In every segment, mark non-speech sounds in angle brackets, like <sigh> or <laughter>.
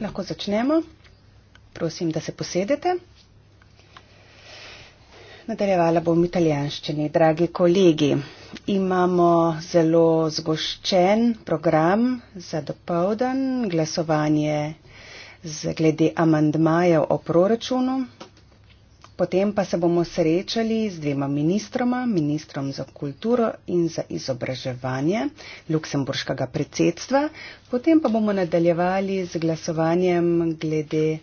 Lahko začnemo. Prosim, da se posedete. Nadaljevala bom v italijanščini. Dragi kolegi, imamo zelo zgoščen program za dopovdan glasovanje z glede amandmajev o proračunu. Potem pa se bomo srečali z dvema ministroma, ministrom za kulturo in za izobraževanje Luksemburškega predsedstva. Potem pa bomo nadaljevali z glasovanjem glede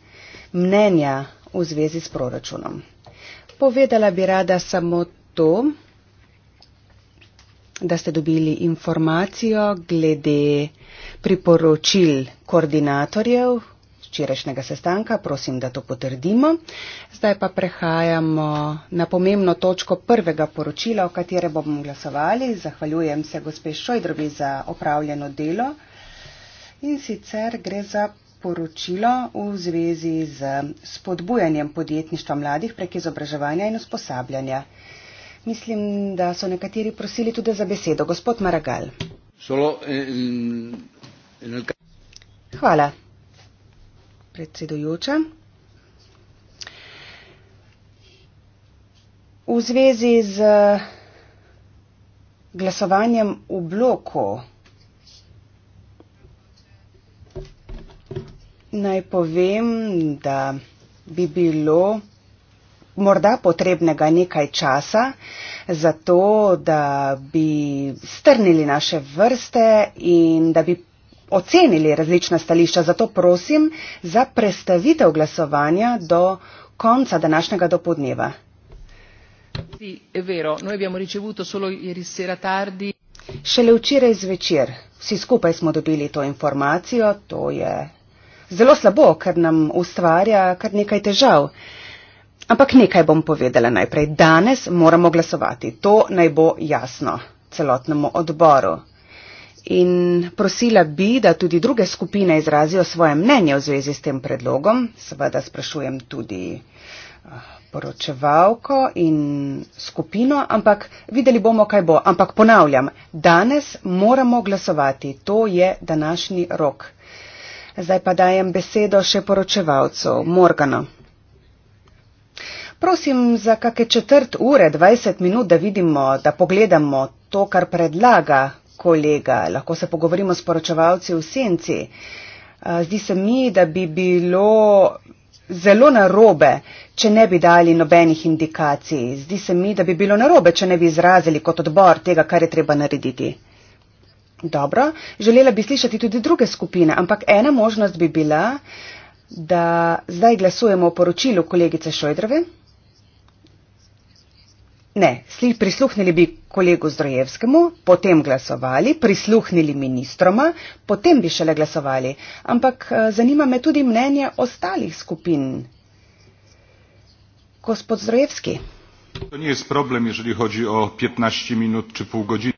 mnenja v zvezi s proračunom. Povedala bi rada samo to, da ste dobili informacijo glede priporočil koordinatorjev včerajšnjega sestanka, prosim, da to potrdimo. Zdaj pa prehajamo na pomembno točko prvega poročila, o katere bomo glasovali. Zahvaljujem se gospe Šojdrovi za opravljeno delo. In sicer gre za poročilo v zvezi z spodbujanjem podjetništva mladih prek izobraževanja in usposabljanja. Mislim, da so nekateri prosili tudi za besedo. Gospod Maragal. Solo, eh, eh, Hvala predsedujoča. V zvezi z glasovanjem v bloku naj povem, da bi bilo morda potrebnega nekaj časa za to, da bi strnili naše vrste in da bi ocenili različna stališča, zato prosim za prestavitev glasovanja do konca današnjega dopodneva. Šele včeraj zvečer vsi skupaj smo dobili to informacijo, to je zelo slabo, ker nam ustvarja kar nekaj težav. Ampak nekaj bom povedala najprej. Danes moramo glasovati, to naj bo jasno celotnemu odboru. In prosila bi, da tudi druge skupine izrazijo svoje mnenje v zvezi s tem predlogom. Seveda sprašujem tudi eh, poročevalko in skupino, ampak videli bomo, kaj bo. Ampak ponavljam, danes moramo glasovati. To je današnji rok. Zdaj pa dajem besedo še poročevalcu Morgano. Prosim za kakšne četrt ure, 20 minut, da vidimo, da pogledamo to, kar predlaga kolega, lahko se pogovorimo s poročevalci v senci. Zdi se mi, da bi bilo zelo narobe, če ne bi dali nobenih indikacij. Zdi se mi, da bi bilo narobe, če ne bi izrazili kot odbor tega, kar je treba narediti. Dobro, želela bi slišati tudi druge skupine, ampak ena možnost bi bila, da zdaj glasujemo o poročilu kolegice Šojdrove. Ne, prisluhnili bi kolegu Zdrojevskemu, potem glasovali, prisluhnili ministroma, potem bi šele glasovali. Ampak eh, zanima me tudi mnenje ostalih skupin. Gospod Zdrojevski. To ni problem, če hoči o 15 minut ali pol godine.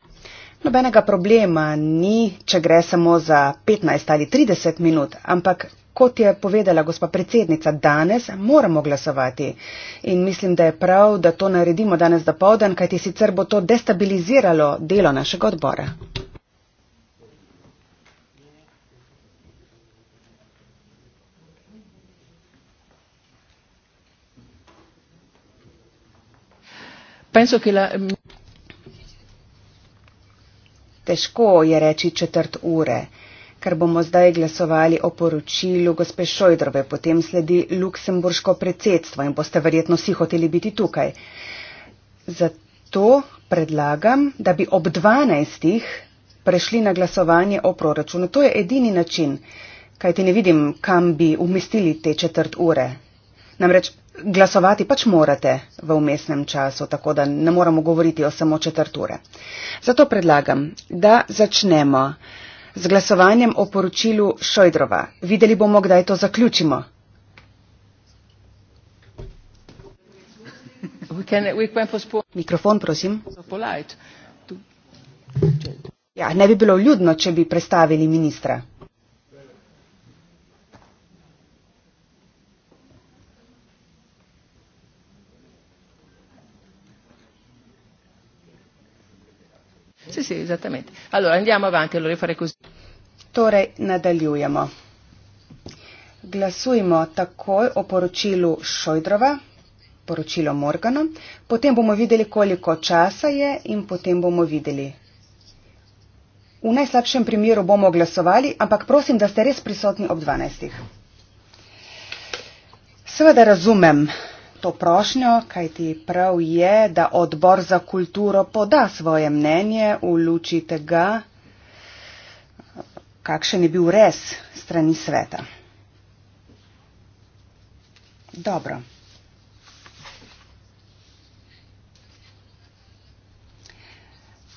Nobenega problema ni, če gre samo za 15 ali 30 minut, ampak kot je povedala gospa predsednica, danes moramo glasovati. In mislim, da je prav, da to naredimo danes do povdan, kajti sicer bo to destabiliziralo delo našega odbora. Penso, la... Težko je reči četrt ure ker bomo zdaj glasovali o poročilu gospe Šojdrove, potem sledi luksemburško predsedstvo in boste verjetno vsi hoteli biti tukaj. Zato predlagam, da bi ob 12. prešli na glasovanje o proračunu. To je edini način, kajti ne vidim, kam bi umestili te četrt ure. Namreč glasovati pač morate v umestnem času, tako da ne moramo govoriti o samo četrt ure. Zato predlagam, da začnemo z glasovanjem o poročilu Šojdrova. Videli bomo, kdaj to zaključimo. Mikrofon, prosim. Ja, ne bi bilo ljudno, če bi predstavili ministra. sì, esattamente. Allora andiamo avanti, allora io farei così. Torej, nadaljujemo. Glasujmo takoj o poročilu Šojdrova, poročilo Morgano, potem bomo videli, koliko časa je in potem bomo videli. V najslabšem primeru bomo glasovali, ampak prosim, da ste res prisotni ob 12. Seveda razumem, to prošnjo, kaj ti prav je, da odbor za kulturo poda svoje mnenje v luči tega, kakšen je bil res strani sveta. Dobro.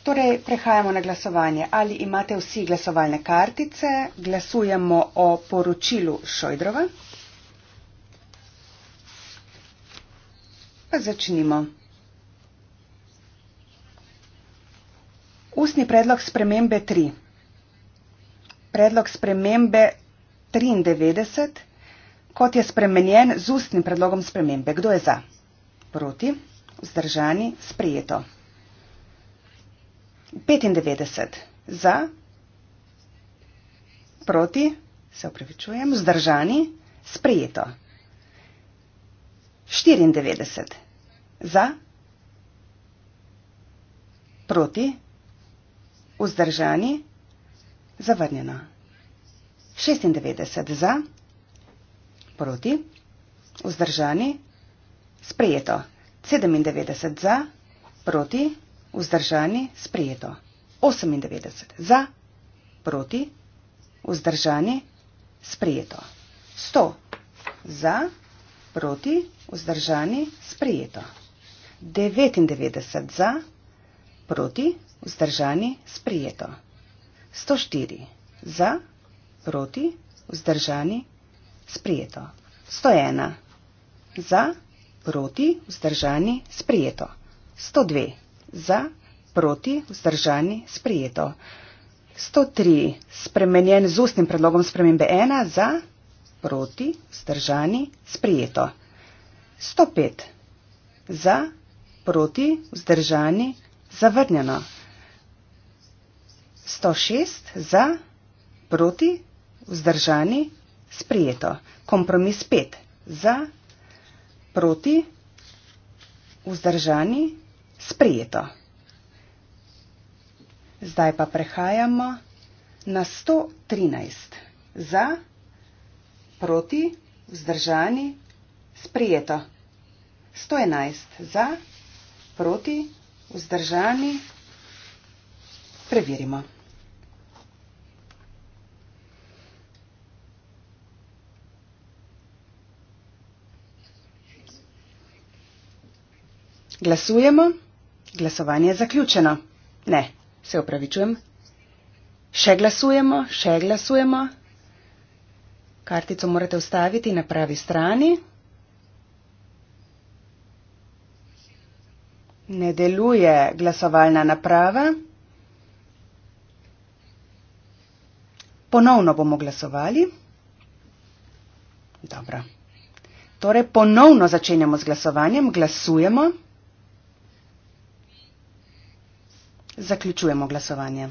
Torej, prehajamo na glasovanje. Ali imate vsi glasovalne kartice? Glasujemo o poročilu Šojdrova. pa začnimo. Ustni predlog spremembe 3. Predlog spremembe 93, kot je spremenjen z ustnim predlogom spremembe. Kdo je za? Proti, vzdržani, sprejeto. 95 za, proti, se upravičujem, vzdržani, sprejeto. 94. Za? Proti? Vzdržani? Zavrnjeno. 96. Za? Proti? Vzdržani? Sprejeto. 97. Za? Proti? Vzdržani? Sprejeto. 98. Za? Proti? Vzdržani? Sprejeto. 100. Za? Proti? proti, vzdržani, sprejeto. 99 za, proti, vzdržani, sprejeto. 104 za, proti, vzdržani, sprejeto. 101 za, proti, vzdržani, sprejeto. 102 za, proti, vzdržani, sprejeto. 103 spremenjen z ustnim predlogom spremembe 1 za, proti, vzdržani, sprejeto proti, vzdržani, sprijeto. 105. Za, proti, vzdržani, zavrnjeno. 106. Za, proti, vzdržani, sprijeto. Kompromis 5. Za, proti, vzdržani, sprijeto. Zdaj pa prehajamo na 113. Za, proti, vzdržani, sprijeto proti, vzdržani, sprijeto. 111 za, proti, vzdržani, preverimo. Glasujemo. Glasovanje je zaključeno. Ne, se upravičujem. Še glasujemo, še glasujemo. Kartico morate ustaviti na pravi strani. Ne deluje glasovalna naprava. Ponovno bomo glasovali. Dobro. Torej, ponovno začenjamo z glasovanjem. Glasujemo. Zaključujemo glasovanje.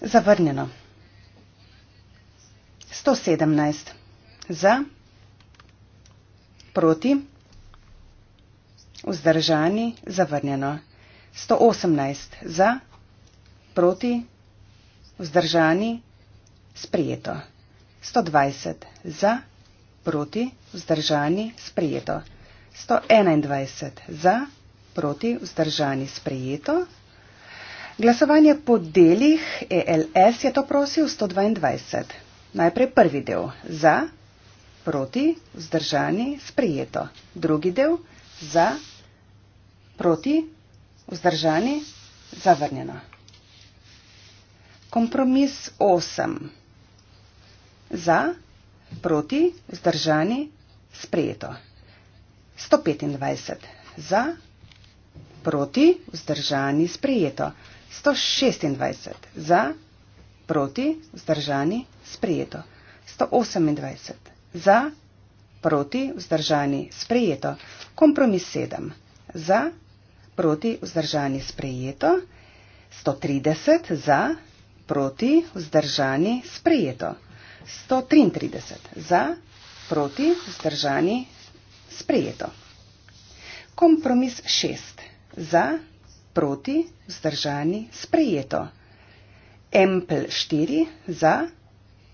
Zavrnjeno. 117 za, proti, vzdržani, zavrnjeno. 118 za, proti, vzdržani, sprijeto. 120 za, proti, vzdržani, sprijeto. 121 za, proti, vzdržani, sprijeto. Glasovanje po delih ELS je to prosil 122. Najprej prvi del za, proti, vzdržani, sprijeto. Drugi del za, proti, vzdržani, zavrnjeno. Kompromis 8. Za, proti, vzdržani, sprijeto. 125. Za, proti, vzdržani, sprijeto. 126. Za, proti, vzdržani, sprijeto sprejeto. 128 za, proti, vzdržani, sprejeto. Kompromis 7 za, proti, vzdržani, sprejeto. 130 za, proti, vzdržani, sprejeto. 133 za, proti, vzdržani, sprejeto. Kompromis 6 za, proti, vzdržani, sprejeto. Empl 4 za, proti, vzdržani, sprejeto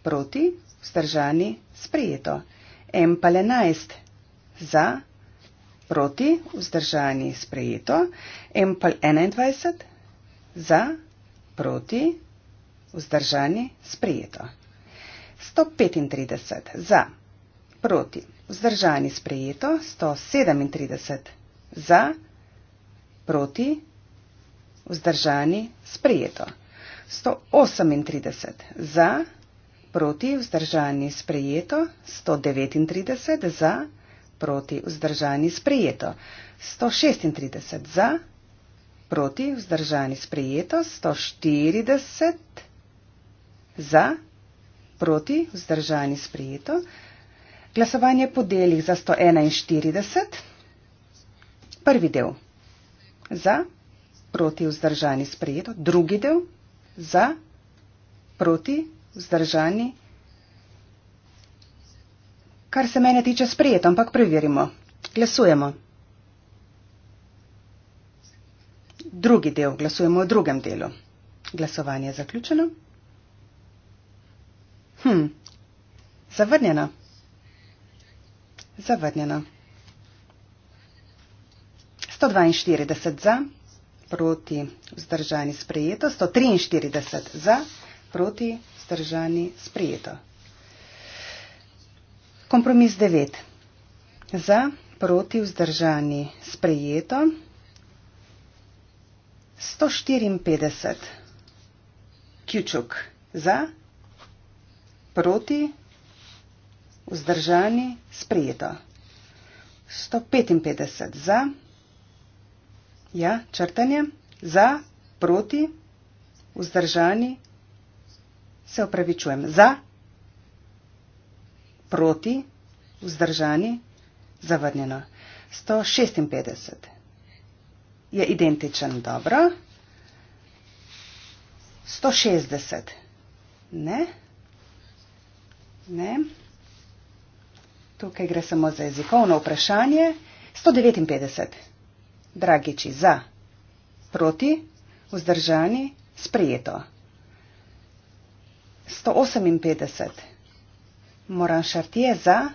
proti, vzdržani, sprejeto. M pa le 11, za, proti, vzdržani, sprejeto. M pa le 21, za, proti, vzdržani, sprejeto. 135, za, proti, vzdržani, sprejeto. 137, za, proti, vzdržani, sprejeto. 138 za, proti vzdržani sprejeto, 139 za, proti vzdržani sprejeto, 136 za, proti vzdržani sprejeto, 140 za, proti vzdržani sprejeto. Glasovanje po delih za 141. Prvi del za, proti vzdržani sprejeto, drugi del za, proti vzdržani. Kar se mene tiče sprejeto, ampak preverimo. Glasujemo. Drugi del. Glasujemo o drugem delu. Glasovanje je zaključeno. Hm. Zavrnjeno. Zavrnjeno. 142 za, proti vzdržani sprejeto, 143 za, proti vzdržani sprejeto vzdržani sprijeto. Kompromis 9. Za, proti, vzdržani sprijeto 154. Kjučuk za, proti, vzdržani sprijeto 155. Za, ja, črtanje, za, proti, vzdržani sprijeto se opravičujem, za, proti, vzdržani, zavrnjeno. 156 je identičen, dobro. 160, ne, ne. Tukaj gre samo za jezikovno vprašanje. 159, dragiči, za, proti, vzdržani, sprijeto. 158. Moran Šartije za,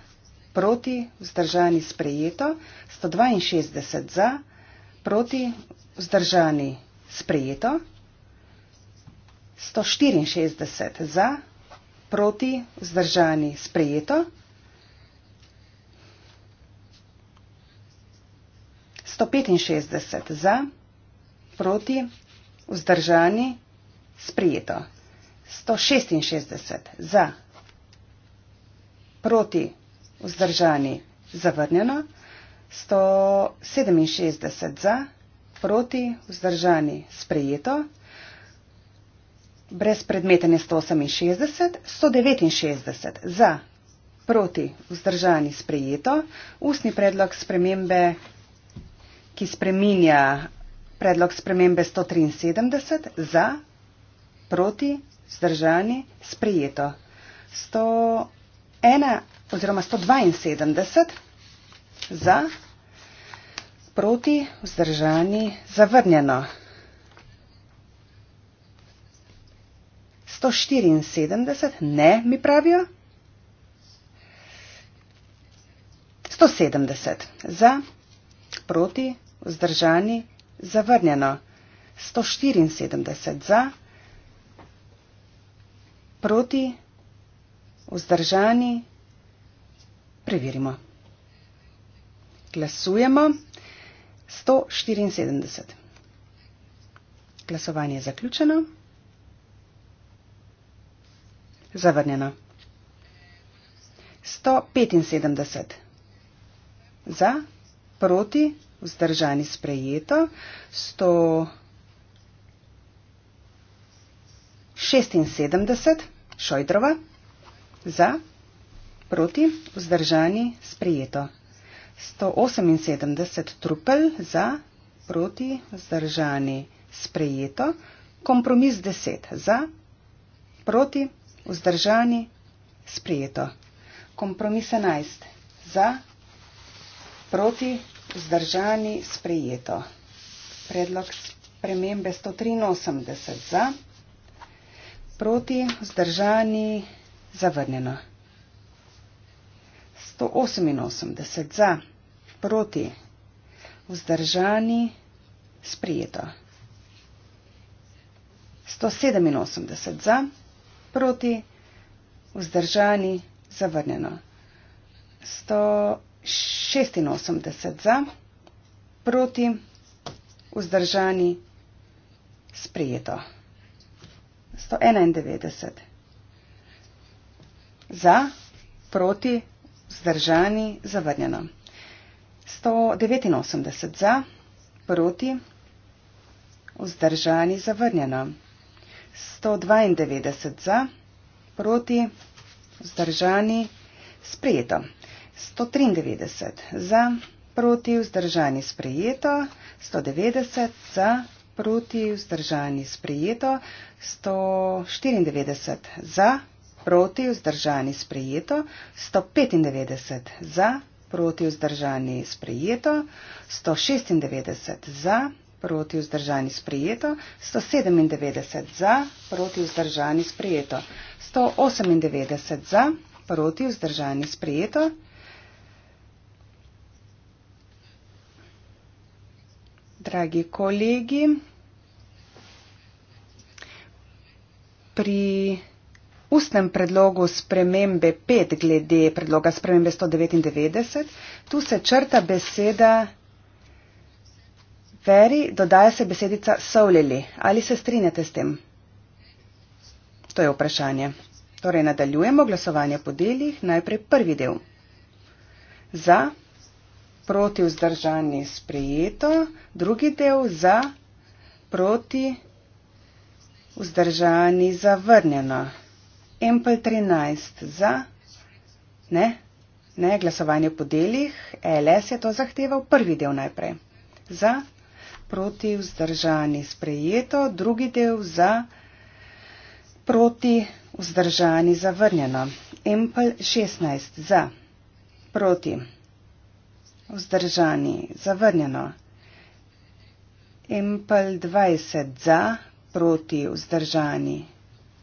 proti, vzdržani sprejeto. 162 za, proti, vzdržani sprejeto. 164 za, proti, vzdržani sprejeto. 165 za, proti, vzdržani sprejeto. 166 za, proti vzdržani zavrnjeno, 167 za, proti vzdržani sprejeto, brez predmeten je 168, 169 za, proti vzdržani sprejeto, ustni predlog spremembe, ki spreminja predlog spremembe 173 za, proti vzdržani sprejeto zdržani, sprijeto. 101 oziroma 172 za, proti, vzdržani, zavrnjeno. 174 ne, mi pravijo. 170 za, proti, vzdržani, zavrnjeno. 174 za, proti, vzdržani, zavrnjeno proti, vzdržani, preverimo. Glasujemo 174. Glasovanje je zaključeno. Zavrnjeno. 175. Za, proti, vzdržani sprejeto. 100. 76 Šojdrova za, proti, vzdržani, sprijeto. 178 Trupel za, proti, vzdržani, sprijeto. Kompromis 10 za, proti, vzdržani, sprijeto. Kompromis 11 za, proti, vzdržani, sprijeto. Predlog spremembe 183 za proti, vzdržani, zavrnjeno. 188 za, proti, vzdržani, sprijeto. 187 za, proti, vzdržani, zavrnjeno. 186 za, proti, vzdržani, sprijeto. 191. Za, proti, zdržani, zavrnjeno. 189 za, proti, vzdržani, zavrnjeno. 192 za, proti, vzdržani, sprejeto. 193 za, proti, vzdržani, sprejeto. 190 za, proti, vzdržani sprejeto, 194 za, proti, vzdržani sprejeto, 195 za, proti, vzdržani sprejeto, 196 za, proti, vzdržani sprejeto, 197 za, proti, vzdržani sprejeto, 198 za, proti, vzdržani sprejeto. dragi kolegi. Pri ustnem predlogu spremembe 5 glede predloga spremembe 199, tu se črta beseda veri, dodaja se besedica soulili. Ali se strinjate s tem? To je vprašanje. Torej, nadaljujemo glasovanje po delih. Najprej prvi del. Za proti vzdržani sprejeto, drugi del za proti vzdržani zavrnjeno. Empel 13 za, ne, ne, glasovanje po delih, LS je to zahteval, prvi del najprej. Za proti vzdržani sprejeto, drugi del za proti vzdržani zavrnjeno. Empel 16 za proti vzdržani zavrnjeno vzdržani, zavrnjeno. Impel 20 za, proti vzdržani,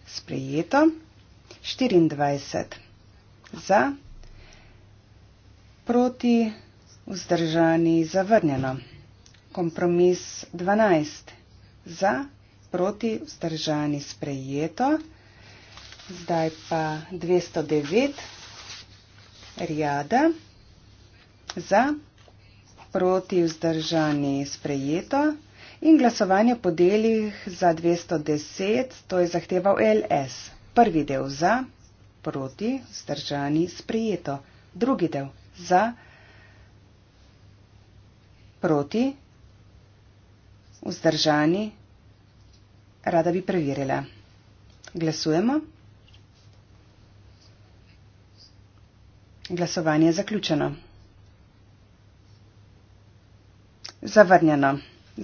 sprejeto. 24 za, proti vzdržani, zavrnjeno. Kompromis 12 za, proti vzdržani, sprejeto. Zdaj pa 209 rjada za, proti vzdržani sprejeto in glasovanje po delih za 210, to je zahteval LS. Prvi del za, proti vzdržani sprejeto. Drugi del za, proti vzdržani. Rada bi preverila. Glasujemo. Glasovanje je zaključeno. Zavrnjeno.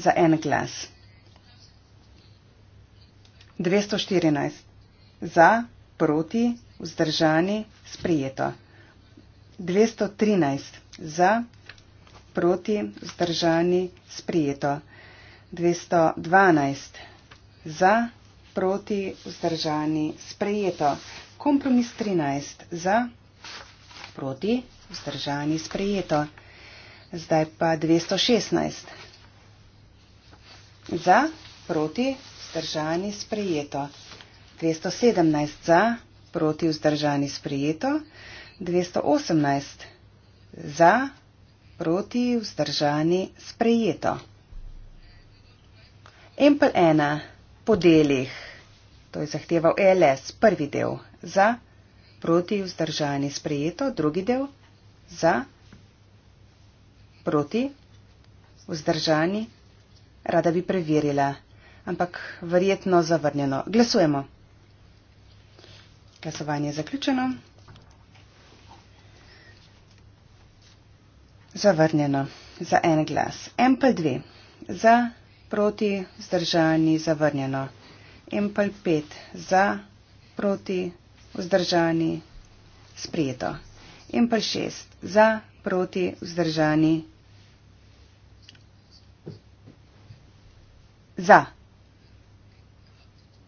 Za en glas. 214. Za, proti, vzdržani, sprijeto. 213. Za, proti, vzdržani, sprijeto. 212. Za, proti, vzdržani, sprijeto. Kompromis 13. Za, proti, vzdržani, sprijeto. 214. Zdaj pa 216. Za, proti, vzdržani, sprejeto. 217 za, proti, vzdržani, sprejeto. 218 za, proti, vzdržani, sprejeto. Empel 1 po delih. To je zahteval e LS. Prvi del za, proti, vzdržani, sprejeto. Drugi del za, proti, vzdržani, sprejeto. Proti? Vzdržani? Rada bi preverila, ampak verjetno zavrnjeno. Glasujemo. Glasovanje je zaključeno. Zavrnjeno. Za en glas. Empel 2. Za, proti, vzdržani, zavrnjeno. Empel 5. Za, proti, vzdržani, sprijeto. Empel 6. Za, proti, vzdržani, sprijeto. Za.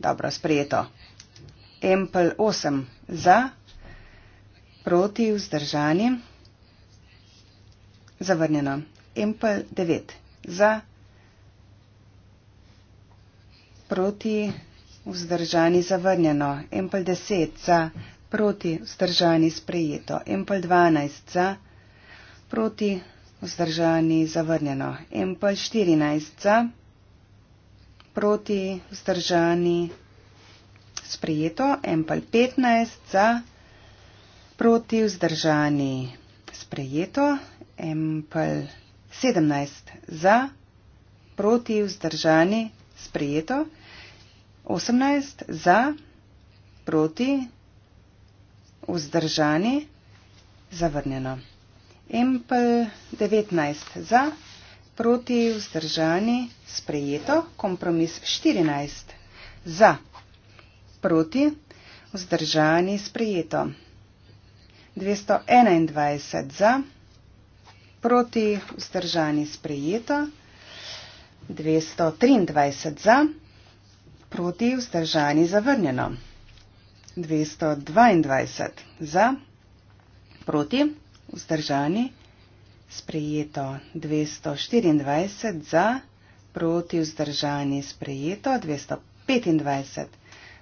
Dobro, sprejeto. Empel 8 za, proti vzdržani, zavrnjeno. Empel 9 za, proti vzdržani, zavrnjeno. Empel 10 za, proti vzdržani, sprejeto. Empel 12 za, proti vzdržani, zavrnjeno. Empel 14 za, proti vzdržani, zavrnjeno proti, vzdržani, sprejeto, empal 15 za, proti, vzdržani, sprejeto, empal 17 za, proti, vzdržani, sprejeto, 18 za, proti, vzdržani, zavrnjeno. Empel 19 za proti vzdržani sprejeto kompromis 14. Za proti vzdržani sprejeto 221 za proti vzdržani sprejeto 223 za proti vzdržani zavrnjeno 222 za proti vzdržani sprejeto sprejeto 224, za, proti vzdržani sprejeto 225,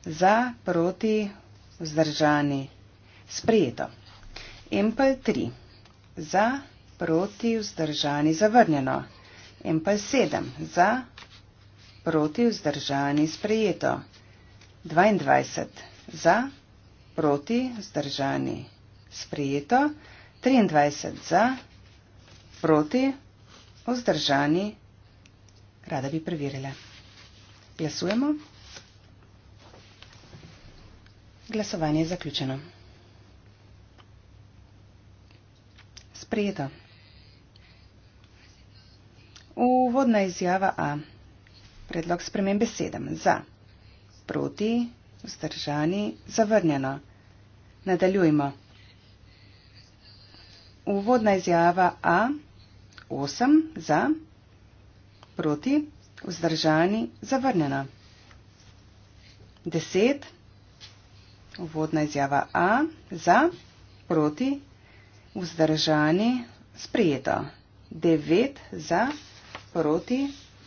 za, proti vzdržani sprejeto. Empel 3, za, proti vzdržani zavrnjeno. Empel 7, za, proti vzdržani sprejeto. 22, za, proti vzdržani sprejeto. 23 za, Proti, vzdržani, rada bi preverila. Glasujemo. Glasovanje je zaključeno. Sprejeto. Uvodna izjava A. Predlog spremem besedem. Za. Proti, vzdržani, zavrnjeno. Nadaljujmo. Uvodna izjava A. Predlog spremem besedem. 8 za, proti, vzdržani, zavrnjena. 10, uvodna izjava A, za, proti, vzdržani, sprijeto. 9 za, proti,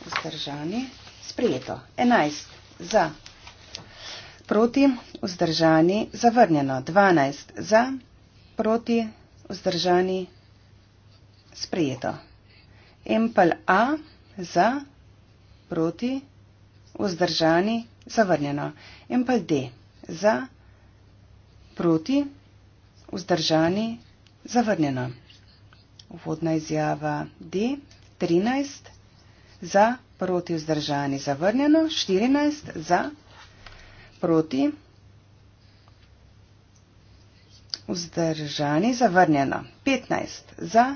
vzdržani, sprijeto. 11 za, proti, vzdržani, zavrnjeno. 12 za, proti, vzdržani, sprijeto. Empel A za, proti, vzdržani, zavrnjeno. Empel D za, proti, vzdržani, zavrnjeno. Uvodna izjava D, 13 za, proti, vzdržani, zavrnjeno, 14 za, proti, vzdržani, zavrnjeno, 15 za,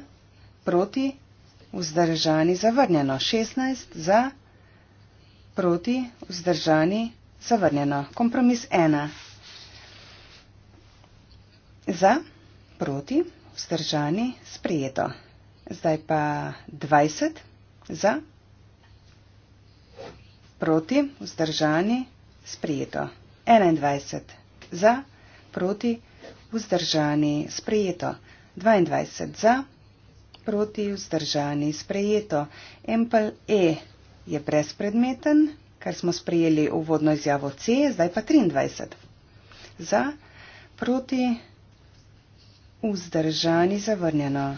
proti, vzdržani, zavrnjeno vzdržani zavrnjeno, 16 za, proti vzdržani zavrnjeno. Kompromis 1. Za, proti, vzdržani, sprijeto. Zdaj pa 20 za, proti, vzdržani, sprijeto. 21 za, proti, vzdržani, sprijeto. 22 za, proti, vzdržani, sprijeto proti vzdržani sprejeto. Empel E je brezpredmeten, ker smo sprejeli uvodno izjavo C, zdaj pa 23. Za proti vzdržani zavrnjeno.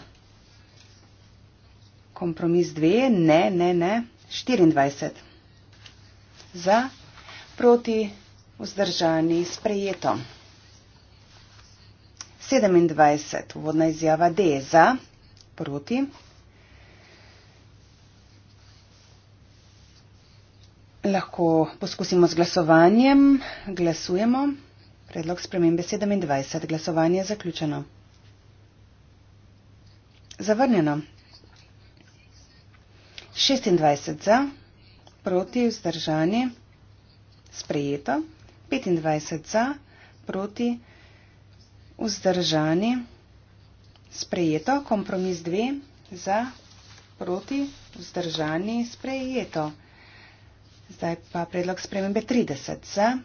Kompromis 2, ne, ne, ne, 24. Za proti vzdržani sprejeto. 27. Uvodna izjava D za sproti. Lahko poskusimo z glasovanjem. Glasujemo. Predlog spremembe 27. Glasovanje je zaključeno. Zavrnjeno. 26 za, proti vzdržani, sprejeto. 25 za, proti vzdržani sprejeto, kompromis 2 za, proti, vzdržani, sprejeto. Zdaj pa predlog spremembe 30 za,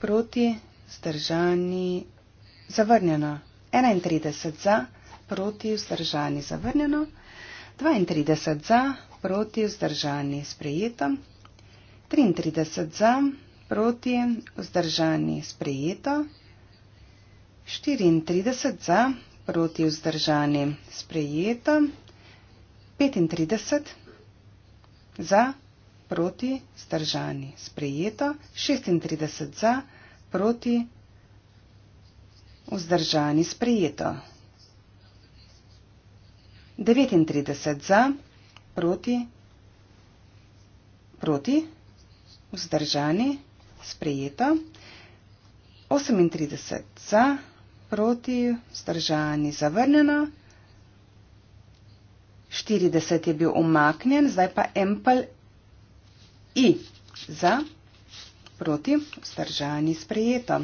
proti, vzdržani, zavrnjeno. 31 za, proti, vzdržani, zavrnjeno. 32 za, proti, vzdržani, sprejeto. 33 za, proti, vzdržani, sprejeto. 34 za, proti vzdržani sprejeto, 35 za proti vzdržani sprejeto, 36 za proti vzdržani sprejeto, 39 za proti proti vzdržani sprejeto, 38 za proti vzdržani sprejeto, proti, vzdržani, zavrnjeno. 40 je bil umaknjen, zdaj pa empel i za, proti, vzdržani, sprejeto.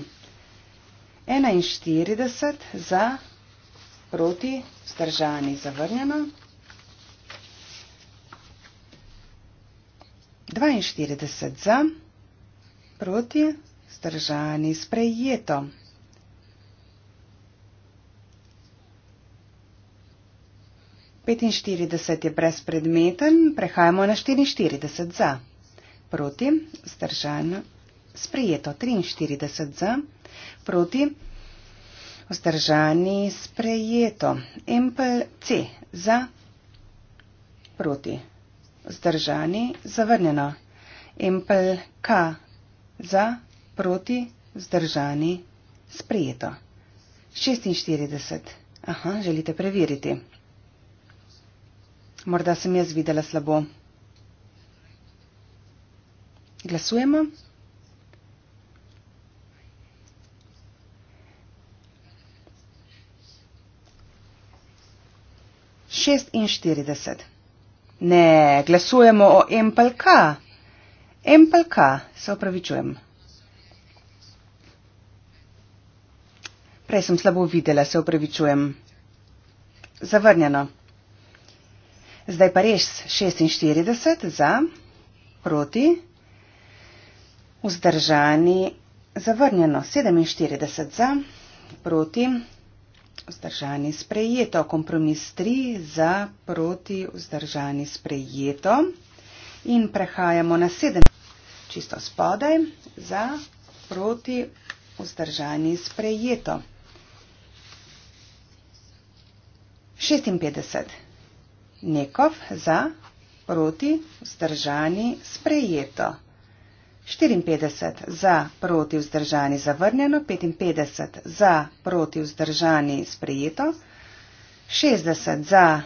41 za, proti, vzdržani, zavrnjeno. 42 za, proti, vzdržani, sprejeto. 45 je brezpredmeten, prehajamo na 44 za. Proti, vzdržan, sprejeto 43 za. Proti, vzdržani, sprejeto. Empel C za. Proti, vzdržani, zavrnjeno. Empel K za. Proti, vzdržani, sprejeto. 46. Aha, želite preveriti. Morda sem jaz videla slabo. Glasujemo. Šest in štirideset. Ne, glasujemo o MPLK. MPLK, se opravičujem. Prej sem slabo videla, se opravičujem. Zavrnjeno. Zdaj pa res 46 za, proti, vzdržani, zavrnjeno 47 za, proti, vzdržani, sprejeto, kompromis 3 za, proti, vzdržani, sprejeto. In prehajamo na 7, čisto spodaj, za, proti, vzdržani, sprejeto. 56 nekov za, proti, vzdržani, sprejeto. 54 za, proti, vzdržani, zavrnjeno, 55 za, proti, vzdržani, sprejeto, 60 za,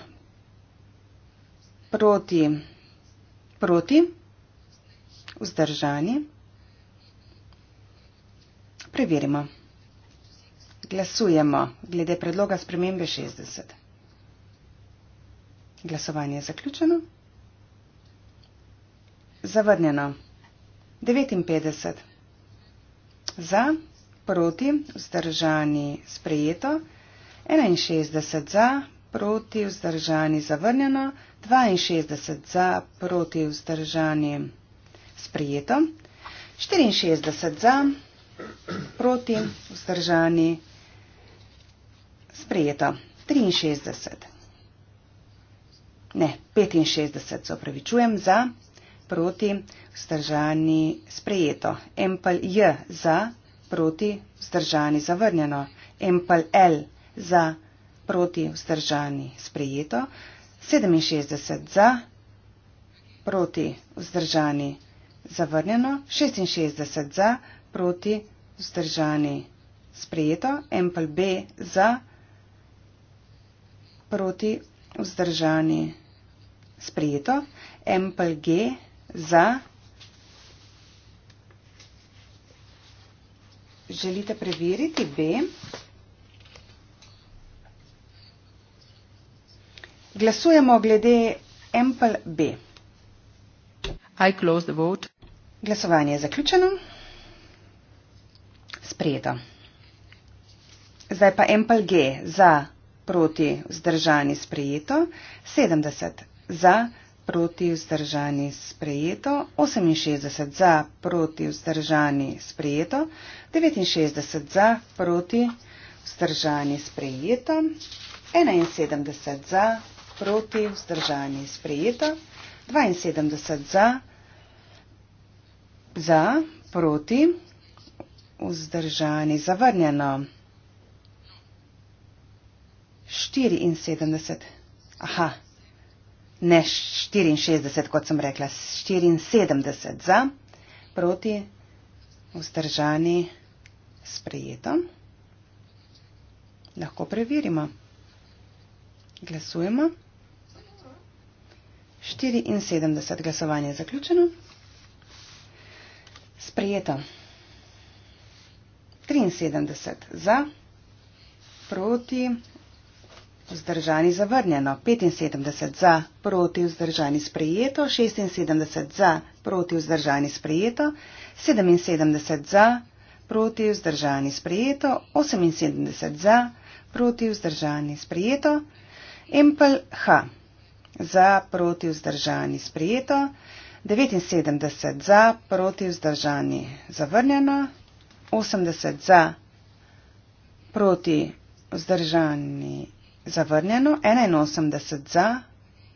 proti, proti, vzdržani. Preverimo. Glasujemo glede predloga spremembe 60. Glasovanje je zaključeno. Zavrnjeno. 59. Za, proti, vzdržani, sprejeto. 61 za, proti, vzdržani, zavrnjeno. 62 za, proti, vzdržani, sprejeto. 64 za, proti, vzdržani, sprejeto. 63 ne, 65 se opravičujem za, proti, vzdržani, sprejeto. Empel J za, proti, vzdržani, zavrnjeno. Empel L za, proti, vzdržani, sprejeto. 67 za, proti, vzdržani, zavrnjeno. 66 za, proti, vzdržani, sprejeto. Empel B za, proti, vzdržani vzdržani. Sprejeto. MPLG za. Želite preveriti B? Glasujemo glede MPL B. I close the vote. Glasovanje je zaključeno. Sprejeto. Zdaj pa MPLG za proti vzdržani sprejeto, 70 za proti vzdržani sprejeto, 68 za proti vzdržani sprejeto, 69 za proti vzdržani sprejeto, 71 za proti vzdržani sprejeto, 72 za, za proti vzdržani zavrnjeno. 74. Aha, ne 64, kot sem rekla, 74 za, proti, vzdržani, sprejeto. Lahko preverimo. Glasujemo. 74 glasovanje je zaključeno. Sprejeto. 73 za, proti, Vzdržani zavrnjeno, 75 za, proti vzdržani sprejeto, 76 za, proti vzdržani sprejeto, 77 za, proti vzdržani sprejeto, 78 za, proti vzdržani sprejeto, Empel H za, proti vzdržani sprejeto, 79 za, proti vzdržani zavrnjeno, 80 za, proti vzdržani sprejeto zavrnjeno, 81 za,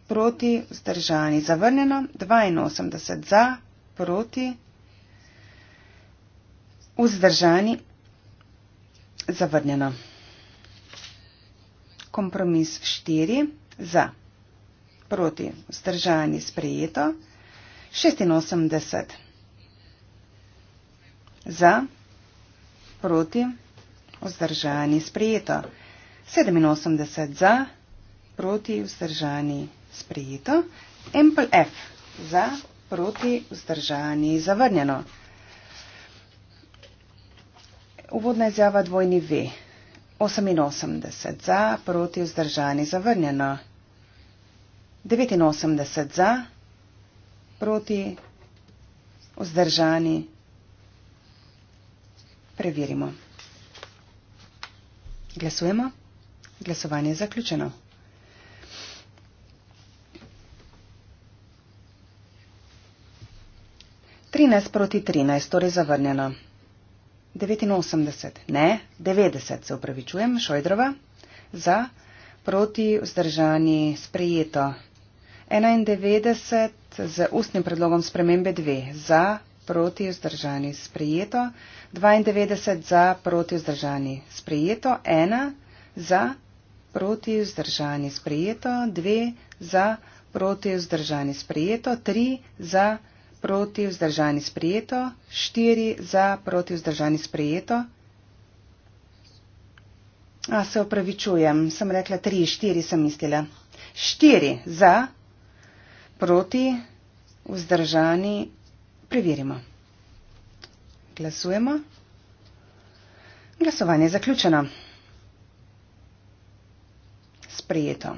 proti, vzdržani, zavrnjeno, 82 za, proti, vzdržani, zavrnjeno. Kompromis 4 za, proti, vzdržani, sprejeto, 86 za, proti, vzdržani, sprejeto. 87 za, proti vzdržani sprejeto, Empel F za, proti vzdržani zavrnjeno. Uvodna izjava dvojni V. 88 za, proti vzdržani zavrnjeno. 89 za, proti vzdržani. Preverimo. Glasujemo. Glasovanje je zaključeno. Trinajst proti trinajst, torej zavrnjeno. 89, ne, 90, se upravičujem, Šojdrova, za, proti, vzdržani, sprejeto. 91 z ustnim predlogom spremembe 2, za, proti, vzdržani, sprejeto. 92 za, proti, vzdržani, sprejeto. 1 za, proti vzdržani sprejeto, dve za proti vzdržani sprejeto, tri za proti vzdržani sprejeto, štiri za proti vzdržani sprejeto. A se opravičujem, sem rekla tri, štiri sem mislila. Štiri za proti vzdržani. Preverimo. Glasujemo. Glasovanje je zaključeno sprejeto.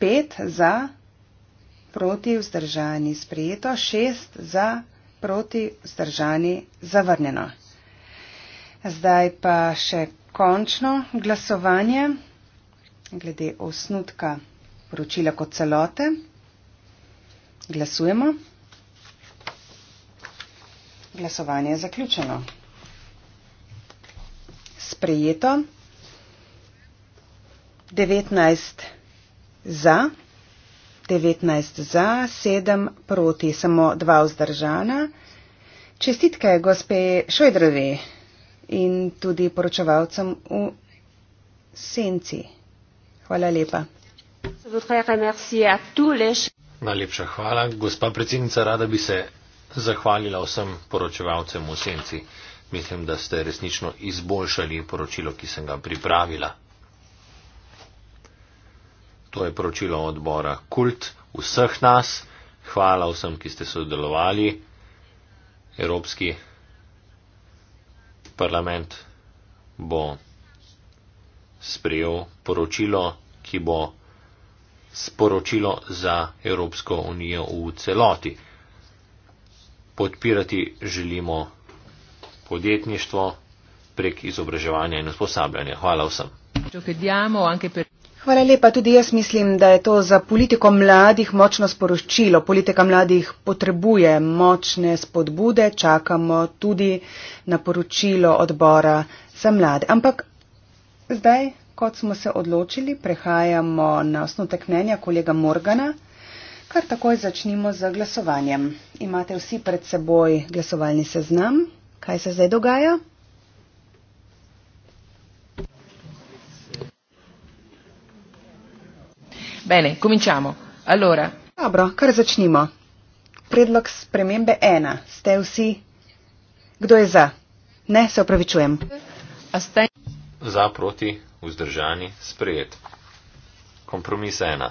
5 za, proti, vzdržani, sprejeto, 6 za, proti, vzdržani, zavrnjeno. Zdaj pa še končno glasovanje glede osnutka poročila kot celote. Glasujemo. Glasovanje je zaključeno. Sprejeto. 19 za, 19 za, 7 proti, samo 2 vzdržana. Čestitke gospe Šojdrovi in tudi poročevalcem v senci. Hvala lepa. Najlepša hvala. Gospa predsednica, rada bi se zahvalila vsem poročevalcem v senci. Mislim, da ste resnično izboljšali poročilo, ki sem ga pripravila. To je poročilo odbora Kult vseh nas. Hvala vsem, ki ste sodelovali. Evropski parlament bo sprejel poročilo, ki bo sporočilo za Evropsko unijo v celoti. Podpirati želimo podjetništvo prek izobraževanja in usposabljanja. Hvala vsem. Hvala lepa. Tudi jaz mislim, da je to za politiko mladih močno sporočilo. Politika mladih potrebuje močne spodbude. Čakamo tudi na poročilo odbora za mlade. Ampak zdaj, kot smo se odločili, prehajamo na osnutek mnenja kolega Morgana. Kar takoj začnimo z glasovanjem. Imate vsi pred seboj glasovalni seznam. Kaj se zdaj dogaja? Bene, cominciamo. Allora. Dobro, kar začnimo. Predlog spremembe ena. Ste vsi? Kdo je za? Ne, se opravičujem. Astaj. Za, proti, vzdržani, sprejet. Kompromis ena.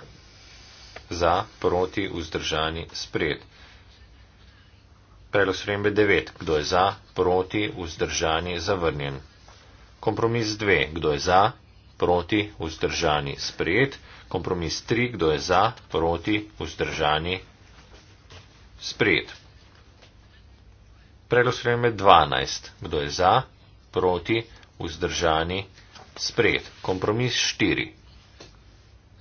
Za, proti, vzdržani, sprejet. Predlog spremembe 9. Kdo je za, proti, vzdržani, zavrnjen. Kompromis 2. Kdo je za, proti, vzdržani, sprejet kompromis 3, kdo je za, proti, vzdržani, sprejet. Predlog sprejeme 12, kdo je za, proti, vzdržani, sprejet. Kompromis 4,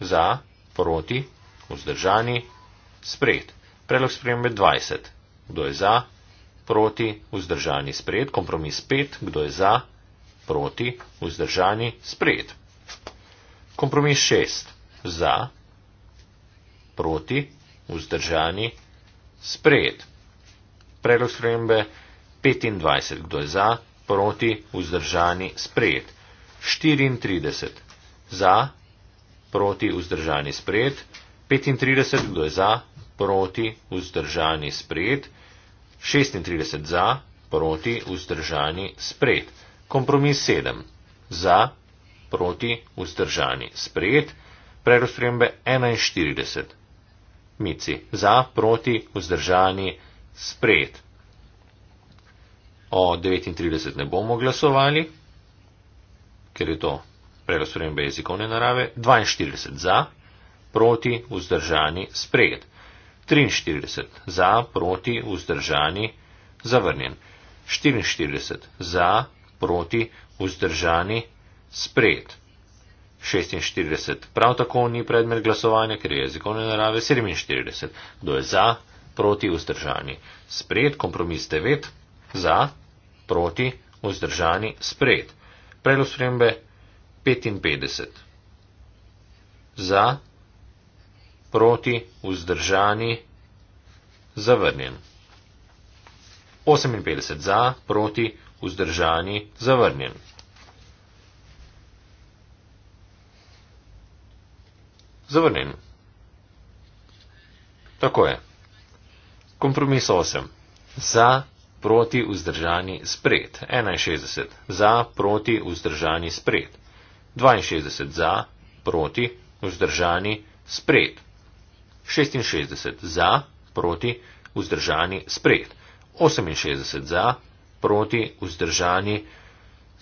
za, proti, vzdržani, sprejet. Predlog sprejeme 20, kdo je za, proti, vzdržani, sprejet. Kompromis 5, kdo je za, proti, vzdržani, sprejet. Kompromis 6 za, proti, vzdržani, sprejet. Predlog spremembe 25. Kdo je za, proti, vzdržani, sprejet. 34. Za, proti, vzdržani, sprejet. 35. Kdo je za, proti, vzdržani, sprejet. 36. Za, proti, vzdržani, sprejet. Kompromis 7. Za, proti, vzdržani, sprejet prerostrembe 41. Mici za, proti, vzdržani, sprejet. O 39 ne bomo glasovali, ker je to prerostrembe jezikovne narave. 42 za, proti, vzdržani, sprejet. 43 za, proti, vzdržani, zavrnjen. 44 za, proti, vzdržani, sprejet. 46 prav tako ni predmet glasovanja, ker je jezikovne narave 47. Kdo je za, proti, vzdržani? Sprejet kompromis 9. Za, proti, vzdržani, sprejet. Predlog spremembe 55. Za, proti, vzdržani, zavrnjen. 58 za, proti, vzdržani, zavrnjen. Zavrnjen. Tako je. Kompromis 8. Za, proti, vzdržani, spred. 61. Za, proti, vzdržani, spred. 62. Za, proti, vzdržani, spred. 66. Za, proti, vzdržani, spred. 68. Za, proti, vzdržani,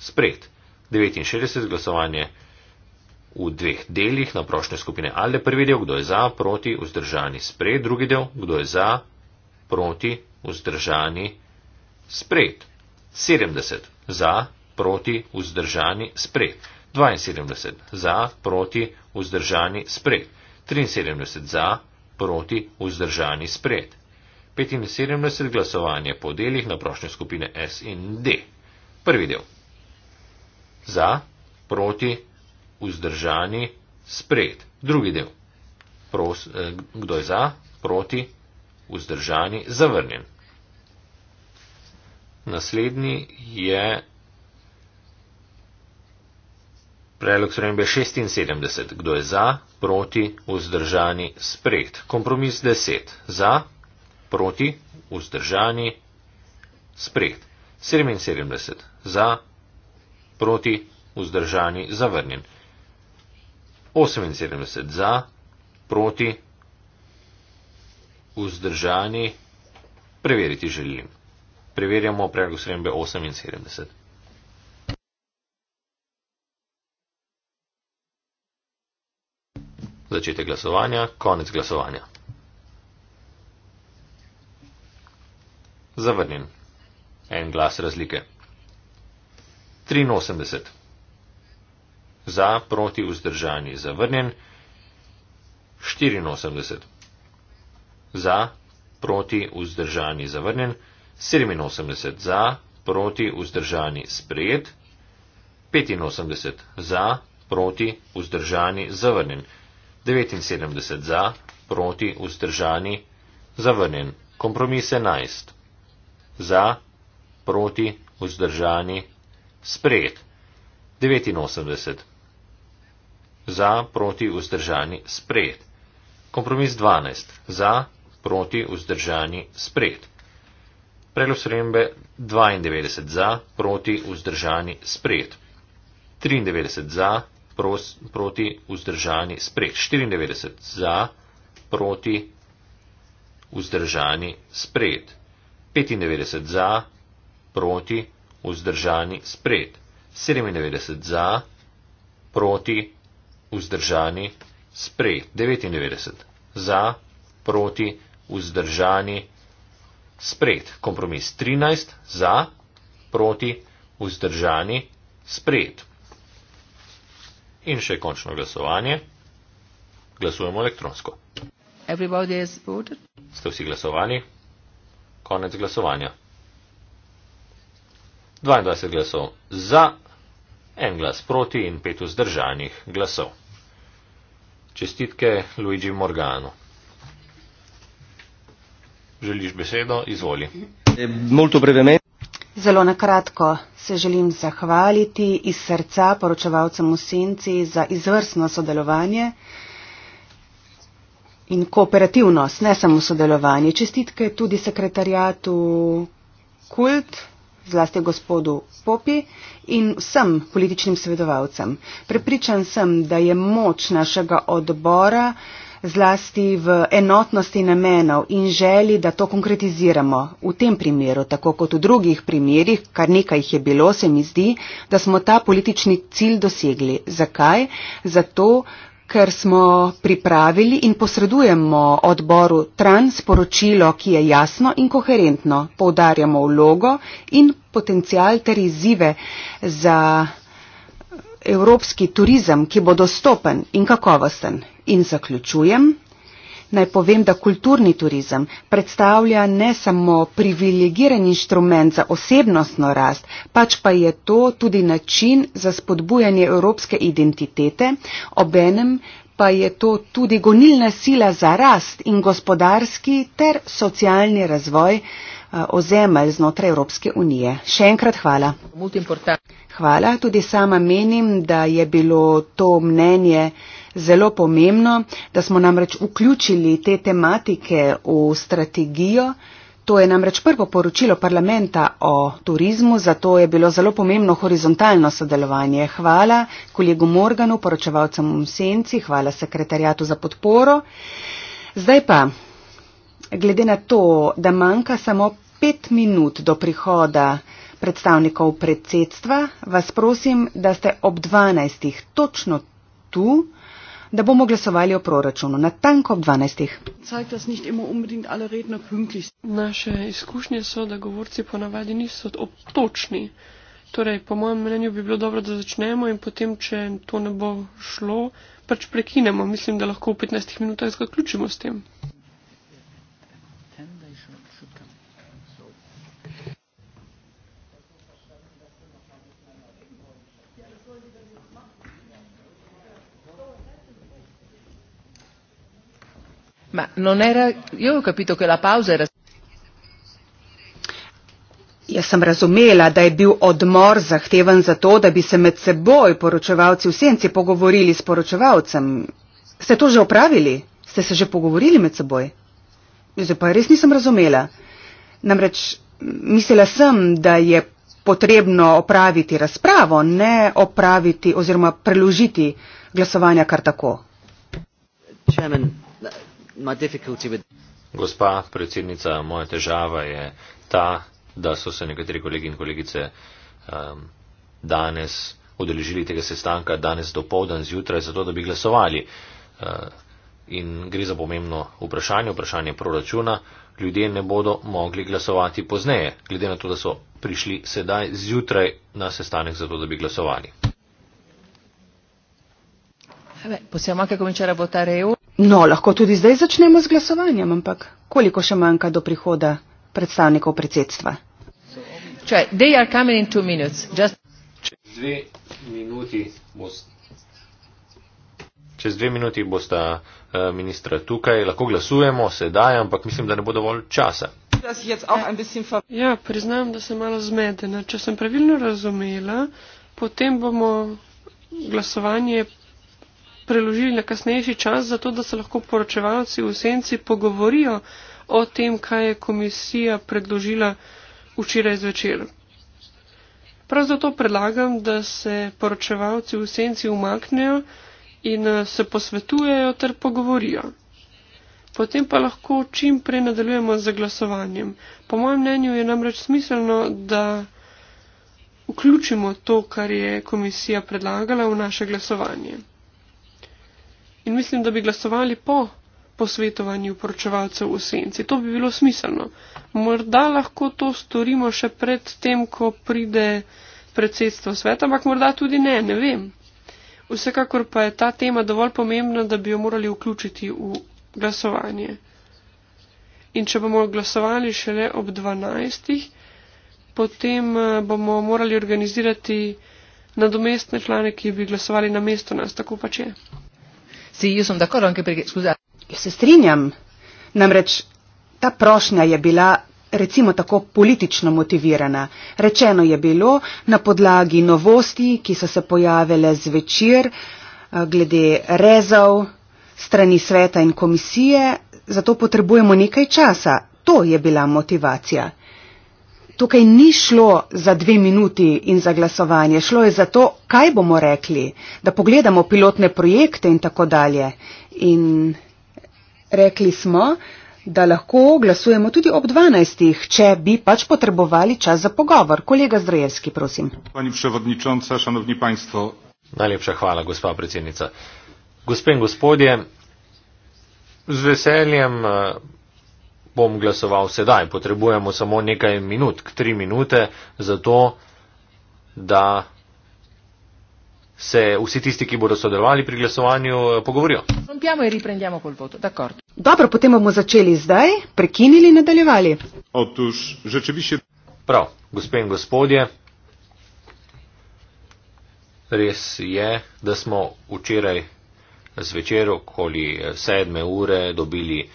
spred. 69. Glasovanje v dveh delih na prošnje skupine Alde. Prvi del, kdo je za, proti, vzdržani, spred. Drugi del, kdo je za, proti, vzdržani, spred. 70 za, proti, vzdržani, spred. 72 za, proti, vzdržani, spred. 73 za, proti, vzdržani, spred. 75 glasovanje po delih na prošnje skupine S in D. Prvi del. Za, proti, vzdržani, spred vzdržani, sprejet. Drugi del. Pros, eh, kdo je za, proti, vzdržani, zavrnjen. Naslednji je predlog spremembe 76. Kdo je za, proti, vzdržani, sprejet. Kompromis 10. Za, proti, vzdržani, sprejet. 77. Za, proti, vzdržani, zavrnjen. 78 za, proti, vzdržani, preveriti želim. Preverjamo prejago srembe 78. Začete glasovanja, konec glasovanja. Zavrnjen. En glas razlike. 83 za, proti, vzdržani, zavrnjen. 84. Za, proti, vzdržani, zavrnjen. 87. Za, proti, vzdržani, sprejet. 85. Za, proti, vzdržani, zavrnjen. 79. Za, proti, vzdržani, zavrnjen. Kompromis 11. Za, proti, vzdržani, sprejet. 89 za, proti, vzdržani, sprejet. Kompromis 12. Za, proti, vzdržani, sprejet. Predlog sprejembe 92. Za, proti, vzdržani, sprejet. 93. Za, pros, proti, vzdržani, sprejet. 94. Za, proti, vzdržani, sprejet. 95. Za, proti, vzdržani, sprejet. 97. Za, proti, vzdržani, sprejet vzdržani, sprejet 99, za, proti, vzdržani, sprejet. Kompromis 13, za, proti, vzdržani, sprejet. In še končno glasovanje. Glasujemo elektronsko. Ste vsi glasovali? Konec glasovanja. 22 glasov za, en glas proti in pet vzdržanih glasov. Čestitke Luigi Morgano. Želiš besedo? Izvoli. Zelo na kratko se želim zahvaliti iz srca poročevalcem v Senci za izvrstno sodelovanje in kooperativnost, ne samo sodelovanje. Čestitke tudi sekretarijatu Kult zlasti gospodu Popi in vsem političnim svetovalcem. Prepričan sem, da je moč našega odbora zlasti v enotnosti namenov in želi, da to konkretiziramo. V tem primeru, tako kot v drugih primerjih, kar nekaj jih je bilo, se mi zdi, da smo ta politični cilj dosegli. Zakaj? Zato, ker smo pripravili in posredujemo odboru transporočilo, ki je jasno in koherentno. Poudarjamo vlogo in potencial ter izzive za evropski turizem, ki bo dostopen in kakovosten. In zaključujem. Naj povem, da kulturni turizem predstavlja ne samo privilegiran inštrument za osebnostno rast, pač pa je to tudi način za spodbujanje evropske identitete, obenem pa je to tudi gonilna sila za rast in gospodarski ter socialni razvoj eh, ozemelj znotraj Evropske unije. Še enkrat hvala. Hvala, tudi sama menim, da je bilo to mnenje zelo pomembno, da smo namreč vključili te tematike v strategijo. To je namreč prvo poročilo parlamenta o turizmu, zato je bilo zelo pomembno horizontalno sodelovanje. Hvala kolegu Morganu, poročevalcem v Senci, hvala sekretarjatu za podporo. Zdaj pa, glede na to, da manjka samo pet minut do prihoda predstavnikov predsedstva, vas prosim, da ste ob 12. točno tu da bomo glasovali o proračunu na tanko ob 12. Naše izkušnje so, da govorci ponavadi niso obtočni. Torej, po mojem mnenju bi bilo dobro, da začnemo in potem, če to ne bo šlo, pač prekinemo. Mislim, da lahko v 15 minutah zaključimo s tem. Ma non era, io ho capito che la pausa era. Jaz sem razumela, da je bil odmor zahteven za to, da bi se med seboj poročevalci v senci pogovorili s poročevalcem. Ste to že opravili? Ste se že pogovorili med seboj? Ja, zdaj pa res nisem razumela. Namreč mislila sem, da je potrebno opraviti razpravo, ne opraviti oziroma preložiti glasovanja kar tako. Chairman. Gospa predsednica, moja težava je ta, da so se nekateri kolegi in kolegice um, danes odeležili tega sestanka, danes do povdan zjutraj, zato da bi glasovali. Uh, in gre za pomembno vprašanje, vprašanje proračuna. Ljudje ne bodo mogli glasovati pozneje, glede na to, da so prišli sedaj zjutraj na sestanek, zato da bi glasovali. Posebno, kako mi če rabota reju. No, lahko tudi zdaj začnemo z glasovanjem, ampak koliko še manjka do prihoda predstavnikov predsedstva? Čez dve minuti bosta. Čez eh, dve minuti bosta ministra tukaj, lahko glasujemo sedaj, ampak mislim, da ne bo dovolj časa. Ja, priznam, da sem malo zmedena. Če sem pravilno razumela, potem bomo glasovanje preložili na kasnejši čas, zato da se lahko poročevalci v senci pogovorijo o tem, kaj je komisija predložila včeraj zvečer. Prav zato predlagam, da se poročevalci v senci umaknejo in eh, se posvetujejo ter pogovorijo. Potem pa lahko čim prej nadaljujemo z glasovanjem. Po mojem mnenju je namreč smiselno, da vključimo to, kar je komisija predlagala v naše glasovanje in mislim, da bi glasovali po posvetovanju poročevalcev v senci. To bi bilo smiselno. Morda lahko to storimo še pred tem, ko pride predsedstvo sveta, ampak morda tudi ne, ne vem. Vsekakor pa je ta tema dovolj pomembna, da bi jo morali vključiti v glasovanje. In če bomo glasovali šele ob 12. Potem eh, bomo morali organizirati nadomestne člane, ki bi glasovali na mesto nas, tako pač je. Sì, io sono d'accordo anche perché, scusa. Io ja, se strinjam. Namreč, ta prošnja je bila recimo tako politično motivirana. Rečeno je bilo na podlagi novosti, ki so se pojavile zvečer, eh, glede rezov strani sveta in komisije, zato potrebujemo nekaj časa. To je bila motivacija tukaj ni šlo za dve minuti in za glasovanje, šlo je za to, kaj bomo rekli, da pogledamo pilotne projekte in tako dalje. In rekli smo, da lahko glasujemo tudi ob 12, če bi pač potrebovali čas za pogovor. Kolega Zdrojevski, prosim. Pani predsednica, šanovni panjstvo. Najlepša hvala, gospa predsednica. Gospe in gospodje, z veseljem. Uh, bom glasoval sedaj. Potrebujemo samo nekaj minut, tri minute, zato da se vsi tisti, ki bodo sodelovali pri glasovanju, pogovorijo. Dobro, potem bomo začeli zdaj, prekinili in nadaljevali. Otuž, še... Prav, gospe in gospodje, res je, da smo včeraj zvečer okoli sedme ure dobili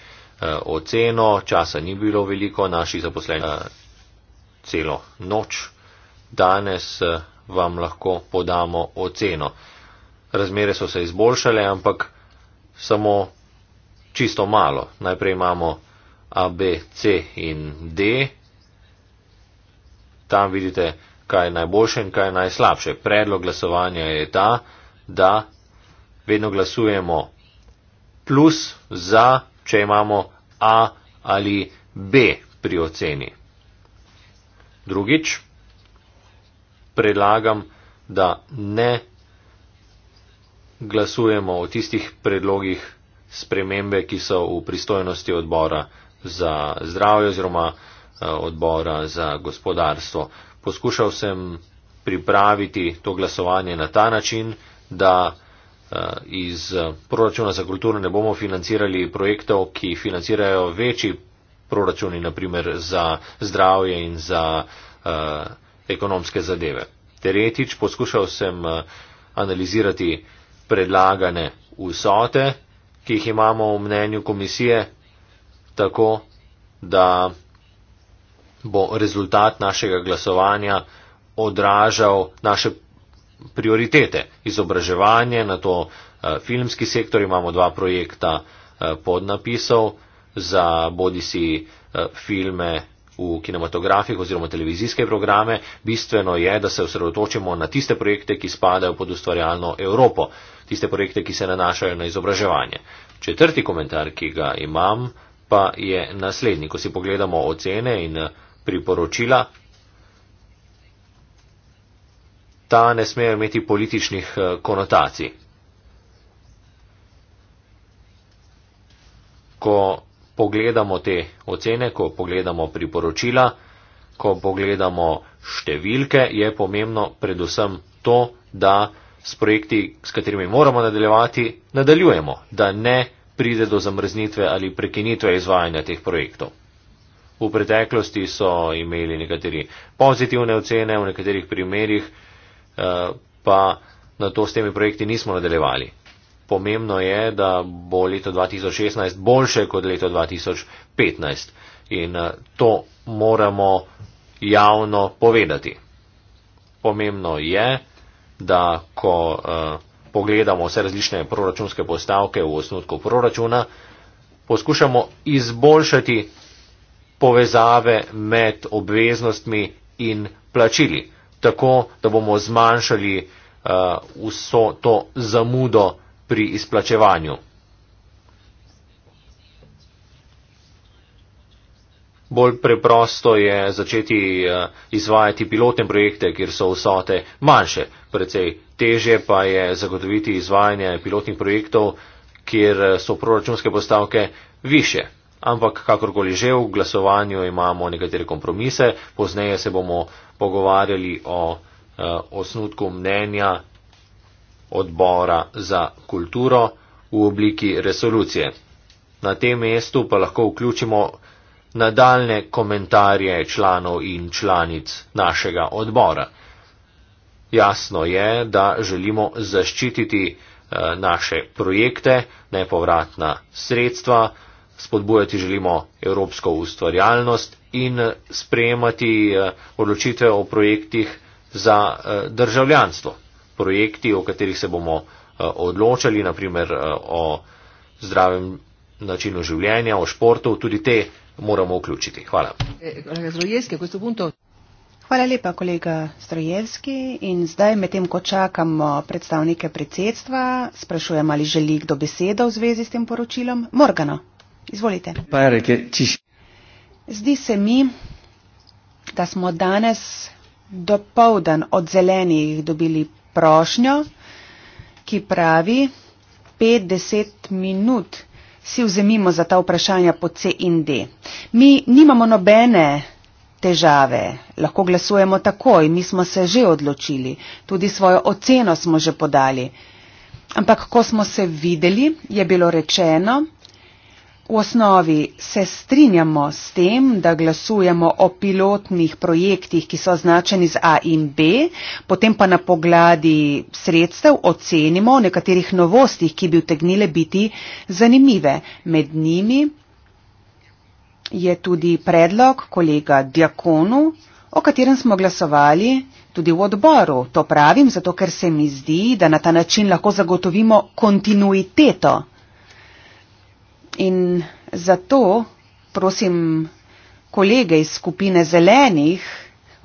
Eh, oceno, časa ni bilo veliko, naši zaposleni eh, celo noč. Danes eh, vam lahko podamo oceno. Razmere so se izboljšale, ampak samo čisto malo. Najprej imamo A, B, C in D. Tam vidite, kaj je najboljše in kaj je najslabše. Predlog glasovanja je ta, da vedno glasujemo plus za če imamo A ali B pri oceni. Drugič, predlagam, da ne glasujemo o tistih predlogih spremembe, ki so v pristojnosti odbora za zdravje oziroma eh, odbora za gospodarstvo. Poskušal sem pripraviti to glasovanje na ta način, da Eh, iz eh, proračuna za kulturo ne bomo financirali projektov, ki financirajo večji proračuni, naprimer za zdravje in za uh, ekonomske zadeve. Tretjič, poskušal sem analizirati predlagane vsote, ki jih imamo v mnenju komisije, tako da bo rezultat našega glasovanja odražal naše prioritete. Izobraževanje, na to eh, filmski sektor imamo dva projekta eh, podnapisov za bodisi eh, filme v kinematografih oziroma televizijske programe. Bistveno je, da se osredotočimo na tiste projekte, ki spadajo pod ustvarjalno Evropo, tiste projekte, ki se nanašajo na izobraževanje. Četrti komentar, ki ga imam, pa je naslednji. Ko si pogledamo ocene in priporočila, ta ne smejo imeti političnih eh, konotacij. Ko pogledamo te ocene, ko pogledamo priporočila, ko pogledamo številke, je pomembno predvsem to, da s projekti, s katerimi moramo nadaljevati, nadaljujemo, da ne pride do zamrznitve ali prekinitve izvajanja teh projektov. V preteklosti so imeli nekateri pozitivne ocene, v nekaterih primerjih Eh, pa na to s temi projekti nismo nadaljevali. Pomembno je, da bo leto 2016 boljše kot leto 2015 in eh, to moramo javno povedati. Pomembno je, da ko uh, pogledamo vse različne proračunske postavke v osnutku proračuna, poskušamo izboljšati povezave med obveznostmi in plačili tako, da bomo zmanjšali uh, vso to zamudo pri izplačevanju. Bolj preprosto je začeti eh, izvajati pilotne projekte, kjer so vsote manjše. Predvsej teže pa je zagotoviti izvajanje pilotnih projektov, kjer eh, so proračunske postavke više ampak kakorkoli že v glasovanju imamo nekatere kompromise, pozneje se bomo pogovarjali o eh, osnutku mnenja odbora za kulturo v obliki resolucije. Na tem mestu pa lahko vključimo nadaljne komentarje članov in članic našega odbora. Jasno je, da želimo zaščititi eh, naše projekte, nepovratna sredstva, spodbujati želimo evropsko ustvarjalnost in sprejemati eh, odločitve o projektih za eh, državljanstvo. Projekti, o katerih se bomo eh, odločali, naprimer o zdravem načinu življenja, o športu, tudi te moramo vključiti. Hvala. Hvala lepa, kolega Strojevski. In zdaj, medtem ko čakamo predstavnike predsedstva, sprašujem, ali želi kdo besedo v zvezi s tem poročilom. Morgano. Izvolite. Zdi se mi, da smo danes dopovdan od zelenih dobili prošnjo, ki pravi 50 minut si vzemimo za ta vprašanja po C in D. Mi nimamo nobene težave, lahko glasujemo takoj, mi smo se že odločili, tudi svojo oceno smo že podali. Ampak, ko smo se videli, je bilo rečeno, V osnovi se strinjamo s tem, da glasujemo o pilotnih projektih, ki so označeni z A in B, potem pa na pogladi sredstev ocenimo o nekaterih novostih, ki bi utegnile biti zanimive. Med njimi je tudi predlog kolega Diakonu, o katerem smo glasovali tudi v odboru. To pravim, zato ker se mi zdi, da na ta način lahko zagotovimo kontinuiteto In zato prosim kolege iz skupine zelenih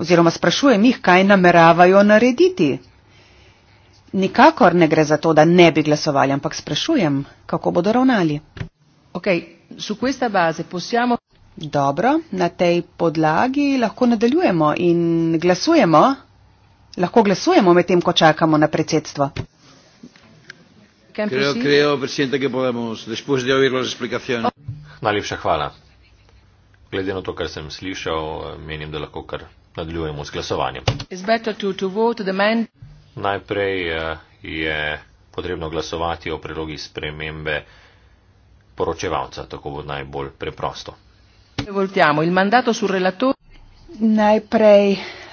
oziroma sprašujem jih, kaj nameravajo narediti. Nikakor ne gre za to, da ne bi glasovali, ampak sprašujem, kako bodo ravnali. Okay, su questa base possiamo... Dobro, na tej podlagi lahko nadaljujemo in glasujemo. Lahko glasujemo medtem, ko čakamo na predsedstvo. Creo, creo, presidente, que podemos, después de oír las explicaciones. Najlepša hvala. Glede na to, kar sem slišal, menim, da lahko kar nadaljujemo s glasovanjem. To, to man... Najprej eh, je potrebno glasovati o predlogi spremembe poročevalca, tako bo najbolj preprosto. Najprej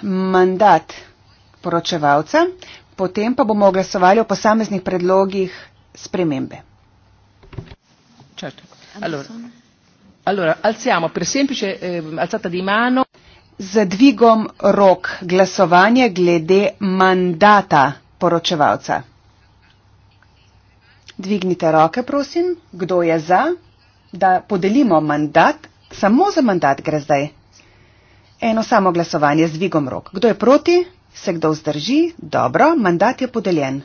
mandat poročevalca, potem pa bomo glasovali o posameznih predlogih spremembe. Ehm, z dvigom rok glasovanje glede mandata poročevalca. Dvignite roke, prosim. Kdo je za, da podelimo mandat? Samo za mandat gre zdaj. Eno samo glasovanje z dvigom rok. Kdo je proti? se kdo vzdrži, dobro, mandat je podeljen.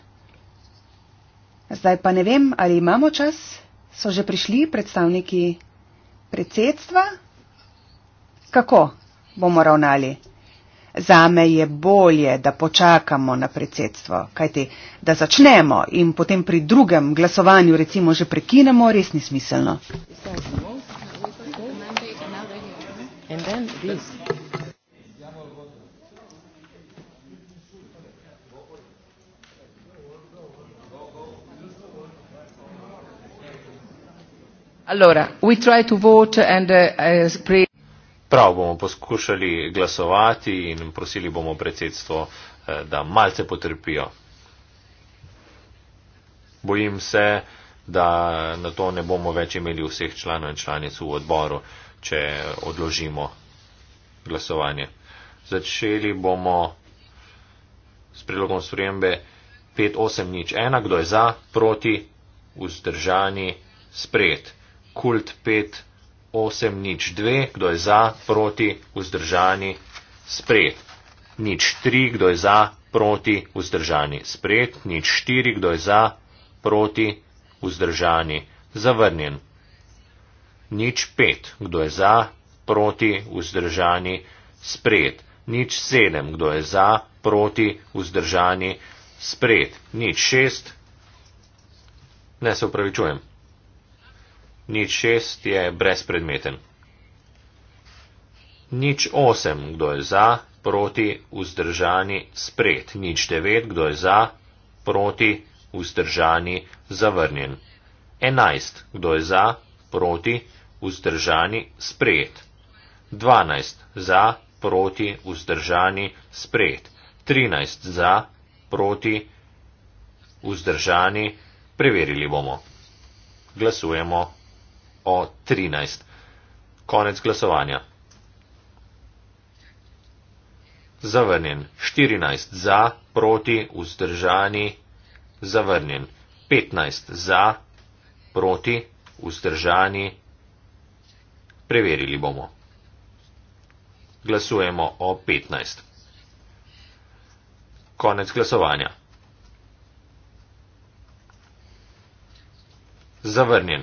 Zdaj pa ne vem, ali imamo čas. So že prišli predstavniki predsedstva? Kako bomo ravnali? Zame je bolje, da počakamo na predsedstvo, kajti da začnemo in potem pri drugem glasovanju recimo že prekinemo, res ni smiselno. Allora, we try to vote and, uh, uh, pray. Prav bomo poskušali glasovati in prosili bomo predsedstvo, uh, da malce potrpijo. Bojim se, da na to ne bomo več imeli vseh članov in članic v odboru, če odložimo glasovanje. Začeli bomo s prilogom sprejembe 5-8 nič 1, kdo je za, proti, vzdržani, sprejet kult 5802, kdo je za, proti, vzdržani, spred. Nič 3, kdo je za, proti, vzdržani, spred. Nič 4, kdo je za, proti, vzdržani, zavrnjen. Nič 5, kdo je za, proti, vzdržani, spred. Nič 7, kdo je za, proti, vzdržani, spred. Nič 6. Ne se upravičujem, nič šest je brezpredmeten. Nič osem, kdo je za, proti, vzdržani, spred. Nič devet, kdo je za, proti, vzdržani, zavrnjen. Enajst, kdo je za, proti, vzdržani, spred. Dvanajst, za, proti, vzdržani, spred. Trinajst, za, proti, vzdržani, preverili bomo. Glasujemo o 13. Konec glasovanja. Zavrnjen. 14 za, proti, vzdržani. Zavrnjen. 15 za, proti, vzdržani. Preverili bomo. Glasujemo o 15. Konec glasovanja. Zavrnjen.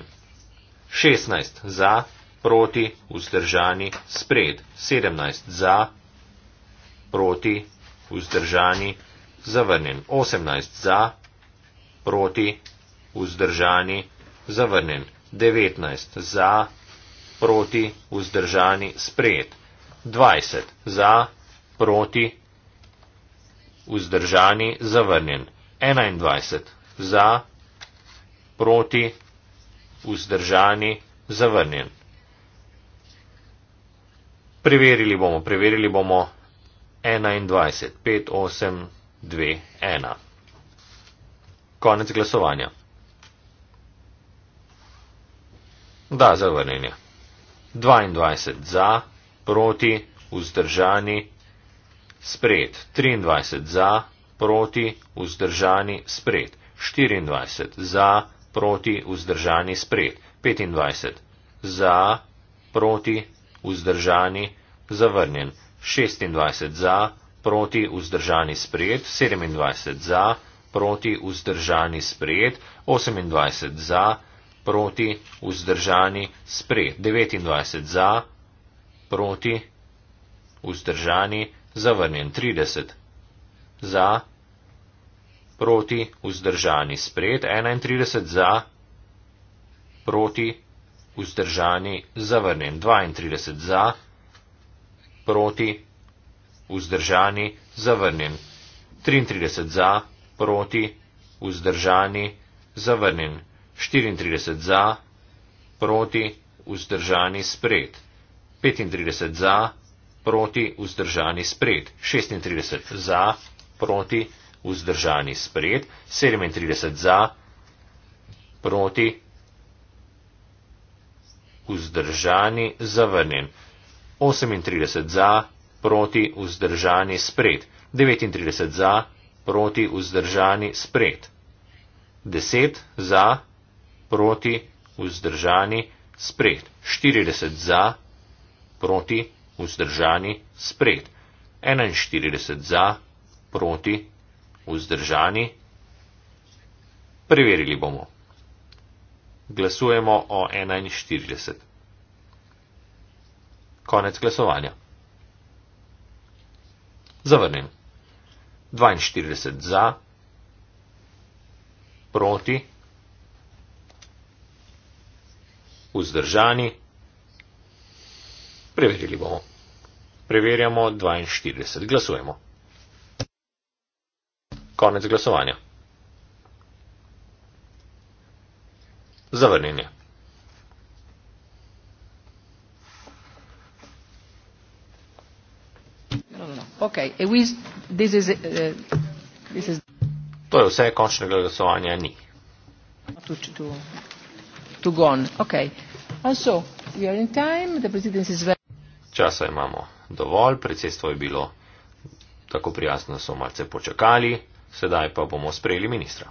16 za, proti, vzdržani, spred, 17 za, proti, vzdržani, zavrnjen, 18 za, proti, vzdržani, zavrnjen, 19 za, proti, vzdržani, spred, 20 za, proti, vzdržani, zavrnjen, 21 za, proti, vzdržani, vzdržani, zavrnjen. Preverili bomo, preverili bomo 21, 5, 8, 2, 1. Konec glasovanja. Da, zavrnjenje. 22 za, proti, vzdržani, spred. 23 za, proti, vzdržani, spred. 24 za, proti proti vzdržani spred. 25. Za, proti, vzdržani, zavrnjen. 26. Za, proti, vzdržani spred. 27. Za, proti, vzdržani spred. 28. Za, proti, vzdržani spred. 29. Za, proti, vzdržani, zavrnjen. 30. Za, proti, vzdržani spred proti, vzdržani, sprejet, 31 za, proti, vzdržani, zavrnjen, 32 za, proti, vzdržani, zavrnjen, 33 za, proti, vzdržani, zavrnjen, 34 za, proti, vzdržani, sprejet, 35 za, proti, vzdržani, sprejet, 36 za, proti, vzdržani, sprejet vzdržani sprejet, 37 za, proti, vzdržani, zavrnjen, 38 za, proti, vzdržani sprejet, 39 za, proti, vzdržani sprejet, 10 za, proti, vzdržani sprejet, 40 za, proti, vzdržani sprejet, 41 za, proti, vzdržani sprejet vzdržani? Preverili bomo. Glasujemo o 41. Konec glasovanja. Zavrnem. 42 za, proti, vzdržani. Preverili bomo. Preverjamo 42. Glasujemo. Konec glasovanja. Zavrnjenje. No, no, no. Uh, to je vse, končnega glasovanja ni. Časa imamo dovolj, predsedstvo je bilo tako prijazno, da so malce počakali. Sedaj pa bomo sprejeli ministra.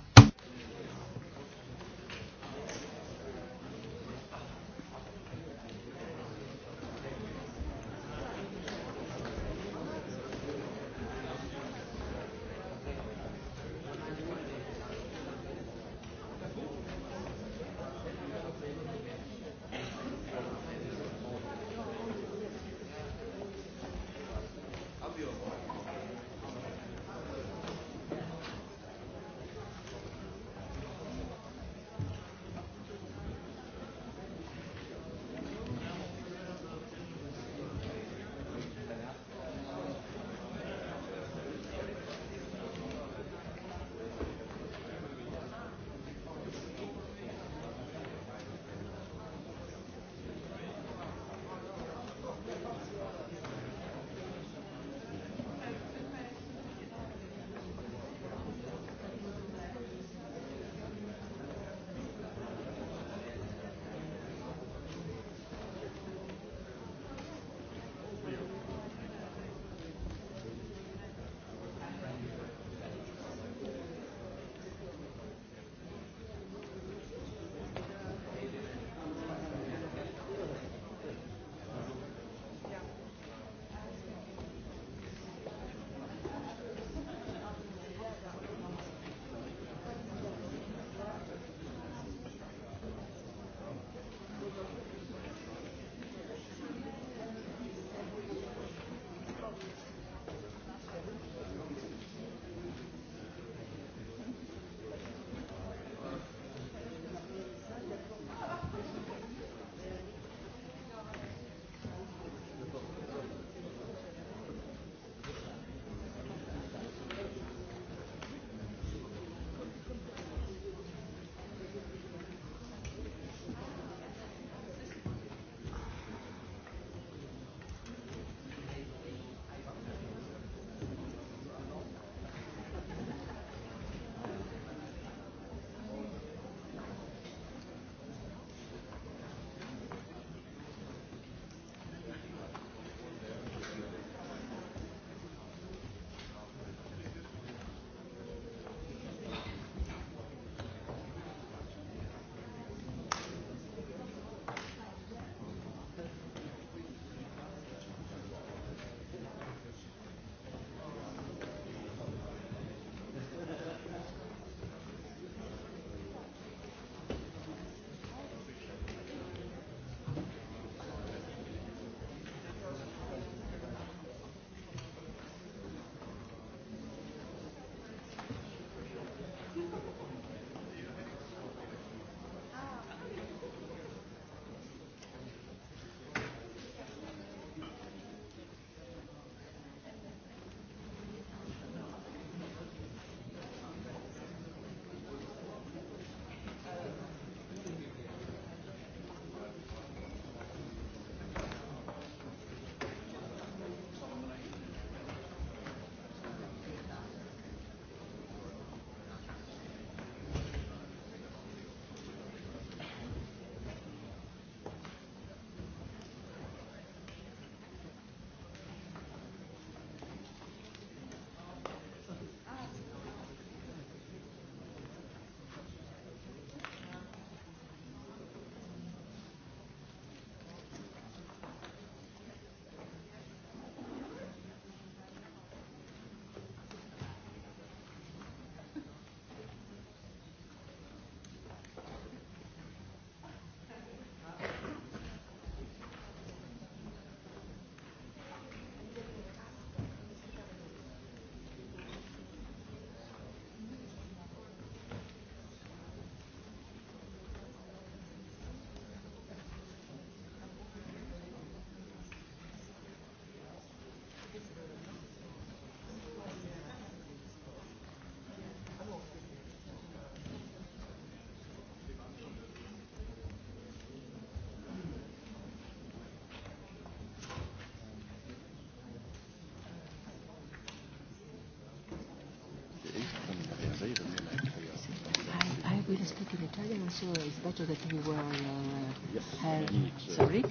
Thank you, Natalia. And so it's better that you were uh, yes. held. Sorry.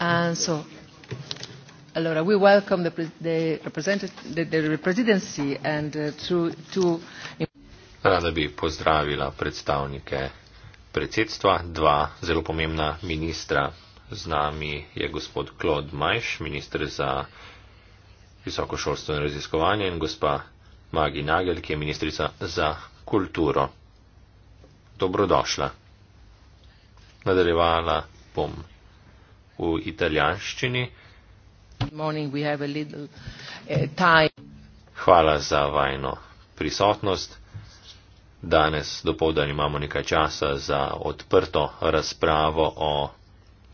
And uh, so, Allora, we welcome the, the, the, the presidency and uh, to, to... Rada bi pozdravila predstavnike predsedstva, dva zelo pomembna ministra. Z nami je gospod Claude Majš, ministr za visokošolstvo in raziskovanje, in gospa Magi Nagel, ki je ministrica za kulturo dobrodošla. Nadaljevala bom v italijanščini. Morning, little, uh, Hvala za vajno prisotnost. Danes dopoldan imamo nekaj časa za odprto razpravo o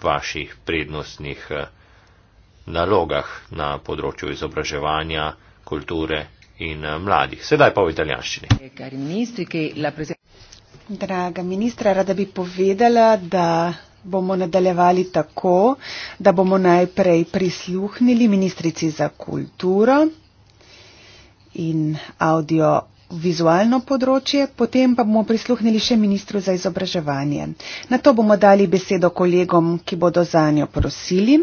vaših prednostnih eh, nalogah na področju izobraževanja, kulture in eh, mladih. Sedaj pa v italijanščini. Kari ministri, ki la prezent... Draga ministra, rada bi povedala, da bomo nadaljevali tako, da bomo najprej prisluhnili ministrici za kulturo in audio vizualno področje, potem pa bomo prisluhnili še ministru za izobraževanje. Na to bomo dali besedo kolegom, ki bodo za njo prosili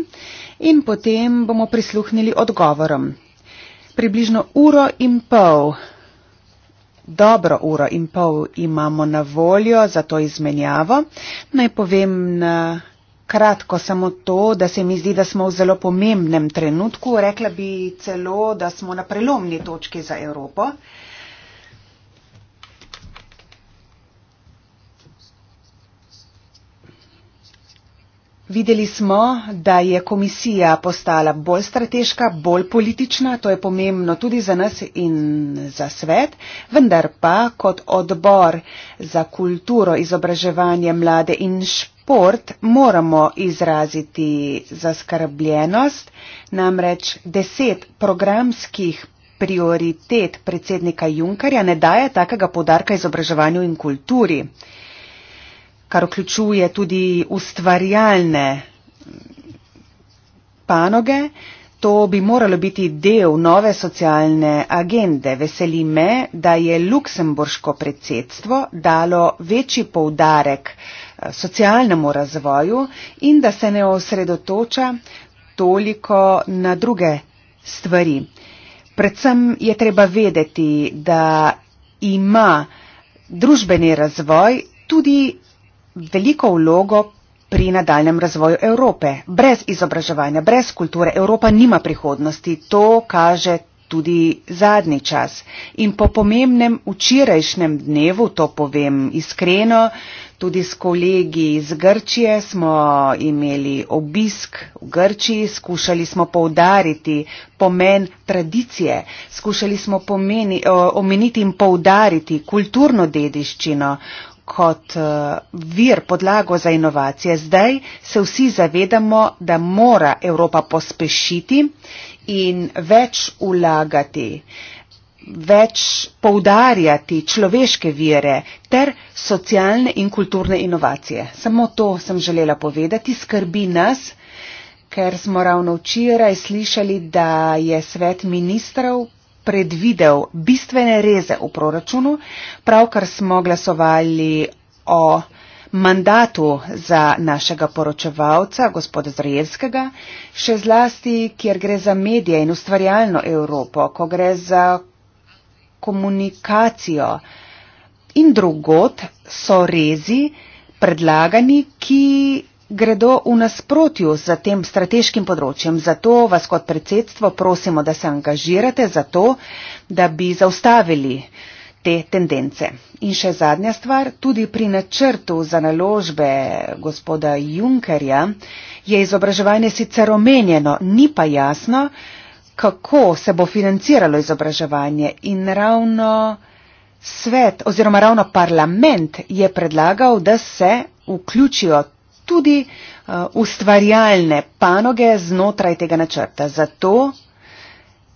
in potem bomo prisluhnili odgovorom. Približno uro in pol dobro uro in pol imamo na voljo za to izmenjavo. Naj povem na kratko samo to, da se mi zdi, da smo v zelo pomembnem trenutku. Rekla bi celo, da smo na prelomni točki za Evropo. Uh, Videli smo, da je komisija postala bolj strateška, bolj politična, to je pomembno tudi za nas in za svet, vendar pa kot odbor za kulturo, izobraževanje mlade in šport moramo izraziti zaskrbljenost, namreč deset programskih prioritet predsednika Junkarja ne daje takega podarka izobraževanju in kulturi kar vključuje tudi ustvarjalne panoge. To bi moralo biti del nove socialne agende. Veseli me, da je luksemburško predsedstvo dalo večji poudarek eh, socialnemu razvoju in da se ne osredotoča toliko na druge stvari. Predvsem je treba vedeti, da ima družbeni razvoj tudi veliko vlogo pri nadaljem razvoju Evrope. Brez izobraževanja, brez kulture Evropa nima prihodnosti. To kaže tudi zadnji čas. In po pomembnem včerajšnjem dnevu, to povem iskreno, tudi s kolegi iz Grčije smo imeli obisk v Grčiji, skušali smo poudariti pomen tradicije, skušali smo pomeni, omeniti in poudariti kulturno dediščino, kot eh, vir podlago za inovacije. Zdaj se vsi zavedamo, da mora Evropa pospešiti in več ulagati, več poudarjati človeške vire ter socialne in kulturne inovacije. Samo to sem želela povedati, skrbi nas, ker smo ravno včeraj slišali, da je svet ministrov predvidel bistvene reze v proračunu. Pravkar smo glasovali o mandatu za našega poročevalca, gospoda Zrejevskega, še zlasti, kjer gre za medije in ustvarjalno Evropo, ko gre za komunikacijo in drugot, so rezi predlagani, ki gredo v nasprotju z tem strateškim področjem. Zato vas kot predsedstvo prosimo, da se angažirate za to, da bi zaustavili te tendence. In še zadnja stvar, tudi pri načrtu za naložbe gospoda Junkerja je izobraževanje sicer omenjeno, ni pa jasno, kako se bo financiralo izobraževanje in ravno svet oziroma ravno parlament je predlagal, da se vključijo tudi uh, ustvarjalne panoge znotraj tega načrta. Zato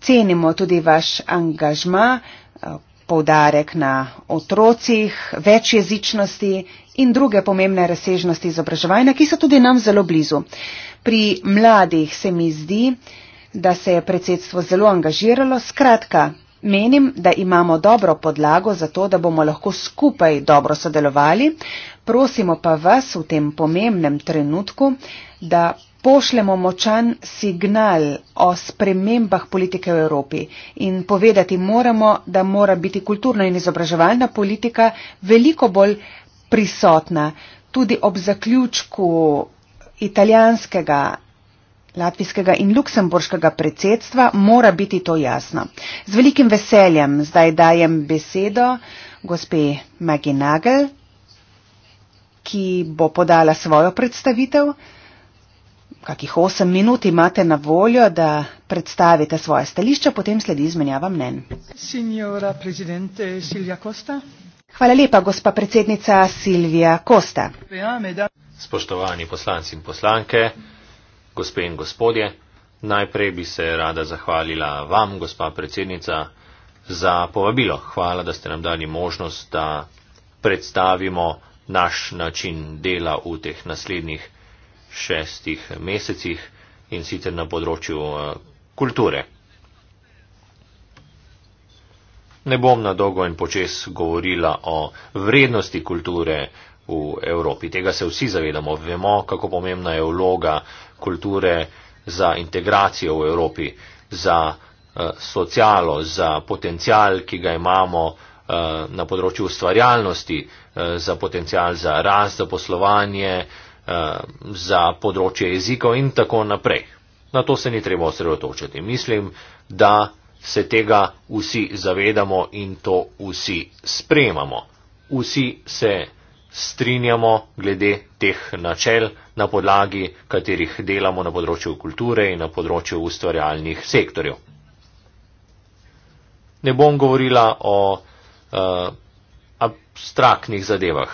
cenimo tudi vaš angažma, uh, poudarek na otrocih, večjezičnosti in druge pomembne razsežnosti izobraževanja, ki so tudi nam zelo blizu. Pri mladih se mi zdi, da se je predsedstvo zelo angažiralo. Skratka, Menim, da imamo dobro podlago za to, da bomo lahko skupaj dobro sodelovali. Prosimo pa vas v tem pomembnem trenutku, da pošljemo močan signal o spremembah politike v Evropi in povedati moramo, da mora biti kulturna in izobraževalna politika veliko bolj prisotna tudi ob zaključku italijanskega Latvijskega in luksemburškega predsedstva mora biti to jasno. Z velikim veseljem zdaj dajem besedo gospe Magi Nagel, ki bo podala svojo predstavitev. Kakih osem minut imate na voljo, da predstavite svoje stališče, potem sledi izmenjava mnen. Hvala lepa, gospa predsednica Silvija Kosta. Spoštovani poslanci in poslanke, Gospe in gospodje, najprej bi se rada zahvalila vam, gospa predsednica, za povabilo. Hvala, da ste nam dali možnost, da predstavimo naš način dela v teh naslednjih šestih mesecih in sicer na področju eh, kulture. Ne bom na dolgo in počes govorila o vrednosti kulture v Evropi. Tega se vsi zavedamo. Vemo, kako pomembna je vloga kulture za integracijo v Evropi, za eh, socialo, za potencial, ki ga imamo eh, na področju ustvarjalnosti, eh, za potencial za rast, za poslovanje, za področje jezikov in tako naprej. Na to se ni treba osredotočiti. Mislim, da se tega vsi zavedamo in to vsi sprejemamo. Vsi se strinjamo glede teh načel, na podlagi katerih delamo na področju kulture in na področju ustvarjalnih sektorjev. Ne bom govorila o uh, abstraktnih zadevah.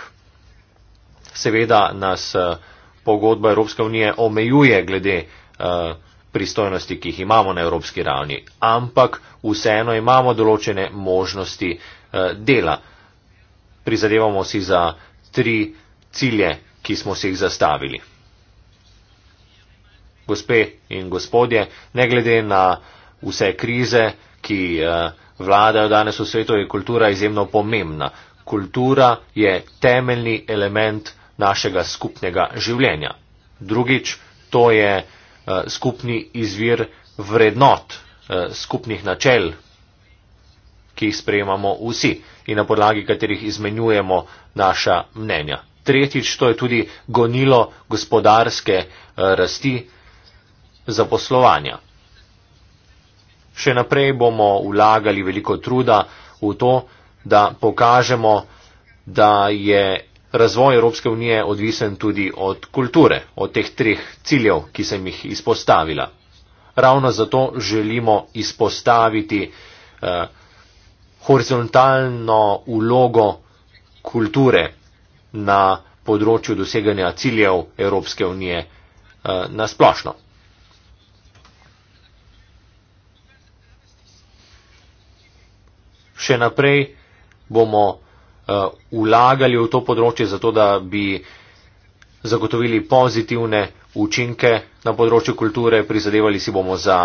Seveda nas uh, pogodba Evropske unije omejuje glede uh, pristojnosti, ki jih imamo na evropski ravni, ampak vseeno imamo določene možnosti uh, dela. Prizadevamo si za uh, tri cilje, ki smo si jih zastavili. Gospe in gospodje, ne glede na vse krize, ki eh, vladajo danes v svetu, je kultura izjemno pomembna. Kultura je temeljni element našega skupnega življenja. Drugič, to je eh, skupni izvir vrednot, eh, skupnih načel, ki jih sprejemamo vsi in na podlagi katerih izmenjujemo naša mnenja. Tretjič, to je tudi gonilo gospodarske eh, rasti zaposlovanja. Še naprej bomo vlagali veliko truda v to, da pokažemo, da je razvoj Evropske unije odvisen tudi od kulture, od teh treh ciljev, ki sem jih izpostavila. Ravno zato želimo izpostaviti eh, horizontalno vlogo kulture na področju doseganja ciljev Evropske unije eh, na splošno. Še naprej bomo eh, vlagali v to področje, zato da bi zagotovili pozitivne učinke na področju kulture, prizadevali si bomo za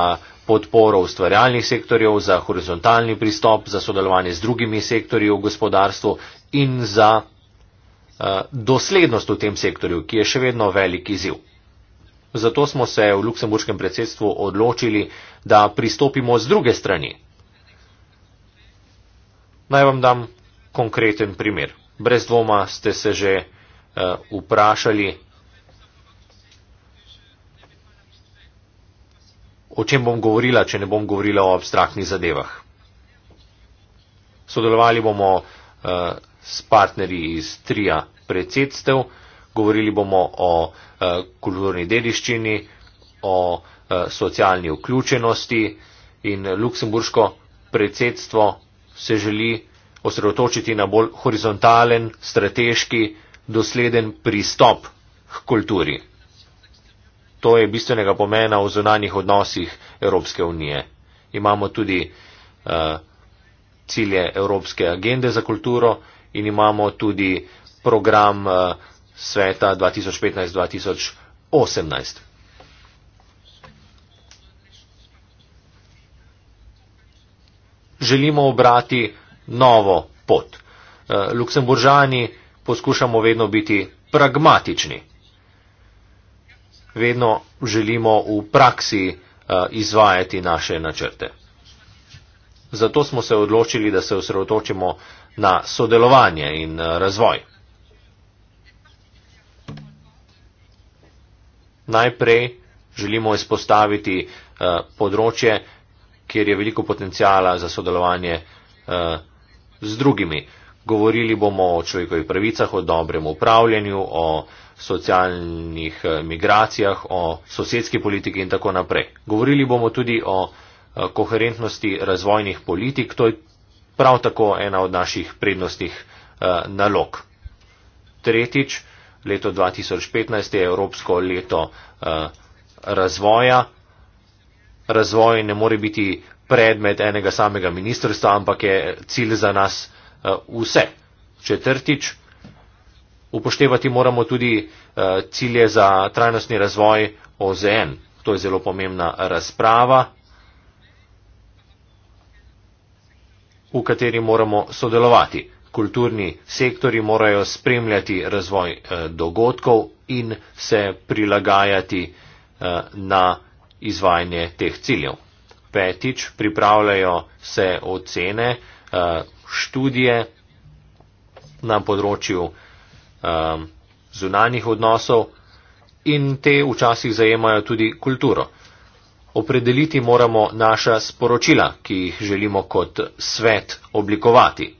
podporo ustvarjalnih sektorjev, za horizontalni pristop, za sodelovanje z drugimi sektorji v gospodarstvu in za uh, doslednost v tem sektorju, ki je še vedno velik izziv. Zato smo se v luksemburškem predsedstvu odločili, da pristopimo z druge strani. Naj vam dam konkreten primer. Brez dvoma ste se že uh, vprašali, o čem bom govorila, če ne bom govorila o abstraktnih zadevah. Sodelovali bomo uh, s partnerji iz trija predsedstev, govorili bomo o uh, kulturni dediščini, o uh, socialni vključenosti in luksemburško predsedstvo se želi osredotočiti na bolj horizontalen, strateški, dosleden pristop k kulturi to je bistvenega pomena v zunanjih odnosih Evropske unije. Imamo tudi uh, cilje Evropske agende za kulturo in imamo tudi program uh, sveta 2015-2018. Želimo obrati novo pot. Uh, Luksemburžani poskušamo vedno biti pragmatični vedno želimo v praksi eh, izvajati naše načrte. Zato smo se odločili, da se osredotočimo na sodelovanje in eh, razvoj. Najprej želimo izpostaviti eh, področje, kjer je veliko potencijala za sodelovanje z drugimi. Govorili bomo o človekovih pravicah, o dobrem upravljanju, o socialnih eh, migracijah, o sosedski politiki in tako naprej. Govorili bomo tudi o eh, koherentnosti razvojnih politik, to je prav tako ena od naših prednostnih eh, nalog. Tretjič, leto 2015 je Evropsko leto razvoja. Razvoj ne more biti predmet enega samega ministrstva, ampak je cilj za nas vse. Četrtič, upoštevati moramo tudi eh, cilje za trajnostni razvoj OZN. To je zelo pomembna razprava, v kateri moramo sodelovati. Kulturni sektori morajo spremljati razvoj eh, dogodkov in se prilagajati eh, na izvajanje teh ciljev. Petič, pripravljajo se ocene, študije na področju um, zunanjih odnosov in te včasih zajemajo tudi kulturo. Opredeliti moramo naša sporočila, ki jih želimo kot svet oblikovati.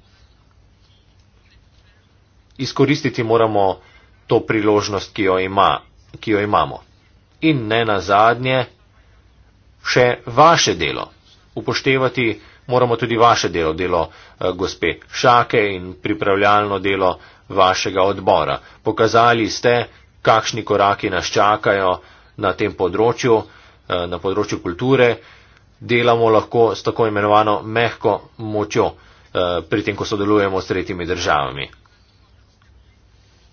Izkoristiti moramo to priložnost, ki jo, ima, ki jo imamo. In ne na zadnje, še vaše delo. Upoštevati moramo tudi vaše delo, delo eh, gospe Šake in pripravljalno delo vašega odbora. Pokazali ste, kakšni koraki nas čakajo na tem področju, eh, na področju kulture. Delamo lahko s tako imenovano mehko močjo, eh, pri tem, ko sodelujemo s tretjimi državami.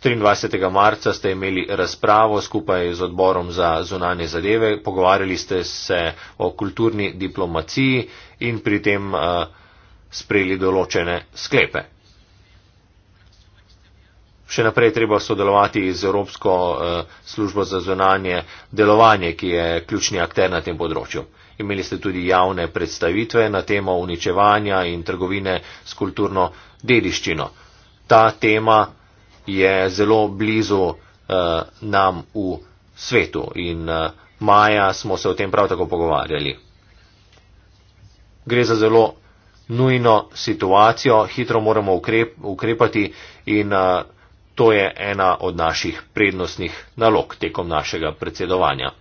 23. marca ste imeli razpravo skupaj z odborom za zunanje zadeve, pogovarjali ste se o kulturni diplomaciji in pri tem uh, sprejeli določene sklepe še naprej treba sodelovati z Evropsko eh, službo za zonanje delovanje, ki je ključni akter na tem področju. Imeli ste tudi javne predstavitve na temo uničevanja in trgovine s kulturno dediščino. Ta tema je zelo blizu eh, nam v svetu in eh, maja smo se o tem prav tako pogovarjali. Gre za zelo nujno situacijo, hitro moramo ukrep, ukrepati in eh, To je ena od naših prednostnih nalog tekom našega predsedovanja.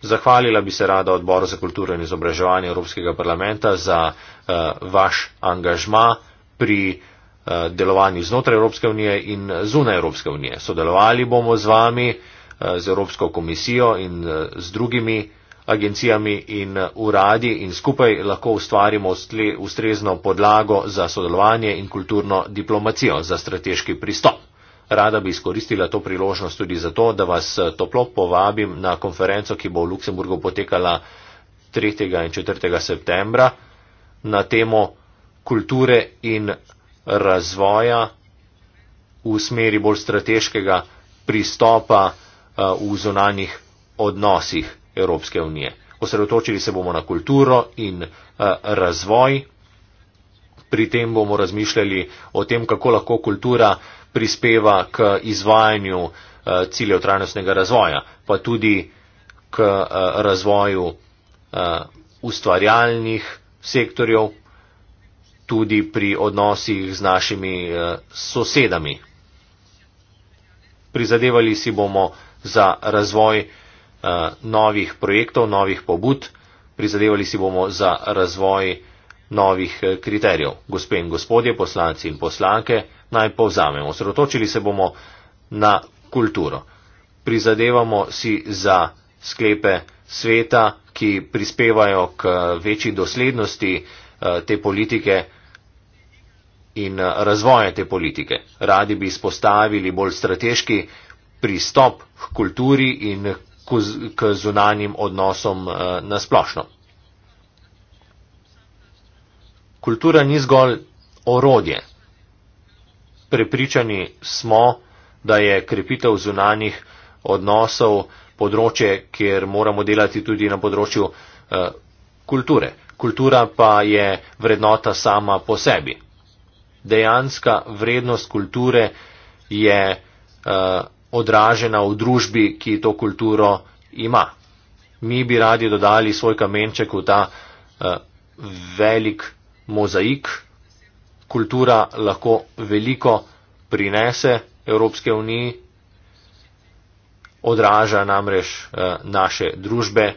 Zahvalila bi se rada odboru za kulturo in izobraževanje Evropskega parlamenta za uh, vaš angažma pri uh, delovanju znotraj Evropske unije in zunaj Evropske unije. Sodelovali bomo z vami, uh, z Evropsko komisijo in uh, z drugimi uh, agencijami in eh, uradi in skupaj lahko ustvarimo ustrezno podlago za sodelovanje in kulturno diplomacijo za strateški pristop. Rada bi izkoristila to priložnost tudi zato, da vas eh, toplo povabim na konferenco, ki bo v Luksemburgu potekala 3. in 4. septembra na temo kulture in razvoja v smeri bolj strateškega pristopa eh, v zonanih odnosih. Evropske unije. Osredotočili se bomo na kulturo in uh, razvoj. Pri tem bomo razmišljali o tem, kako lahko kultura prispeva k izvajanju uh, ciljev trajnostnega razvoja, pa tudi k uh, razvoju uh, ustvarjalnih sektorjev, tudi pri odnosih z našimi uh, sosedami. Prizadevali si bomo za razvoj uh, Eh, novih projektov, novih pobud. Prizadevali si bomo za razvoj novih eh, kriterijev. Gospe in gospodje, poslanci in poslanke, naj povzamemo. Osredotočili se bomo na kulturo. Prizadevamo si za sklepe sveta, ki prispevajo k eh, večji doslednosti te politike in razvoja te politike. Radi bi izpostavili bolj strateški pristop k kulturi in k zunanjim odnosom eh, na splošno. Kultura ni zgolj orodje. Prepričani smo, da je krepitev zunanjih odnosov področje, kjer moramo delati tudi na področju eh, kulture. Kultura pa je vrednota sama po sebi. Dejanska vrednost kulture je uh, odražena v družbi, ki to kulturo ima. Mi bi radi dodali svoj kamenček v ta uh, velik mozaik. Kultura lahko veliko prinese Evropske unije, odraža namreč uh, naše družbe,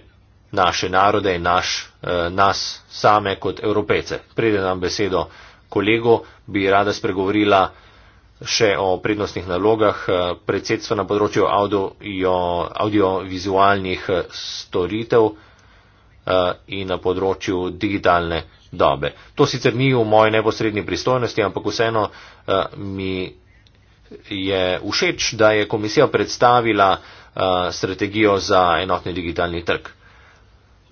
naše narode in naš, uh, nas same kot evropejce. Preden nam besedo kolego, bi rada spregovorila še o prednostnih nalogah eh, predsedstva na področju audiovizualnih audio eh, storitev eh, in na področju digitalne dobe. To sicer ni v moji neposrednji pristojnosti, ampak vseeno mi je všeč, da je komisija predstavila strategijo za enotni digitalni trg.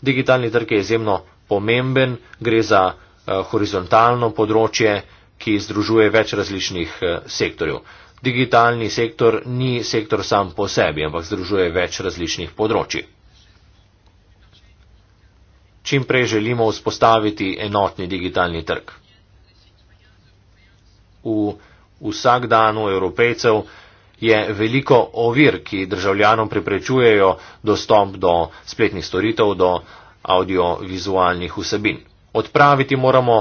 Digitalni trg je izjemno pomemben, gre za horizontalno področje, ki združuje več različnih eh, sektorjev. Digitalni sektor ni sektor sam po sebi, ampak združuje več različnih področji. Čim prej želimo vzpostaviti enotni digitalni trg. V vsak danu evropejcev je veliko ovir, ki državljanom preprečujejo dostop do spletnih storitev, do audiovizualnih vsebin. Odpraviti moramo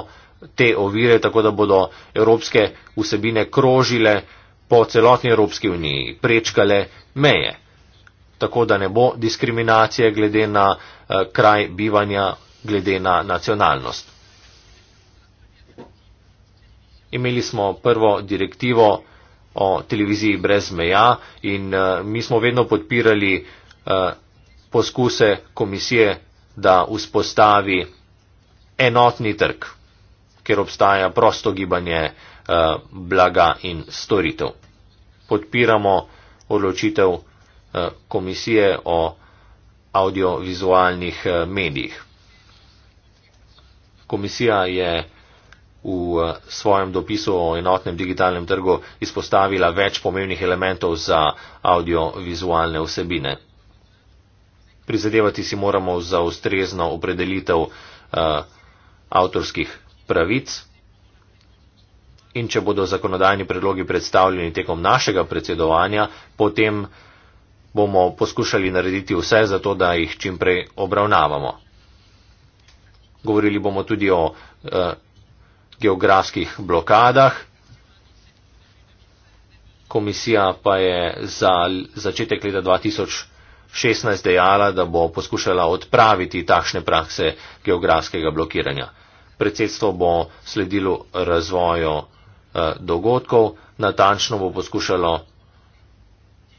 te ovire, tako da bodo evropske vsebine krožile po celotni Evropski uniji, prečkale meje, tako da ne bo diskriminacije glede na eh, kraj bivanja, glede na nacionalnost. Imeli smo prvo direktivo o televiziji brez meja in eh, mi smo vedno podpirali eh, poskuse komisije, da vzpostavi enotni trg kjer obstaja prosto gibanje eh, blaga in storitev. Podpiramo odločitev eh, komisije o audiovizualnih eh, medijih. Komisija je v svojem dopisu o enotnem digitalnem trgu izpostavila več pomembnih elementov za audiovizualne vsebine. Prizadevati si moramo za ustrezno opredelitev uh, avtorskih pravic. In če bodo zakonodajni predlogi predstavljeni tekom našega predsedovanja, potem bomo poskušali narediti vse za to, da jih čim prej obravnavamo. Govorili bomo tudi o eh, geografskih blokadah. Komisija pa je za začetek leta 2016 dejala, da bo poskušala odpraviti takšne prakse geografskega blokiranja. Predsedstvo bo sledilo razvoju eh, dogodkov, natančno bo poskušalo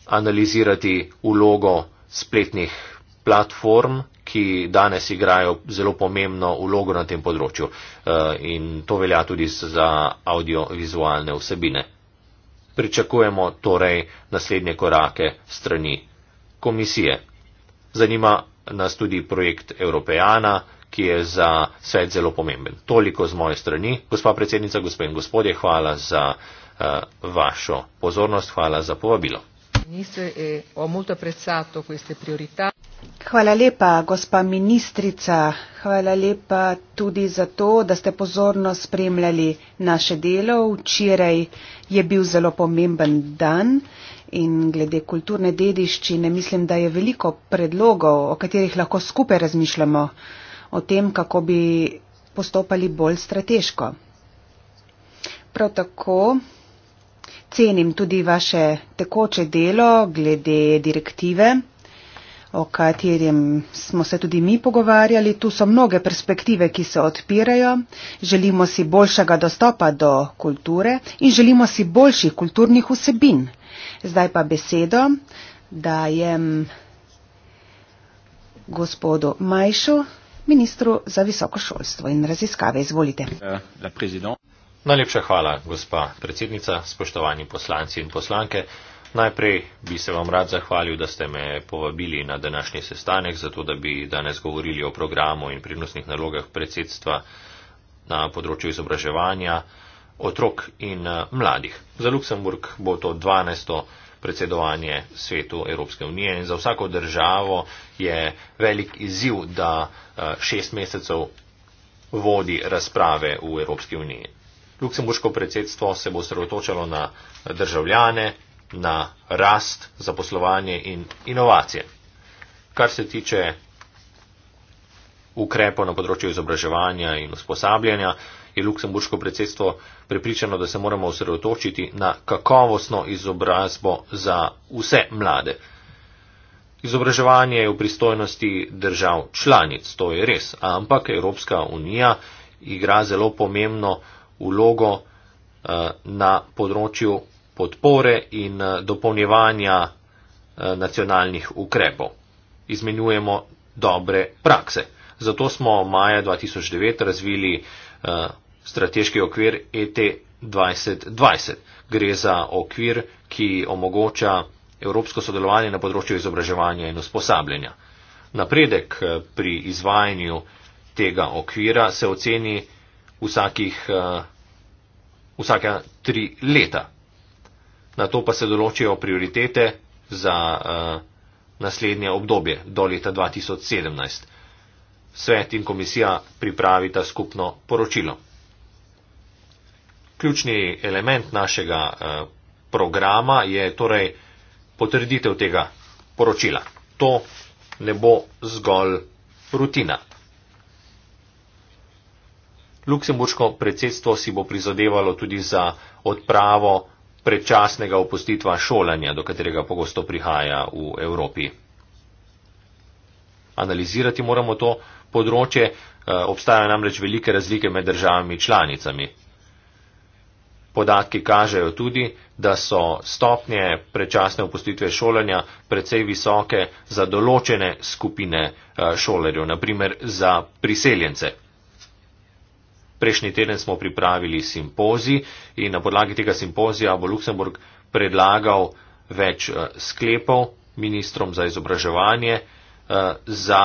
analizirati ulogo spletnih platform, ki danes igrajo zelo pomembno ulogo na tem področju. Eh, in to velja tudi za audiovizualne vsebine. Pričakujemo torej naslednje korake strani komisije. Zanima nas tudi projekt Evropejana ki je za svet zelo pomemben. Toliko z moje strani. Gospa predsednica, gospod in gospodje, hvala za uh, vašo pozornost, hvala za povabilo. Eh, hvala lepa, gospa ministrica. Hvala lepa tudi za to, da ste pozorno spremljali naše delo. Včeraj je bil zelo pomemben dan in glede kulturne dediščine mislim, da je veliko predlogov, o katerih lahko skupaj razmišljamo o tem, kako bi postopali bolj strateško. Prav tako cenim tudi vaše tekoče delo glede direktive, o katerem smo se tudi mi pogovarjali. Tu so mnoge perspektive, ki se odpirajo. Želimo si boljšega dostopa do kulture in želimo si boljših kulturnih vsebin. Zdaj pa besedo dajem gospodu Majšu ministru za visoko šolstvo in raziskave. Izvolite. Najlepša hvala, gospa predsednica, spoštovani poslanci in poslanke. Najprej bi se vam rad zahvalil, da ste me povabili na današnji sestanek, zato da bi danes govorili o programu in prednostnih nalogah predsedstva na področju izobraževanja otrok in eh, mladih. Za Luksemburg bo to 12 predsedovanje svetu Evropske unije in za vsako državo je velik izziv, da eh, šest mesecev vodi razprave v Evropski uniji. Luksemburško predsedstvo se bo sredotočalo na državljane, na rast, zaposlovanje in inovacije. Kar se tiče ukrepov na področju izobraževanja in usposabljanja, je luksemburško predsedstvo prepričano, da se moramo osredotočiti na kakovostno izobrazbo za vse mlade. Izobraževanje je v pristojnosti držav članic, to je res, ampak Evropska unija igra zelo pomembno ulogo eh, na področju podpore in eh, dopolnjevanja eh, nacionalnih ukrepov. Izmenjujemo dobre prakse. Zato smo maja 2009 razvili uh, strateški okvir e ET 2020. Gre za okvir, ki omogoča evropsko sodelovanje na področju izobraževanja in usposabljanja. Napredek eh, pri izvajanju tega okvira se oceni vsakih, uh, vsaka tri leta. Na to pa se določijo prioritete za uh, naslednje obdobje do leta 2017 svet in komisija pripravita skupno poročilo. Ključni element našega eh, programa je torej potrditev tega poročila. To ne bo zgolj rutina. Luksemburško predsedstvo si bo prizadevalo tudi za odpravo predčasnega opustitva šolanja, do katerega pogosto prihaja v Evropi. Analizirati moramo to, področje, eh, obstajajo namreč velike razlike med državami članicami. Podatki kažejo tudi, da so stopnje prečasne upustitve šolanja precej visoke za določene skupine eh, šolerjev, naprimer za priseljence. Prejšnji teden smo pripravili simpozij in na podlagi tega simpozija bo Luksemburg predlagal več eh, sklepov ministrom za izobraževanje za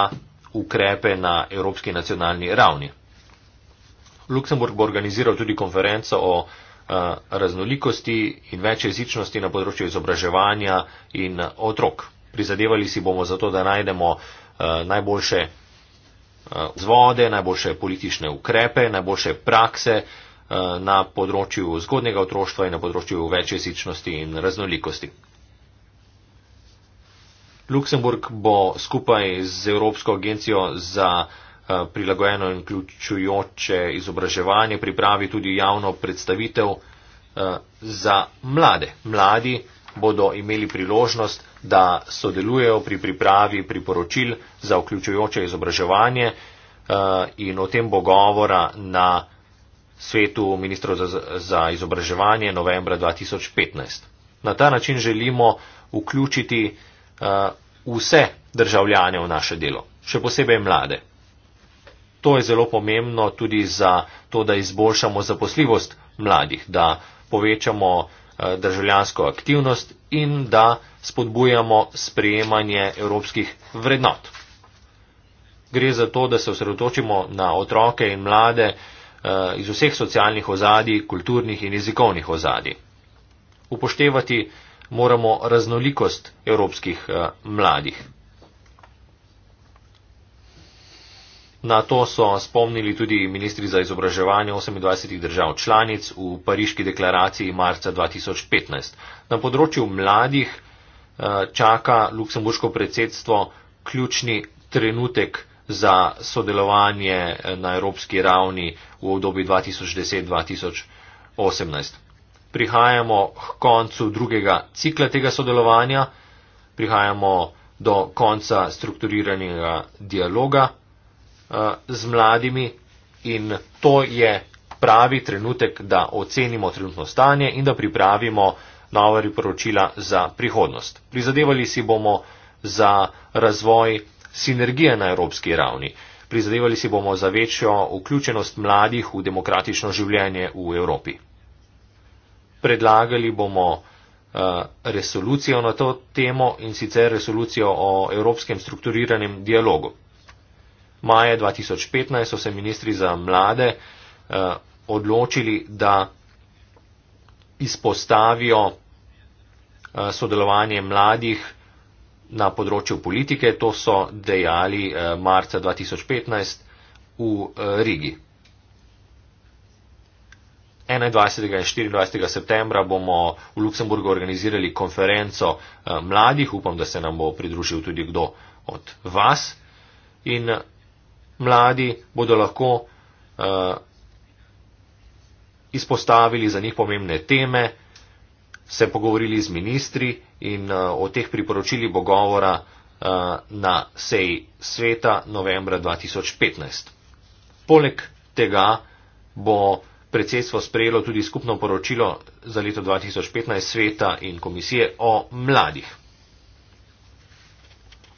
ukrepe na evropski nacionalni ravni. Luksemburg bo organiziral tudi konferenco o eh, raznolikosti in večjezičnosti na področju izobraževanja in otrok. Prizadevali si bomo zato, da najdemo eh, najboljše eh, vzvode, najboljše politične ukrepe, najboljše prakse na področju zgodnega otroštva in na področju večjezičnosti in raznolikosti. Luksemburg bo skupaj z Evropsko agencijo za eh, prilagojeno in ključujoče izobraževanje pripravi tudi javno predstavitev eh, za mlade. Mladi bodo imeli priložnost, da sodelujejo pri pripravi priporočil za vključujoče izobraževanje eh, in o tem bo govora na svetu ministrov za izobraževanje novembra 2015. Na ta način želimo vključiti Uh, vse državljane v naše delo, še posebej mlade. To je zelo pomembno tudi za to, da izboljšamo zaposljivost mladih, da povečamo uh, državljansko aktivnost in da spodbujamo sprejemanje evropskih vrednot. Gre za to, da se osredotočimo na otroke in mlade uh, iz vseh socialnih ozadij, kulturnih in jezikovnih ozadij. Upoštevati moramo raznolikost evropskih eh, mladih. Na to so spomnili tudi ministri za izobraževanje 28 držav članic v pariški deklaraciji marca 2015. Na področju mladih eh, čaka luksemburško predsedstvo ključni trenutek za sodelovanje eh, na evropski ravni v obdobju 2010-2018 prihajamo k koncu drugega cikla tega sodelovanja, prihajamo do konca strukturiranega dialoga eh, z mladimi in to je pravi trenutek, da ocenimo trenutno stanje in da pripravimo nove priporočila za prihodnost. Prizadevali si bomo za razvoj sinergije na evropski ravni. Prizadevali si bomo za večjo vključenost mladih v demokratično življenje v Evropi predlagali bomo eh, resolucijo na to temo in sicer resolucijo o evropskem strukturiranem dialogu. Maja 2015 so se ministri za mlade eh, odločili, da izpostavijo eh, sodelovanje mladih na področju politike, to so dejali marca 2015 v Rigi. 21. in 24. septembra bomo v Luksemburgu organizirali konferenco eh, mladih, upam, da se nam bo pridružil tudi kdo od vas. In eh, mladi bodo lahko uh, izpostavili za njih pomembne teme, se pogovorili z ministri in uh, o teh priporočili bo govora uh, na seji sveta novembra 2015. Poleg tega bo predsedstvo sprejelo tudi skupno poročilo za leto 2015 sveta in komisije o mladih.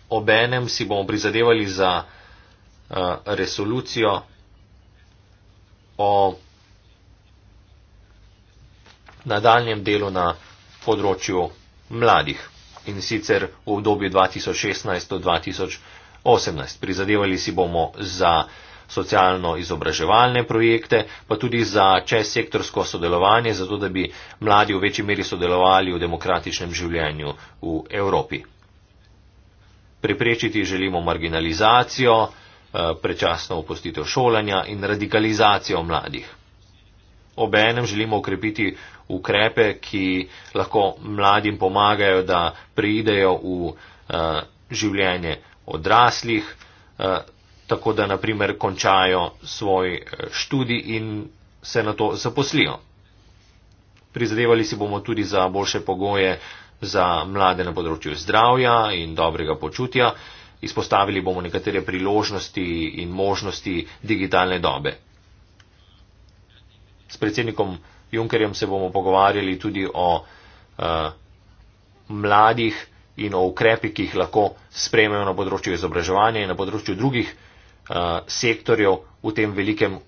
Obenem si bomo prizadevali za uh, resolucijo o nadaljem delu na področju mladih in sicer v obdobju 2016-2018. Prizadevali si bomo za socialno-izobraževalne projekte, pa tudi za čezsektorsko sodelovanje, zato da bi mladi v večji meri sodelovali v demokratičnem življenju v Evropi. Preprečiti želimo marginalizacijo, eh, prečasno opustitev šolanja in radikalizacijo mladih. Obenem želimo ukrepiti ukrepe, ki lahko mladim pomagajo, da pridejo v eh, življenje odraslih, eh, tako da naprimer končajo svoj eh, študij in se na to zaposlijo. Prizadevali si bomo tudi za boljše pogoje za mlade na področju zdravja in dobrega počutja. Izpostavili bomo nekatere priložnosti in možnosti digitalne dobe. S predsednikom Junkerjem se bomo pogovarjali tudi o uh, mladih in o ukrepih, ki jih lahko sprejmejo na področju izobraževanja in na področju drugih uh, Eh, sektorjev v tem velikem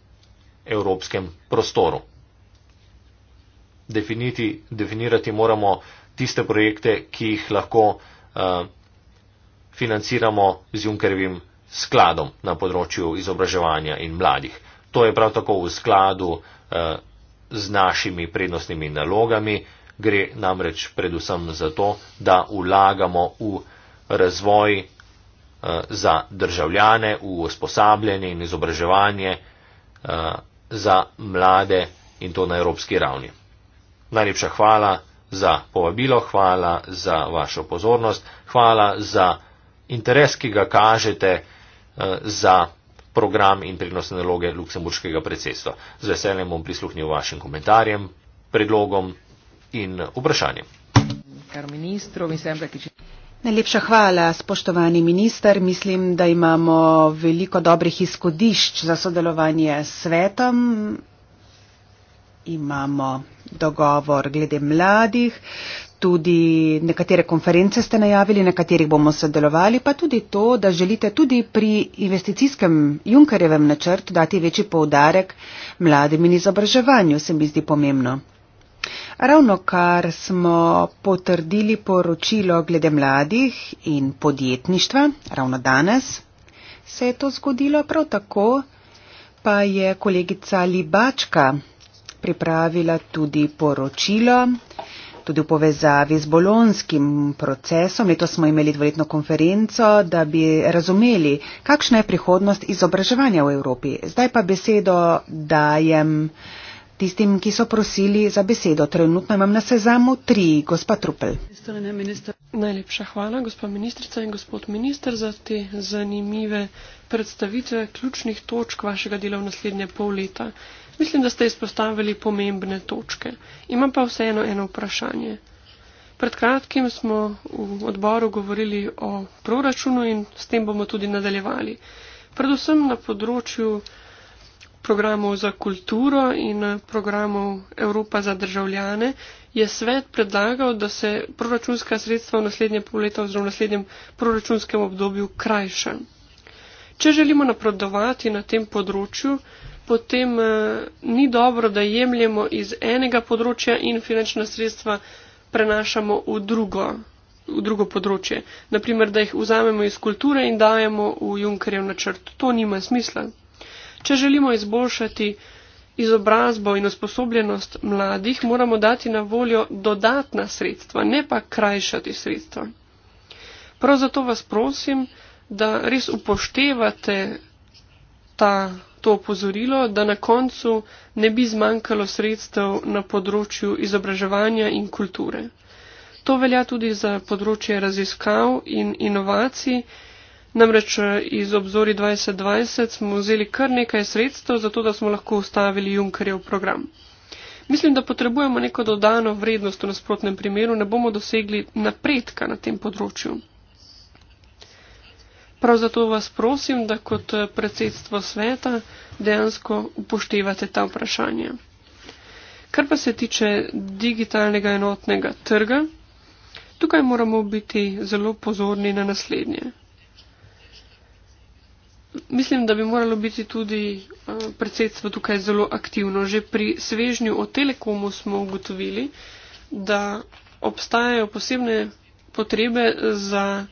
evropskem prostoru. Definiti, definirati moramo tiste projekte, ki jih lahko eh, financiramo z Junkerjevim skladom na področju izobraževanja in mladih. To je prav tako v skladu eh, z našimi prednostnimi nalogami. Gre namreč predvsem za to, da vlagamo v razvoj Eh, za državljane, v usposabljanje in izobraževanje eh, za mlade in to na evropski ravni. Najlepša hvala za povabilo, hvala za vašo pozornost, hvala za interes, ki ga kažete eh, za program in prinosne naloge Luksemburškega predsedstva. Z veseljem bom prisluhnil vašim komentarjem, predlogom in vprašanjem. Kar ministro, mislim, da je če. Najlepša hvala, spoštovani minister. Mislim, da imamo veliko dobrih izhodišč za sodelovanje s svetom. Imamo dogovor glede mladih, tudi nekatere konference ste najavili, na katerih bomo sodelovali, pa tudi to, da želite tudi pri investicijskem Junkerjevem načrtu dati večji poudarek mladim in izobraževanju, se mi zdi pomembno. Ravno kar smo potrdili poročilo glede mladih in podjetništva, ravno danes se je to zgodilo, prav tako pa je kolegica Libačka pripravila tudi poročilo, tudi v povezavi z bolonskim procesom. Leto smo imeli dvoletno konferenco, da bi razumeli, kakšna je prihodnost izobraževanja v Evropi. Zdaj pa besedo dajem. Tistim, ki so prosili za besedo, trenutno imam na sezamu tri, gospa Trupel. Najlepša hvala, gospa ministrica in gospod minister, za te zanimive predstavitve ključnih točk vašega dela v naslednje pol leta. Mislim, da ste izpostavili pomembne točke. Imam pa vseeno eno vprašanje. Pred kratkim smo v odboru govorili o proračunu in s tem bomo tudi nadaljevali. Predvsem na področju programov za kulturo in programov Evropa za državljane, je svet predlagal, da se proračunska sredstva v naslednjem pol leta oziroma v naslednjem proračunskem obdobju krajša. Če želimo napredovati na tem področju, potem eh, ni dobro, da jemljemo iz enega področja in finančna sredstva prenašamo v drugo, v drugo področje. Naprimer, da jih vzamemo iz kulture in dajemo v Junkerjev načrt. To nima smisla. Če želimo izboljšati izobrazbo in usposobljenost mladih, moramo dati na voljo dodatna sredstva, ne pa krajšati sredstva. Prav zato vas prosim, da res upoštevate ta, to opozorilo, da na koncu ne bi zmanjkalo sredstev na področju izobraževanja in kulture. To velja tudi za področje raziskav in inovacij. Namreč eh, iz obzori 2020 smo vzeli kar nekaj sredstev, zato da smo lahko ustavili Junkerjev program. Mislim, da potrebujemo neko dodano vrednost v nasprotnem primeru, ne bomo dosegli napredka na tem področju. Prav zato vas prosim, da kot eh, predsedstvo sveta dejansko upoštevate ta vprašanja. Kar pa se tiče digitalnega enotnega trga, tukaj moramo biti zelo pozorni na naslednje mislim, da bi moralo biti tudi eh, predsedstvo tukaj zelo aktivno. Že pri svežnju o telekomu smo ugotovili, da obstajajo posebne potrebe za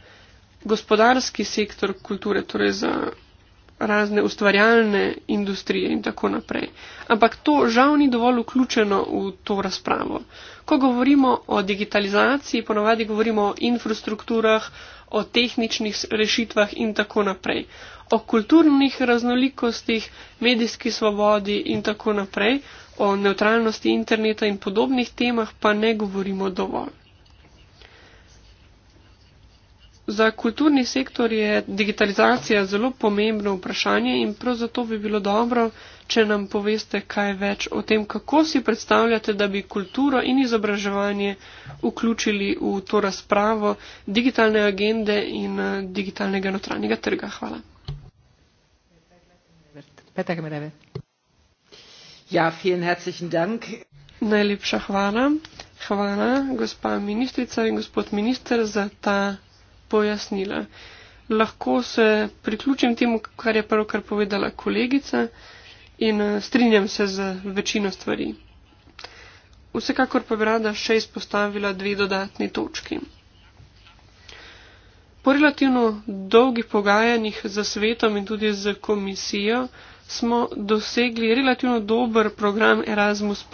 gospodarski sektor kulture, torej za razne ustvarjalne industrije in tako naprej. Ampak to žal ni dovolj vključeno v to razpravo. Ko govorimo o digitalizaciji, ponovadi govorimo o infrastrukturah, o tehničnih rešitvah in tako naprej o kulturnih raznolikostih, medijski svobodi in tako naprej, o neutralnosti interneta in podobnih temah pa ne govorimo dovolj. Za kulturni sektor je digitalizacija zelo pomembno vprašanje in prav zato bi bilo dobro, če nam poveste kaj več o tem, kako si predstavljate, da bi kulturo in izobraževanje vključili v to razpravo digitalne agende in eh, digitalnega notranjega trga. Hvala. Ja, vielen herzlichen Dank. Najlepša hvala. Hvala, gospa ministrica in gospod minister, za ta pojasnila. Lahko se priključim temu, kar je prvo, kar povedala kolegica in eh, strinjam se z večino stvari. Vsekakor pa bi rada še izpostavila dve dodatni točki. Po relativno dolgih pogajanjih za svetom in tudi za komisijo, smo dosegli relativno dober program Erasmus.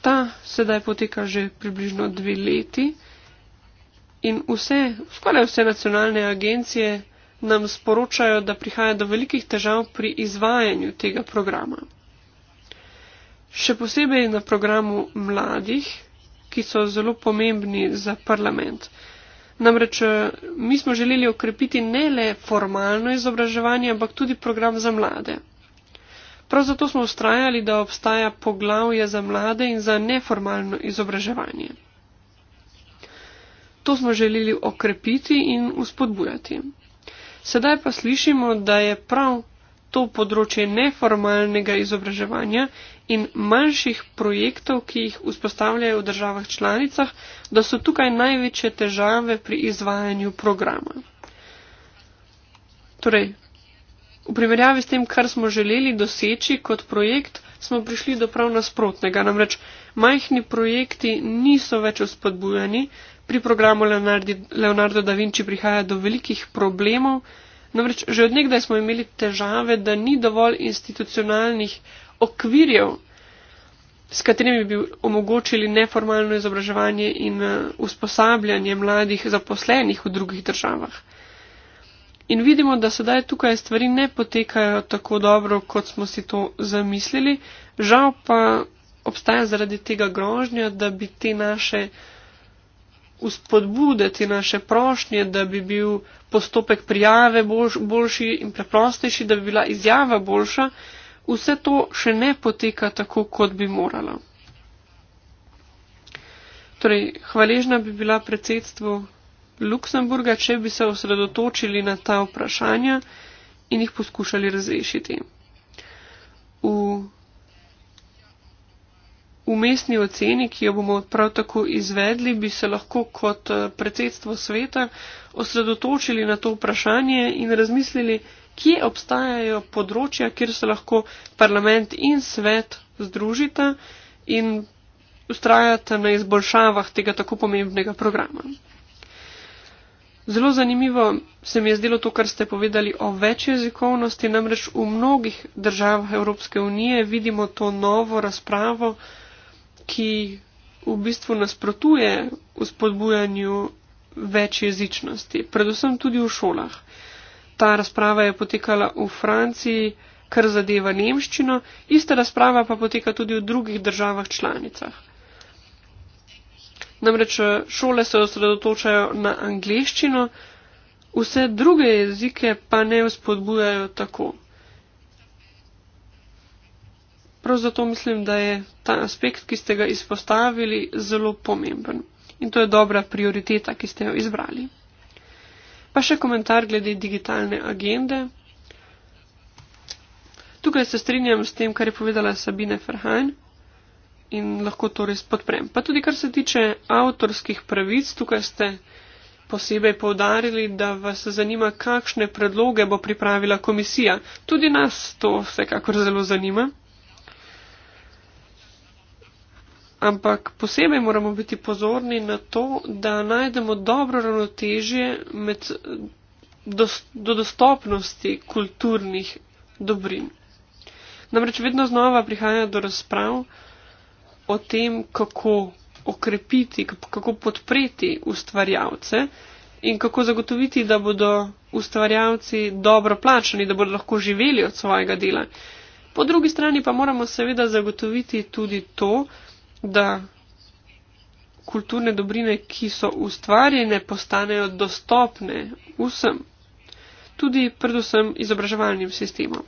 Ta sedaj poteka že približno dve leti in vse, skoraj vse nacionalne agencije nam sporočajo, da prihaja do velikih težav pri izvajanju tega programa. Še posebej na programu mladih, ki so zelo pomembni za parlament. Namreč eh, mi smo želeli okrepiti ne le formalno izobraževanje, ampak tudi program za mlade. Prav zato smo ustrajali, da obstaja poglavje za mlade in za neformalno izobraževanje. To smo želeli okrepiti in uspodbujati. Sedaj pa slišimo, da je prav to področje neformalnega izobraževanja in manjših projektov, ki jih vzpostavljajo v državah članicah, da so tukaj največje težave pri izvajanju programa. Torej, v primerjavi s tem, kar smo želeli doseči kot projekt, smo prišli do prav nasprotnega. Namreč majhni projekti niso več uspodbujani, pri programu Leonardo, Leonardo da Vinci prihaja do velikih problemov. Namreč že odnegdaj smo imeli težave, da ni dovolj institucionalnih okvirjev, s katerimi bi omogočili neformalno izobraževanje in eh, usposabljanje mladih zaposlenih v drugih državah. In vidimo, da sedaj tukaj stvari ne potekajo tako dobro, kot smo si to zamislili, žal pa obstaja zaradi tega grožnja, da bi te naše uspodbude, te naše prošnje, da bi bil postopek prijave boljši in preprostejši, da bi bila izjava boljša vse to še ne poteka tako, kot bi morala. Torej, hvaležna bi bila predsedstvu Luksemburga, če bi se osredotočili na ta vprašanja in jih poskušali razrešiti. V umestni oceni, ki jo bomo prav tako izvedli, bi se lahko kot eh, predsedstvo sveta osredotočili na to vprašanje in razmislili, kje obstajajo področja, kjer se lahko parlament in svet združita in ustrajata na izboljšavah tega tako pomembnega programa. Zelo zanimivo se mi je zdelo to, kar ste povedali o več jezikovnosti, namreč v mnogih državah Evropske unije vidimo to novo razpravo, ki v bistvu nasprotuje v spodbujanju več jezičnosti, predvsem tudi v šolah ta razprava je potekala v Franciji, kar zadeva nemščino, ista razprava pa poteka tudi v drugih državah članicah. Namreč eh, šole se osredotočajo na angliščino, vse druge jezike pa ne vzpodbujajo tako. Prav zato mislim, da je ta aspekt, ki ste ga izpostavili, zelo pomemben. In to je dobra prioriteta, ki ste jo izbrali. Pa še komentar glede digitalne agende. Tukaj se strinjam s tem, kar je povedala Sabine Ferhajn in lahko to res podprem. Pa tudi kar se tiče avtorskih pravic, tukaj ste posebej povdarili, da vas zanima, kakšne predloge bo pripravila komisija. Tudi nas to vsekakor zelo zanima. ampak posebej moramo biti pozorni na to, da najdemo dobro ravnotežje med do dostopnosti kulturnih dobrin. Namreč vedno znova prihaja do razprav o tem, kako okrepiti, kako podpreti ustvarjalce in kako zagotoviti, da bodo ustvarjalci dobro plačani, da bodo lahko živeli od svojega dela. Po drugi strani pa moramo seveda zagotoviti tudi to, da kulturne dobrine, ki so ustvarjene, postanejo dostopne vsem, tudi predvsem izobraževalnim sistemom.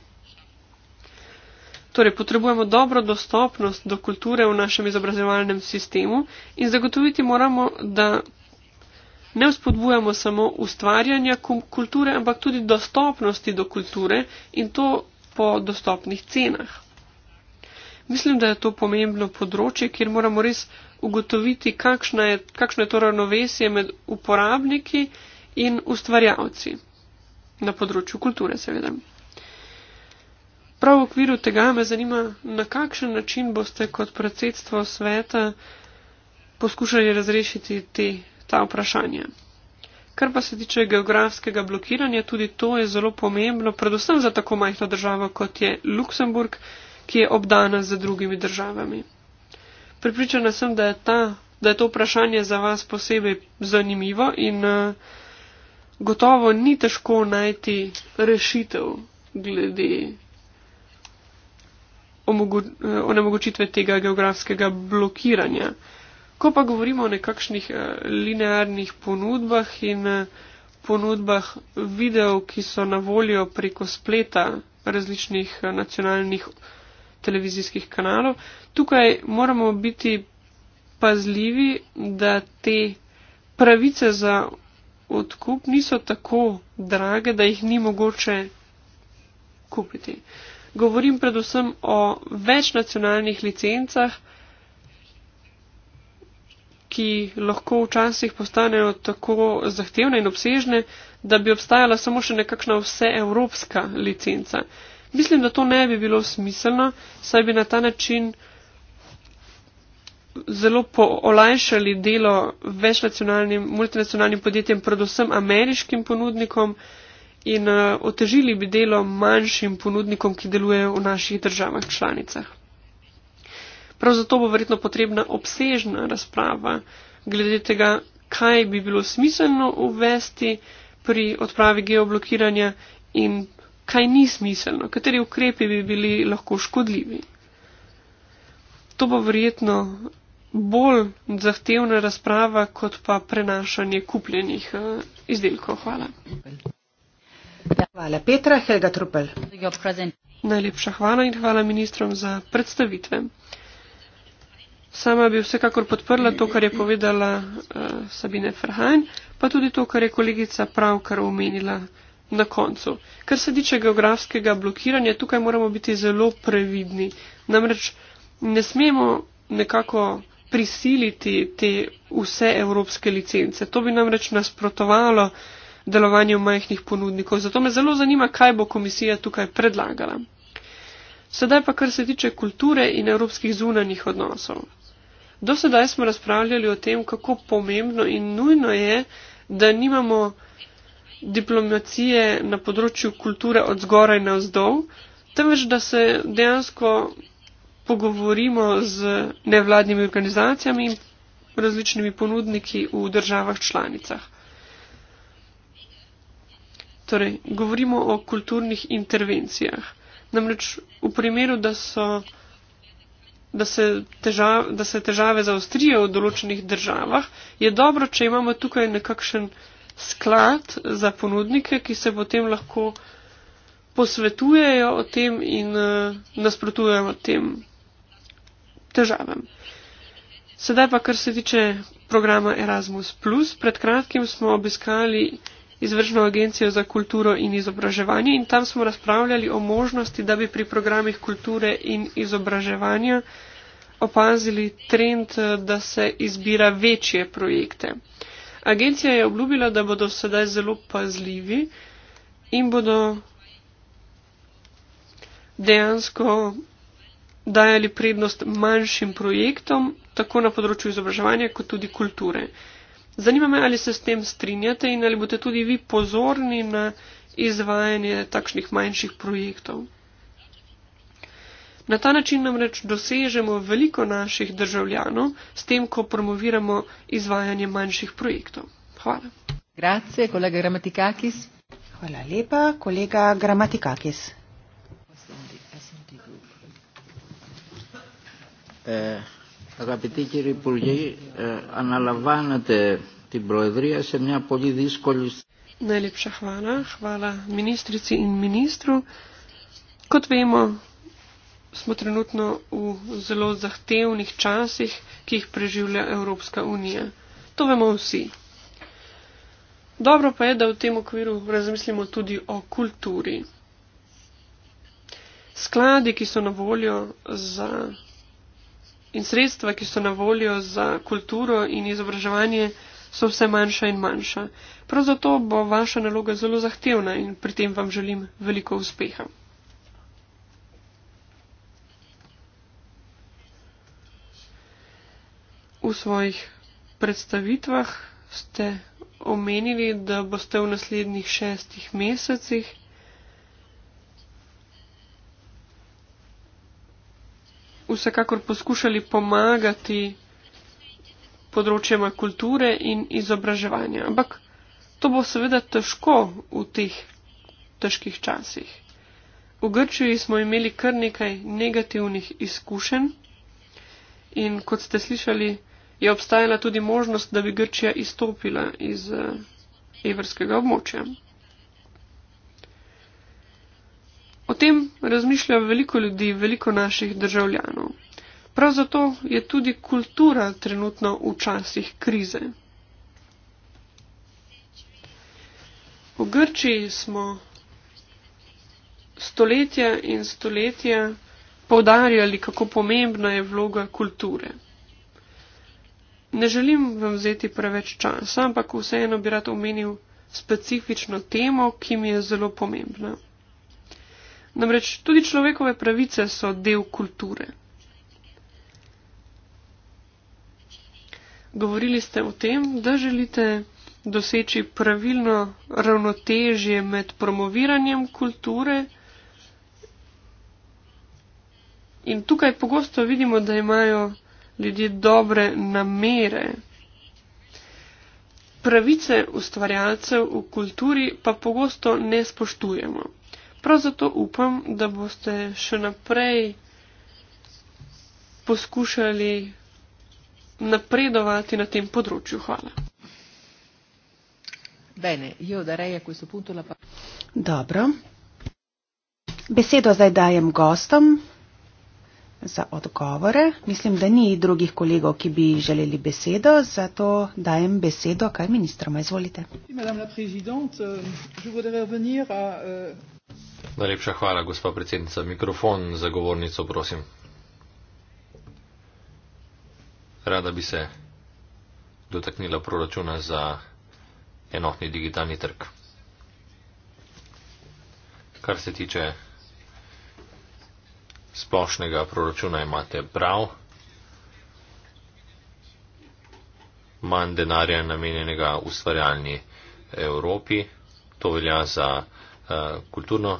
Torej, potrebujemo dobro dostopnost do kulture v našem izobraževalnem sistemu in zagotoviti moramo, da ne vzpodbujamo samo ustvarjanja kulture, ampak tudi dostopnosti do kulture in to po dostopnih cenah. Mislim, da je to pomembno področje, kjer moramo res ugotoviti, kakšno je, kakšno je to ravnovesje med uporabniki in ustvarjavci na področju kulture, seveda. Prav v okviru tega me zanima, na kakšen način boste kot predsedstvo sveta poskušali razrešiti te, ta vprašanja. Kar pa se tiče geografskega blokiranja, tudi to je zelo pomembno, predvsem za tako majhno državo, kot je Luksemburg ki je obdana z drugimi državami. Pripričana sem, da je, ta, da je to vprašanje za vas posebej zanimivo in eh, gotovo ni težko najti rešitev glede eh, onemogočitve tega geografskega blokiranja. Ko pa govorimo o nekakšnih eh, linearnih ponudbah in ponudbah videov, ki so na voljo preko spleta različnih nacionalnih organizacij, televizijskih kanalov. Tukaj moramo biti pazljivi, da te pravice za odkup niso tako drage, da jih ni mogoče kupiti. Govorim predvsem o večnacionalnih licencah, ki lahko včasih postanejo tako zahtevne in obsežne, da bi obstajala samo še nekakšna vseevropska licenca. Mislim, da to ne bi bilo smiselno, saj bi na ta način zelo olajšali delo večnacionalnim, multinacionalnim podjetjem, predvsem ameriškim ponudnikom in uh, otežili bi delo manjšim ponudnikom, ki delujejo v naših državah članicah. Prav zato bo verjetno potrebna obsežna razprava glede tega, kaj bi bilo smiselno uvesti pri odpravi geoblokiranja in kaj ni smiselno, kateri ukrepi bi bili lahko škodljivi. To bo verjetno bolj zahtevna razprava, kot pa prenašanje kupljenih eh, izdelkov. Hvala. Ja, hvala, Petra Helga Trupel. Najlepša hvala in hvala ministrom za predstavitve. Sama bi vsekakor podprla to, kar je povedala uh, Sabine Frhajn, pa tudi to, kar je kolegica pravkar omenila na koncu. Kar se tiče geografskega blokiranja, tukaj moramo biti zelo previdni. Namreč ne smemo nekako prisiliti te vse evropske licence. To bi namreč nasprotovalo delovanju majhnih ponudnikov. Zato me zelo zanima, kaj bo komisija tukaj predlagala. Sedaj pa kar se tiče kulture in evropskih zunanih odnosov. Do sedaj smo razpravljali o tem, kako pomembno in nujno je, da nimamo diplomacije na področju kulture od zgoraj na vzdolj, temveč da se dejansko pogovorimo z nevladnimi organizacijami in različnimi ponudniki v državah članicah. Torej, govorimo o kulturnih intervencijah. Namreč v primeru, da, so, da, se težave, da se težave zaostrijo v določenih državah, je dobro, če imamo tukaj nekakšen sklad za ponudnike, ki se potem lahko posvetujejo o tem in uh, nasprotujejo tem težavam. Sedaj pa, kar se tiče programa Erasmus, pred kratkim smo obiskali izvršno agencijo za kulturo in izobraževanje in tam smo razpravljali o možnosti, da bi pri programih kulture in izobraževanja opazili trend, eh, da se izbira večje projekte. Agencija je obljubila, da bodo sedaj zelo pazljivi in bodo dejansko dajali prednost manjšim projektom, tako na področju izobraževanja kot tudi kulture. Zanima me, ali se s tem strinjate in ali boste tudi vi pozorni na izvajanje takšnih manjših projektov. Na ta način namreč dosežemo veliko naših državljanov, s tem, ko promoviramo izvajanje manjših projektov. Hvala. Grazie, kolega Gramatikakis. Hvala lepa, kolega Gramatikakis. Eh, αγαπητή κύριε Υπουργέ, eh, αναλαμβάνετε την Προεδρία σε μια πολύ δύσκολη... Να ελείψα χβάλα, χβάλα μινίστρηση ή μινίστρου. Κοτ smo trenutno v zelo zahtevnih časih, ki jih preživlja Evropska unija. To vemo vsi. Dobro pa je, da v tem okviru razmislimo tudi o kulturi. Skladi, ki so na voljo za in sredstva, ki so na voljo za kulturo in izobraževanje, so vse manjša in manjša. Prav zato bo vaša naloga zelo zahtevna in pri tem vam želim veliko uspeha. v svojih predstavitvah ste omenili, da boste v naslednjih šestih mesecih vsekakor poskušali pomagati področjema kulture in izobraževanja. Ampak to bo seveda težko v teh težkih časih. V Grčiji smo imeli kar nekaj negativnih izkušenj in kot ste slišali, je obstajala tudi možnost, da bi Grčija izstopila iz eh, evrskega območja. O tem razmišlja veliko ljudi, veliko naših državljanov. Prav zato je tudi kultura trenutno v časih krize. V Grčiji smo stoletja in stoletja poudarjali, kako pomembna je vloga kulture. Ne želim vam vzeti preveč časa, ampak vseeno bi rad omenil specifično temo, ki mi je zelo pomembna. Namreč tudi človekove pravice so del kulture. Govorili ste o tem, da želite doseči pravilno ravnotežje med promoviranjem kulture in tukaj pogosto vidimo, da imajo ljudje dobre namere. Pravice ustvarjalcev v kulturi pa pogosto ne spoštujemo. Prav zato upam, da boste še naprej poskušali napredovati na tem področju. Hvala. Bene, io darei a questo punto la parola. Dobro. Besedo zdaj dajem gostom za odgovore. Mislim, da ni drugih kolegov, ki bi želeli besedo, zato dajem besedo kaj ministroma. Izvolite. Euh, euh, Najlepša hvala, gospa predsednica. Mikrofon za govornico, prosim. Rada bi se dotaknila proračuna za enotni digitalni trg. Kar se tiče splošnega proračuna imate prav, manj denarja je namenjenega ustvarjalni Evropi, to velja za, uh, kulturno,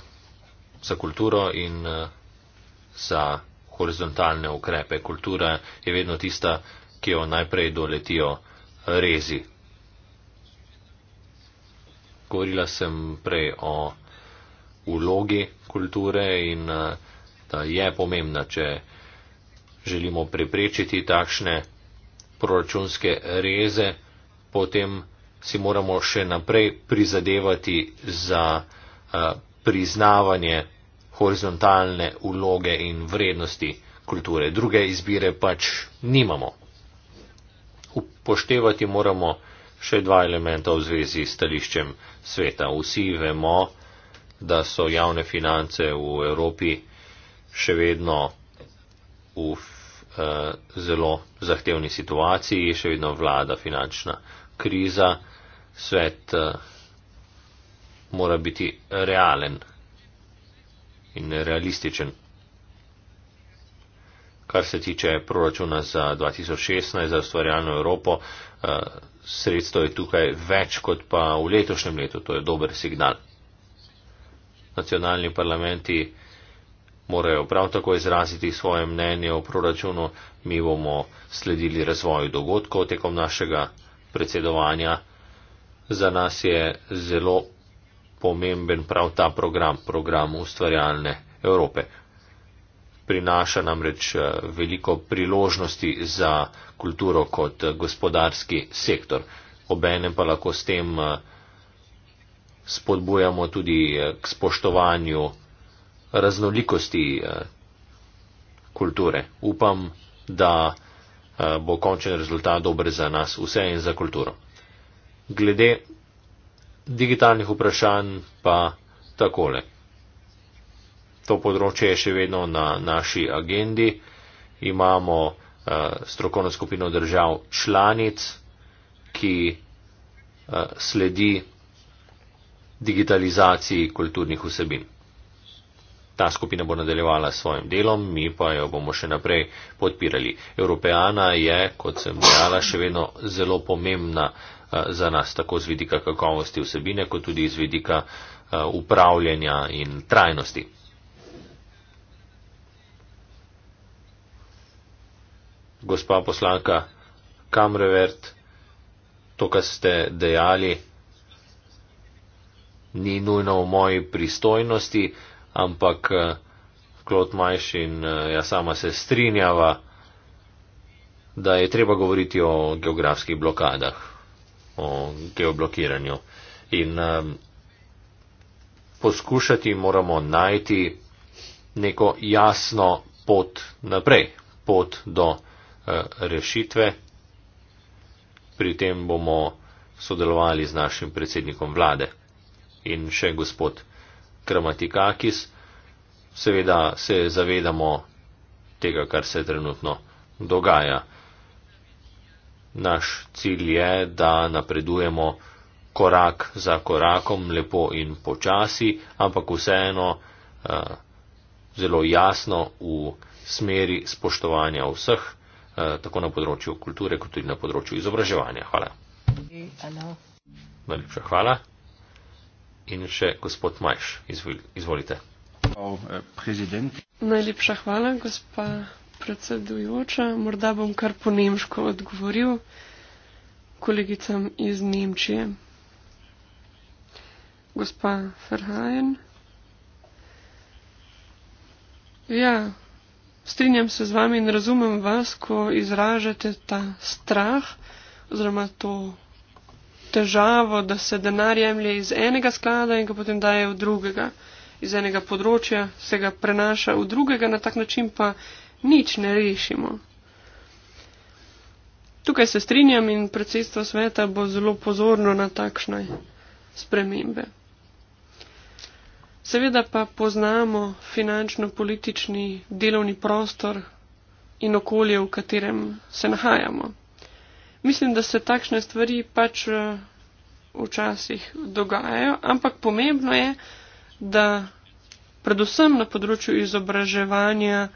za kulturo in uh, za horizontalne ukrepe. Kultura je vedno tista, ki jo najprej doletijo rezi. Govorila sem prej o vlogi kulture in uh, da je pomembna, če želimo preprečiti takšne proračunske reze, potem si moramo še naprej prizadevati za a, eh, priznavanje horizontalne uloge in vrednosti kulture. Druge izbire pač nimamo. Upoštevati moramo še dva elementa v zvezi s stališčem sveta. Vsi vemo, da so javne finance v Evropi še vedno v uh, zelo zahtevni situaciji, še vedno vlada finančna kriza, svet uh, mora biti realen in realističen. Kar se tiče proračuna za 2016 za ustvarjalno Evropo, uh, eh, sredstvo je tukaj več kot pa v letošnjem letu, to je dober signal. Nacionalni parlamenti morajo prav tako izraziti svoje mnenje o proračunu, mi bomo sledili razvoju dogodkov tekom našega predsedovanja. Za nas je zelo pomemben prav ta program, program ustvarjalne Evrope. Prinaša nam reč eh, veliko priložnosti za kulturo kot gospodarski sektor. Obenem pa lahko s tem eh, spodbujamo tudi eh, k spoštovanju raznolikosti eh, kulture. Upam, da eh, bo končen rezultat dober za nas vse in za kulturo. Glede digitalnih vprašanj pa takole. To področje je še vedno na naši agendi. Imamo eh, strokovno skupino držav članic, ki sledi digitalizaciji kulturnih vsebin. Ta skupina bo nadaljevala s svojim delom, mi pa jo bomo še naprej podpirali. Evropejana je, kot sem dejala, še vedno zelo pomembna eh, za nas, tako z vidika kakovosti vsebine, kot tudi z vidika eh, upravljanja in trajnosti. Gospa poslanka Kamrevert, to, kar ste dejali, ni nujno v moji pristojnosti ampak Klot eh, Majš in ja sama se strinjava, da je treba govoriti o geografskih blokadah, o geoblokiranju. In eh, poskušati moramo najti neko jasno pot naprej, pot do rešitve. Pri tem bomo sodelovali z našim predsednikom vlade in še gospod gramatikakis, seveda se zavedamo tega, kar se trenutno dogaja. Naš cilj je, da napredujemo korak za korakom, lepo in počasi, ampak vseeno eh, zelo jasno v smeri spoštovanja vseh, eh, tako na področju kulture, kot tudi na področju izobraževanja. Hvala. Najlepša hvala. In še gospod Majš, izvolite. Najlepša hvala, gospa predsedujoča. Morda bom kar po nemško odgovoril kolegicam iz Nemčije. Gospa Ferhajen. Ja, strinjam se z vami in razumem vas, ko izražate ta strah oziroma to težavo, da se denar jemlje iz enega sklada in ga potem daje v drugega. Iz enega področja se ga prenaša v drugega, na tak način pa nič ne rešimo. Tukaj se strinjam in predsedstvo sveta bo zelo pozorno na takšne spremembe. Seveda pa poznamo finančno-politični delovni prostor in okolje, v katerem se nahajamo mislim, da se takšne stvari pač eh, včasih dogajajo, ampak pomembno je, da predvsem na področju izobraževanja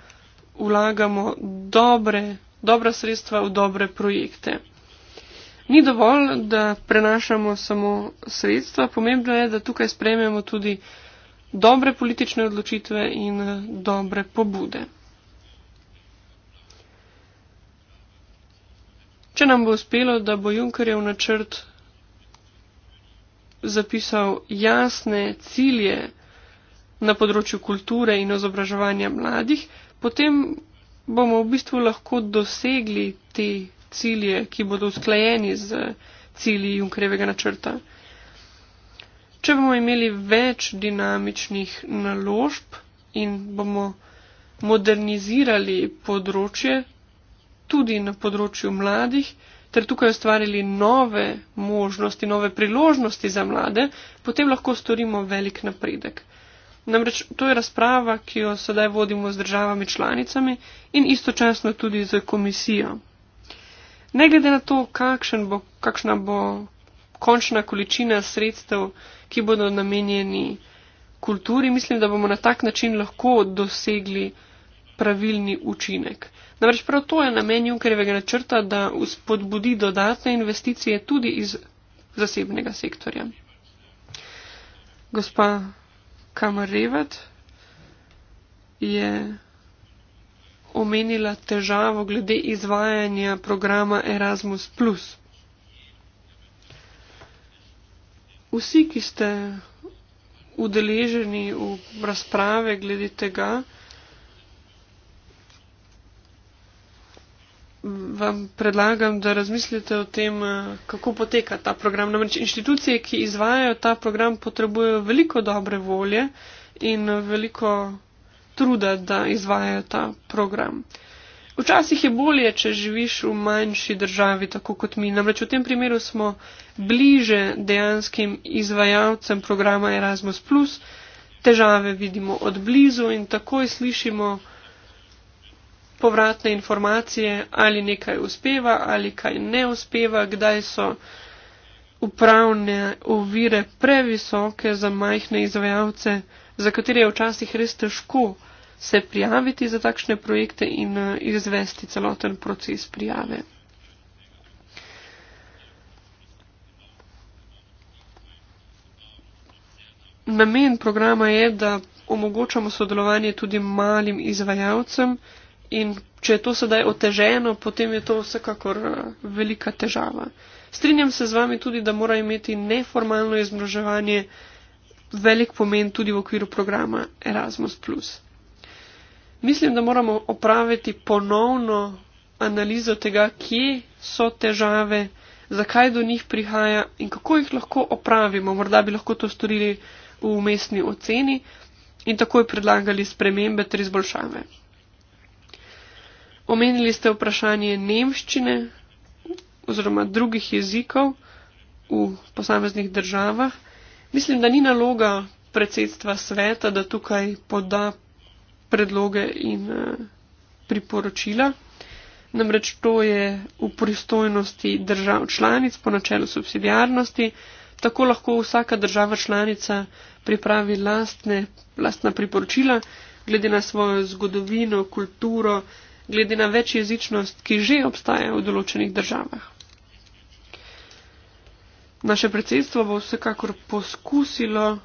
vlagamo dobre, dobra sredstva v dobre projekte. Ni dovolj, da prenašamo samo sredstva, pomembno je, da tukaj sprejmemo tudi dobre politične odločitve in eh, dobre pobude. Če nam bo uspelo, da bo Junkerjev načrt zapisal jasne cilje na področju kulture in izobraževanja mladih, potem bomo v bistvu lahko dosegli te cilje, ki bodo usklajeni z cilji Junkerjevega načrta. Če bomo imeli več dinamičnih naložb in bomo modernizirali področje tudi na področju mladih, ter tukaj ustvarili nove možnosti, nove priložnosti za mlade, potem lahko storimo velik napredek. Namreč to je razprava, ki jo sedaj vodimo z državami članicami in istočasno tudi z komisijo. Ne glede na to, bo, kakšna bo končna količina sredstev, ki bodo namenjeni kulturi, mislim, da bomo na tak način lahko dosegli pravilni učinek. Namreč prav to je namen Junkerjevega načrta, da spodbudi dodatne investicije tudi iz zasebnega sektorja. Gospa Kamarevat je omenila težavo glede izvajanja programa Erasmus. Vsi, ki ste udeleženi v razprave glede tega, vam predlagam, da razmislite o tem, eh, kako poteka ta program. Namreč inštitucije, ki izvajajo ta program, potrebujejo veliko dobre volje in eh, veliko truda, da izvajajo ta program. Včasih je bolje, če živiš v manjši državi, tako kot mi. Namreč v tem primeru smo bliže dejanskim izvajalcem programa Erasmus, težave vidimo od blizu in takoj slišimo, povratne informacije, ali nekaj uspeva, ali kaj ne uspeva, kdaj so upravne ovire previsoke za majhne izvajalce, za katere je včasih res težko se prijaviti za takšne projekte in eh, izvesti celoten proces prijave. Namen programa je, da omogočamo sodelovanje tudi malim izvajalcem, In če je to sedaj oteženo, potem je to vsekakor eh, velika težava. Strinjam se z vami tudi, da mora imeti neformalno izmraževanje velik pomen tudi v okviru programa Erasmus. Mislim, da moramo opraviti ponovno analizo tega, kje so težave, zakaj do njih prihaja in kako jih lahko opravimo. Morda bi lahko to storili v umestni oceni in takoj predlagali spremembe ter izboljšave. Omenili ste vprašanje nemščine oziroma drugih jezikov v posameznih državah. Mislim, da ni naloga predsedstva sveta, da tukaj poda predloge in eh, priporočila. Namreč to je v pristojnosti držav članic po načelu subsidijarnosti. Tako lahko vsaka država članica pripravi lastne, lastna priporočila glede na svojo zgodovino, kulturo, glede na večjezičnost, ki že obstaja v določenih državah. Naše predsedstvo bo vsekakor poskusilo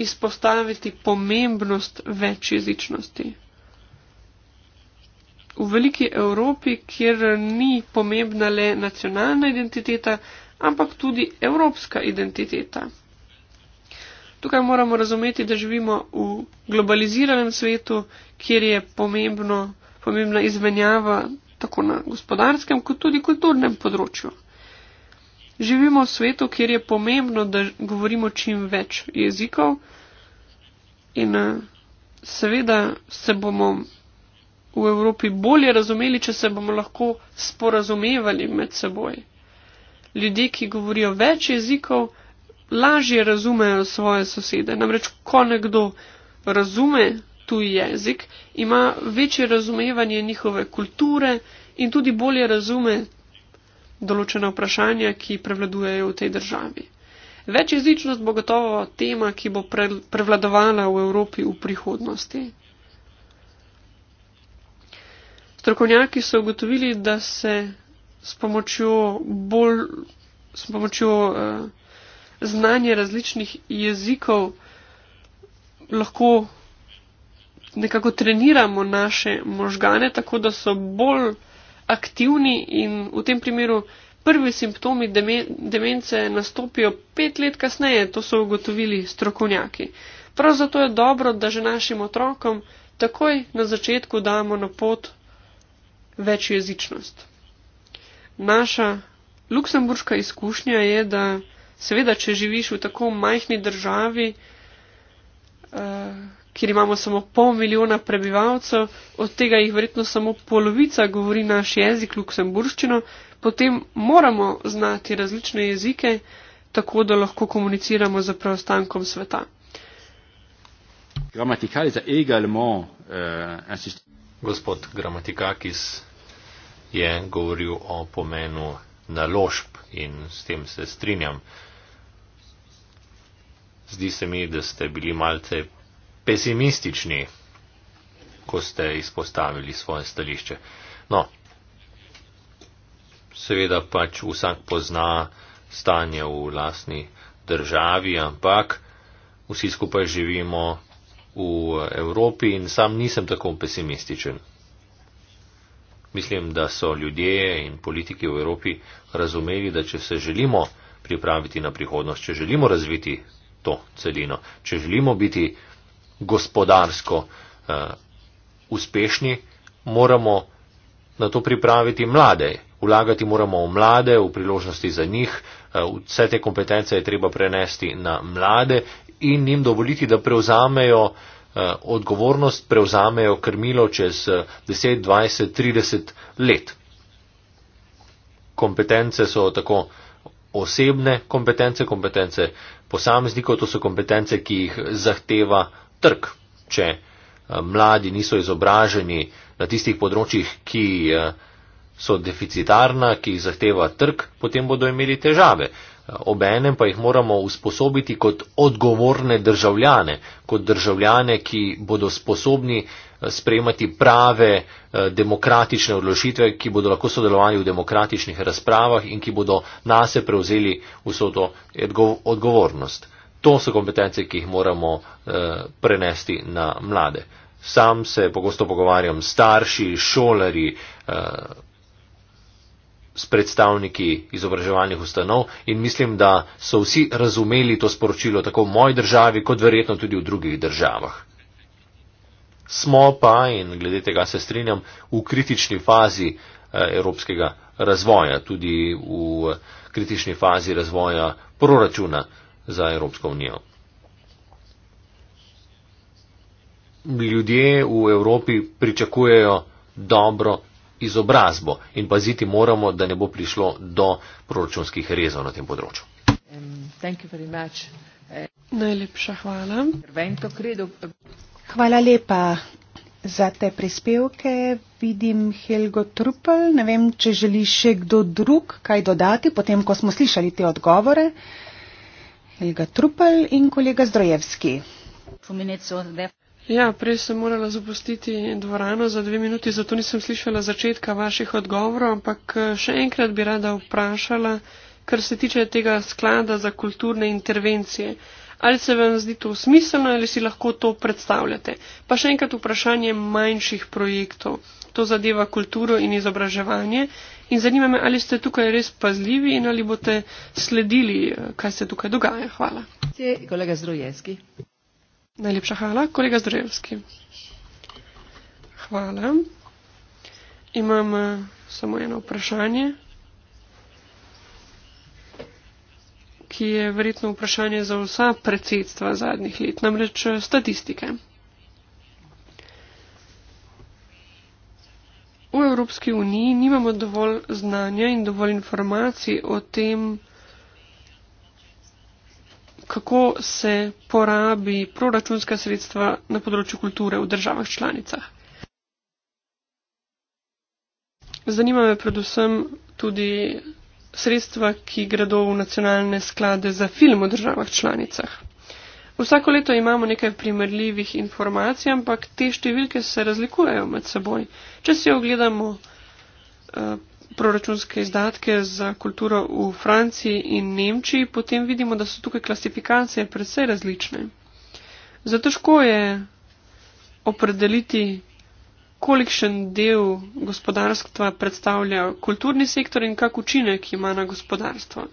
izpostaviti pomembnost večjezičnosti. V veliki Evropi, kjer ni pomembna le nacionalna identiteta, ampak tudi evropska identiteta. Tukaj moramo razumeti, da živimo v globaliziranem svetu, kjer je pomembno pomembna izmenjava tako na gospodarskem kot tudi kulturnem področju. Živimo v svetu, kjer je pomembno, da govorimo čim več jezikov in eh, seveda se bomo v Evropi bolje razumeli, če se bomo lahko sporazumevali med seboj. Ljudje, ki govorijo več jezikov, lažje razumejo svoje sosede. Namreč, ko nekdo razume tuji jezik, ima večje razumevanje njihove kulture in tudi bolje razume določena vprašanja, ki prevladujejo v tej državi. Večjezičnost bo gotovo tema, ki bo pre prevladovala v Evropi v prihodnosti. Strokovnjaki so ugotovili, da se s pomočjo, bolj, s pomočjo eh, znanja različnih jezikov lahko nekako treniramo naše možgane, tako da so bolj aktivni in v tem primeru prvi simptomi demence nastopijo pet let kasneje, to so ugotovili strokovnjaki. Prav zato je dobro, da že našim otrokom takoj na začetku damo na pot večjezičnost. Naša luksemburška izkušnja je, da seveda, če živiš v tako majhni državi, uh, kjer imamo samo pol milijona prebivalcev, od tega jih verjetno samo polovica govori naš jezik, luksemburščino, potem moramo znati različne jezike, tako da lahko komuniciramo z preostankom sveta. Euh, Gospod Gramatikakis je govoril o pomenu naložb in s tem se strinjam. Zdi se mi, da ste bili malce pesimistični, ko ste izpostavili svoje stališče. No, seveda pač vsak pozna stanje v lasni državi, ampak vsi skupaj živimo v Evropi in sam nisem tako pesimističen. Mislim, da so ljudje in politiki v Evropi razumeli, da če se želimo pripraviti na prihodnost, če želimo razviti to celino, če želimo biti gospodarsko uh, uspešni, moramo na to pripraviti mlade. Vlagati moramo v mlade, v priložnosti za njih, uh, vse te kompetence je treba prenesti na mlade in jim dovoliti, da prevzamejo uh, odgovornost, prevzamejo krmilo čez uh, 10, 20, 30 let. Kompetence so tako osebne kompetence, kompetence posameznikov, to so kompetence, ki jih zahteva trg, če eh, mladi niso izobraženi na tistih področjih, ki eh, so deficitarna, ki jih zahteva trg, potem bodo imeli težave. Eh, obenem pa jih moramo usposobiti kot odgovorne državljane, kot državljane, ki bodo sposobni sprejemati prave demokratične odločitve, ki bodo lahko sodelovali v demokratičnih razpravah in ki bodo nase prevzeli vso to odgovornost to so kompetence, ki jih moramo eh, prenesti na mlade. Sam se pogosto pogovarjam s starši, šolari, eh, s predstavniki izobraževalnih ustanov in mislim, da so vsi razumeli to sporočilo tako v moji državi, kot verjetno tudi v drugih državah. Smo pa, in glede tega se strinjam, v kritični fazi eh, evropskega razvoja, tudi v kritični fazi razvoja proračuna za Evropsko unijo. Ljudje v Evropi pričakujejo dobro izobrazbo in paziti moramo, da ne bo prišlo do proračunskih rezov na tem področju. Um, Najlepša hvala. Hvala lepa za te prispevke. Vidim Helgo Trupel. Ne vem, če želi še kdo drug kaj dodati, potem ko smo slišali te odgovore. Helga Trupel in kolega Zdrojevski. Ja, prej sem morala zapustiti dvorano za dve minuti, zato nisem slišala začetka vaših odgovorov, ampak eh, še enkrat bi rada vprašala, kar se tiče tega sklada za kulturne intervencije. Ali se vam zdi to smiselno ali si lahko to predstavljate? Pa še enkrat vprašanje manjših projektov. To zadeva kulturo in izobraževanje. In zanima me, ali ste tukaj res pazljivi in ali boste sledili, eh, kaj se tukaj dogaja. Hvala. Kolega Zdrojevski. Najlepša hvala, kolega Zdrojevski. Hvala. Imam eh, samo eno vprašanje, ki je verjetno vprašanje za vsa predsedstva zadnjih let, namreč eh, statistike. v Evropski uniji nimamo dovolj znanja in dovolj informacij o tem, kako se porabi proračunska sredstva na področju kulture v državah članicah. Zanima me predvsem tudi sredstva, ki gredo v nacionalne sklade za film v državah članicah. Vsako leto imamo nekaj primerljivih informacij, ampak te številke se razlikujejo med seboj. Če si ogledamo uh, proračunske izdatke za kulturo v Franciji in Nemčiji, potem vidimo, da so tukaj klasifikacije predvsej različne. Zato težko je opredeliti, kolikšen del gospodarstva predstavlja kulturni sektor in kak učinek ima na gospodarstvo.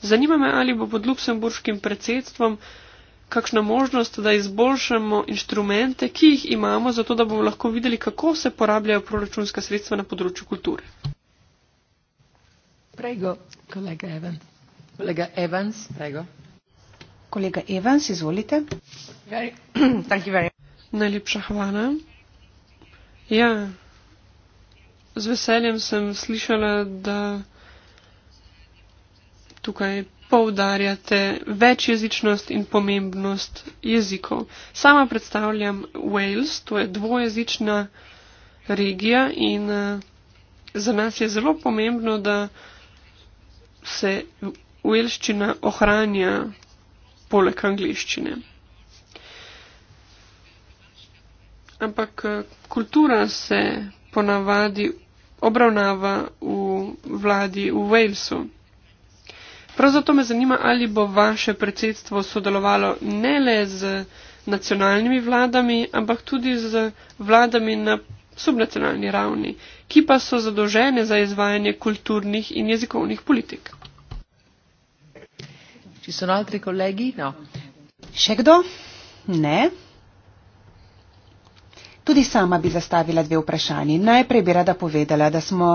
Zanima me, ali bo pod luksemburškim predsedstvom kakšna možnost, da izboljšamo inštrumente, ki jih imamo, zato da bomo lahko videli, kako se porabljajo proračunska sredstva na področju kulture. Prego, kolega Evan. Kolega Evans, prego. Kolega Evans, izvolite. Very, <clears throat> Najlepša hvala. Ja, z veseljem sem slišala, da tukaj poudarjate večjezičnost in pomembnost jezikov. Sama predstavljam Wales, to je dvojezična regija in eh, za nas je zelo pomembno, da se Walesčina ohranja poleg angliščine. Ampak eh, kultura se ponavadi obravnava v vladi v Walesu. Prav zato me zanima, ali bo vaše predsedstvo sodelovalo ne le z nacionalnimi vladami, ampak tudi z vladami na subnacionalni ravni, ki pa so zadolžene za izvajanje kulturnih in jezikovnih politik. Če so notri kolegi? No. Še kdo? Ne. Tudi sama bi zastavila dve vprašanje. Najprej bi rada povedala, da smo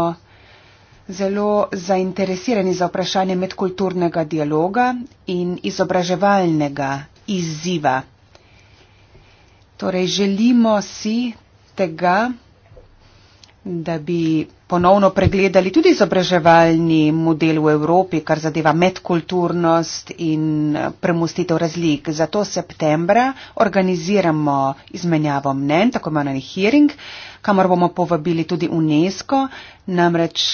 zelo zainteresirani za vprašanje medkulturnega dialoga in izobraževalnega izziva. Torej želimo si tega, da bi ponovno pregledali tudi izobraževalni model v Evropi, kar zadeva medkulturnost in eh, premustitev razlik. Zato septembra organiziramo izmenjavo mnen, tako imenovani hearing, kamor bomo povabili tudi UNESCO, namreč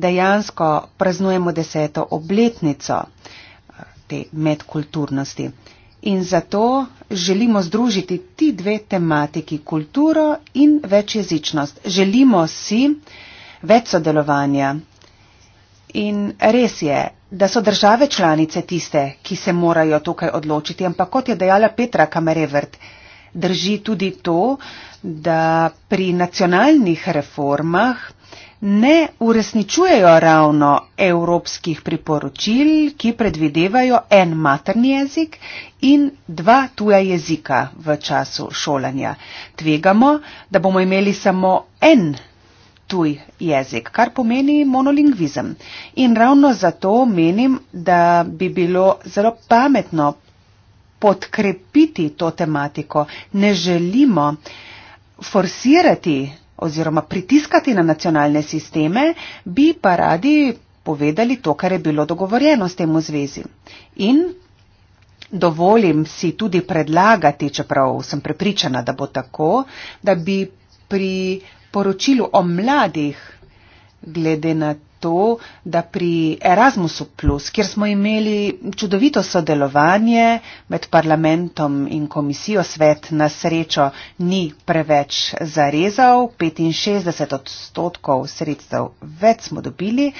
dejansko praznujemo deseto obletnico eh, te medkulturnosti. In zato želimo združiti ti dve tematiki, kulturo in večjezičnost. Želimo si več sodelovanja. In res je, da so države članice tiste, ki se morajo tukaj odločiti, ampak kot je dejala Petra Kamerevrt, drži tudi to, da pri nacionalnih reformah ne uresničujejo ravno evropskih priporočil, ki predvidevajo en materni jezik in dva tuja jezika v času šolanja. Tvegamo, da bomo imeli samo en tuj jezik, kar pomeni monolingvizem. In ravno zato menim, da bi bilo zelo pametno podkrepiti to tematiko. Ne želimo forsirati oziroma pritiskati na nacionalne sisteme, bi pa radi povedali to, kar je bilo dogovorjeno s tem v zvezi. In dovolim si tudi predlagati, čeprav sem prepričana, da bo tako, da bi pri poročilu o mladih glede na to, da pri Erasmusu, plus, kjer smo imeli čudovito sodelovanje med parlamentom in komisijo, svet na srečo ni preveč zarezal, 65 odstotkov sredstev več smo dobili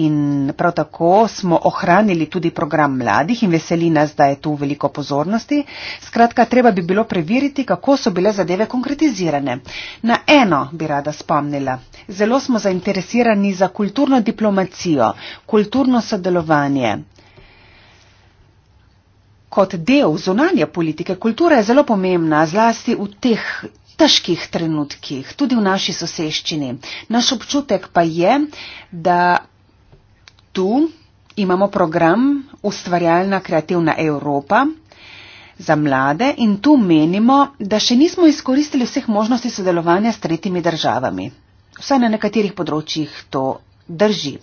in prav tako smo ohranili tudi program mladih in veseli nas, da je tu veliko pozornosti. Skratka, treba bi bilo preveriti, kako so bile zadeve konkretizirane. Na eno bi rada spomnila. Zelo smo zainteresirani za kulturno kulturno diplomacijo, kulturno sodelovanje. Kot del zunanje politike kultura je zelo pomembna, zlasti v teh težkih trenutkih, tudi v naši soseščini. Naš občutek pa je, da tu imamo program Ustvarjalna kreativna Evropa za mlade in tu menimo, da še nismo izkoristili vseh možnosti sodelovanja s tretjimi državami. Vsaj na nekaterih področjih to drži.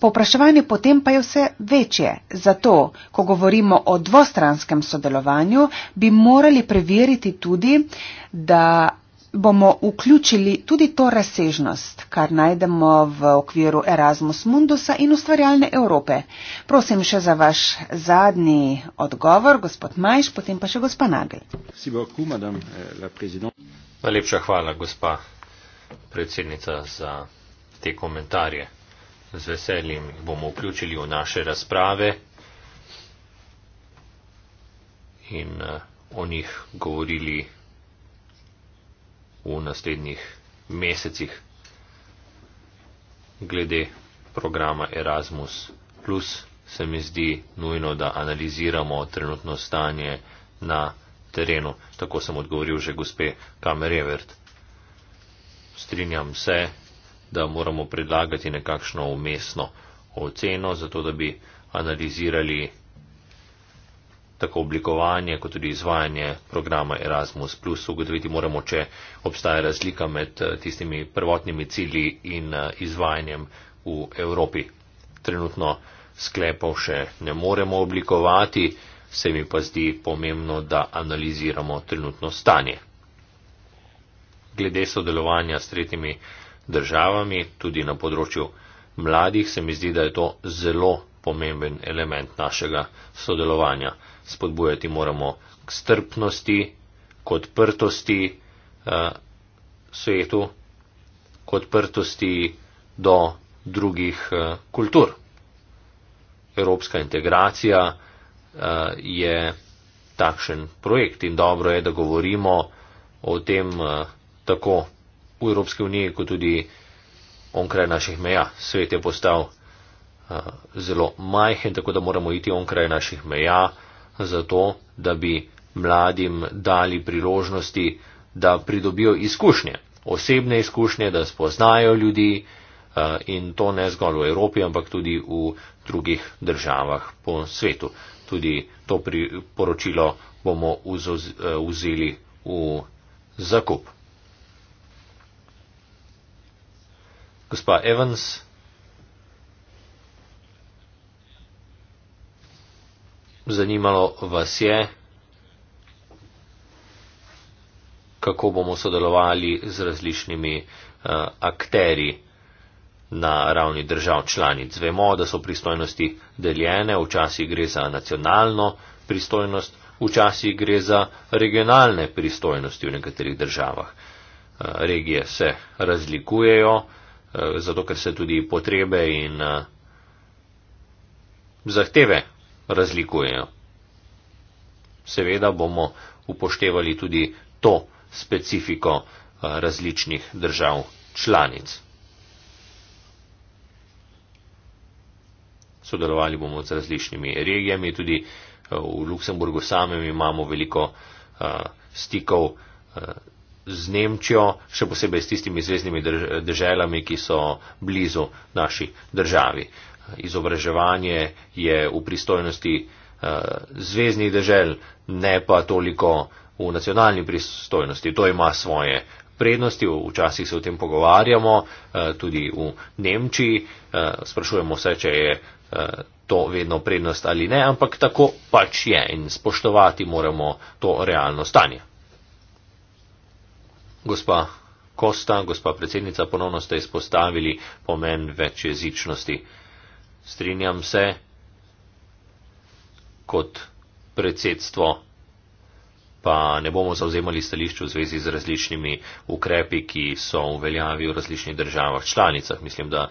Popraševanje potem pa je vse večje. Zato, ko govorimo o dvostranskem sodelovanju, bi morali preveriti tudi, da bomo vključili tudi to razsežnost, kar najdemo v okviru Erasmus Mundusa in ustvarjalne Evrope. Prosim še za vaš zadnji odgovor, gospod Majš, potem pa še gospa Nagel. Eh, Najlepša hvala, gospa predsednica, za te komentarje. Z veseljem bomo vključili v naše razprave in eh, o njih govorili v naslednjih mesecih glede programa Erasmus. Plus se mi zdi nujno, da analiziramo trenutno stanje na terenu. Tako sem odgovoril že gospe Kamerevert. Strinjam se, da moramo predlagati nekakšno umestno oceno, zato da bi analizirali tako oblikovanje kot tudi izvajanje programa Erasmus. Plus ugotoviti moramo, če obstaja razlika med eh, tistimi prvotnimi cilji in eh, izvajanjem v Evropi. Trenutno sklepov še ne moremo oblikovati, se mi pa zdi pomembno, da analiziramo trenutno stanje. Glede sodelovanja s tretjimi državami, tudi na področju mladih, se mi zdi, da je to zelo pomemben element našega sodelovanja. Spodbujati moramo k strpnosti, k odprtosti eh, svetu, k odprtosti do drugih eh, kultur. Evropska integracija eh, je takšen projekt in dobro je, da govorimo o tem eh, tako v Evropski uniji, kot tudi onkraj naših meja. Svet je postal uh, zelo majhen, tako da moramo iti onkraj naših meja, zato da bi mladim dali priložnosti, da pridobijo izkušnje, osebne izkušnje, da spoznajo ljudi uh, in to ne zgolj v Evropi, ampak tudi v drugih državah po svetu. Tudi to poročilo bomo eh, vzeli v zakup. Gospa Evans. Zanimalo vas je, kako bomo sodelovali z različnimi uh, eh, akteri na ravni držav članic. Vemo, da so pristojnosti deljene, včasih gre za nacionalno pristojnost, včasih gre za regionalne pristojnosti v nekaterih državah. Uh, regije se razlikujejo. Uh, Eh, zato ker se tudi potrebe in eh, zahteve razlikujejo. Seveda bomo upoštevali tudi to specifiko eh, različnih držav članic. Sodelovali bomo z različnimi regijami, tudi v Luksemburgu samem imamo veliko stikov z Nemčijo, še posebej s tistimi zvezdnimi državami, ki so blizu naši državi. Izobraževanje je v pristojnosti eh, zvezdnih držav, ne pa toliko v nacionalni pristojnosti. To ima svoje prednosti, včasih se o tem pogovarjamo, eh, tudi v Nemčiji, eh, sprašujemo se, če je to vedno prednost ali ne, ampak tako pač je in spoštovati moramo to realno stanje. Gospa Kosta, gospa predsednica, ponovno ste izpostavili pomen večjezičnosti. Strinjam se, kot predsedstvo pa ne bomo zauzemali stališče v zvezi z različnimi ukrepi, ki so v veljavi v različnih državah članicah. Mislim, da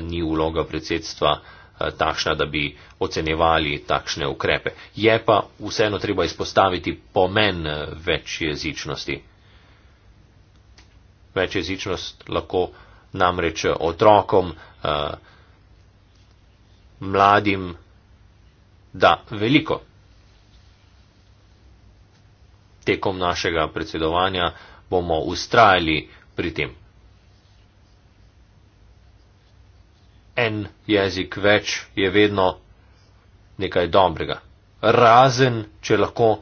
ni uloga predsedstva eh, takšna, da bi ocenevali takšne ukrepe. Je pa vseeno treba izpostaviti pomen eh, večjezičnosti večjezičnost lahko namreč otrokom, eh, mladim, da veliko. Tekom našega predsedovanja bomo ustrajali pri tem. En jezik več je vedno nekaj dobrega. Razen, če lahko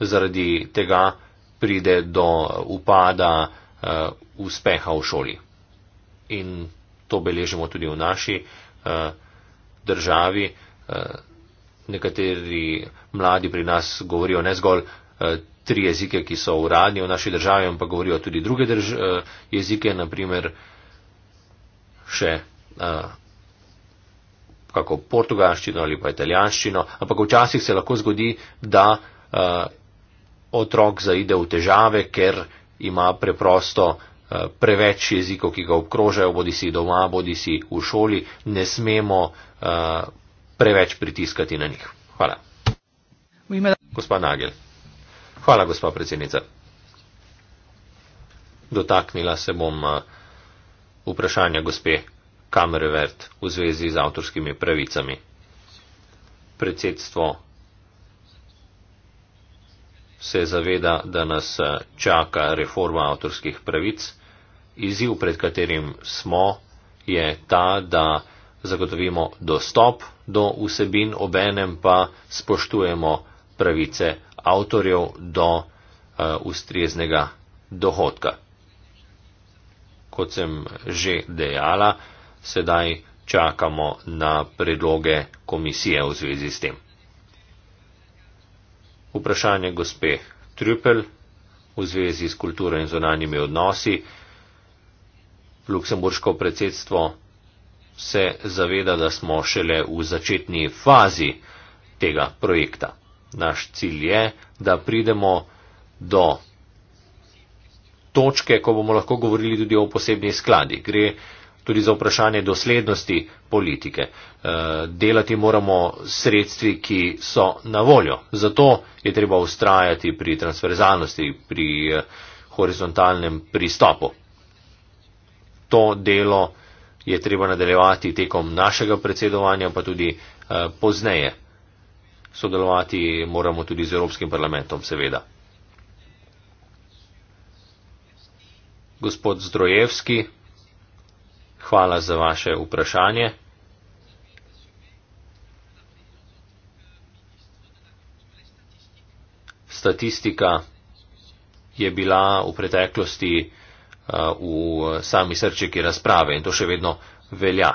zaradi tega pride do upada uh, uspeha v šoli. In to beležimo tudi v naši uh, državi. Uh, nekateri mladi pri nas govorijo ne zgolj uh, tri jezike, ki so uradni v naši državi, ampak govorijo tudi druge drž, uh, jezike, naprimer še. Uh, kako portugalščino ali pa italijanščino, ampak včasih se lahko zgodi, da uh, otrok zaide v težave, ker uh, ima preprosto eh, preveč jezikov, ki ga obkrožajo, bodi si doma, bodi si v šoli, ne smemo eh, preveč pritiskati na njih. Hvala. Gospa Nagel. Hvala, gospa predsednica. Dotaknila se bom eh, vprašanja gospe Kamrevert v zvezi z avtorskimi pravicami. Predsedstvo se zaveda, da nas eh, čaka reforma avtorskih pravic. Izziv, pred katerim smo, je ta, da zagotovimo dostop do vsebin, obenem pa spoštujemo pravice avtorjev do uh, ustreznega dohodka. Kot sem že dejala, sedaj čakamo na predloge komisije v zvezi s tem. Vprašanje gospe Trüpel v zvezi s kulturo in zonanjimi odnosi. Luksemburško predsedstvo se zaveda, da smo šele v začetni fazi tega projekta. Naš cilj je, da pridemo do točke, ko bomo lahko govorili tudi o posebni skladi. Gre tudi za vprašanje doslednosti politike. Eh, delati moramo sredstvi, ki so na voljo. Zato je treba ustrajati pri transverzalnosti, pri eh, horizontalnem pristopu. To delo je treba nadaljevati tekom našega predsedovanja, pa tudi eh, pozneje. Sodelovati moramo tudi z Evropskim parlamentom, seveda. Gospod Zdrojevski. Hvala za vaše vprašanje. Statistika je bila v preteklosti eh, v sami srčiki razprave in to še vedno velja.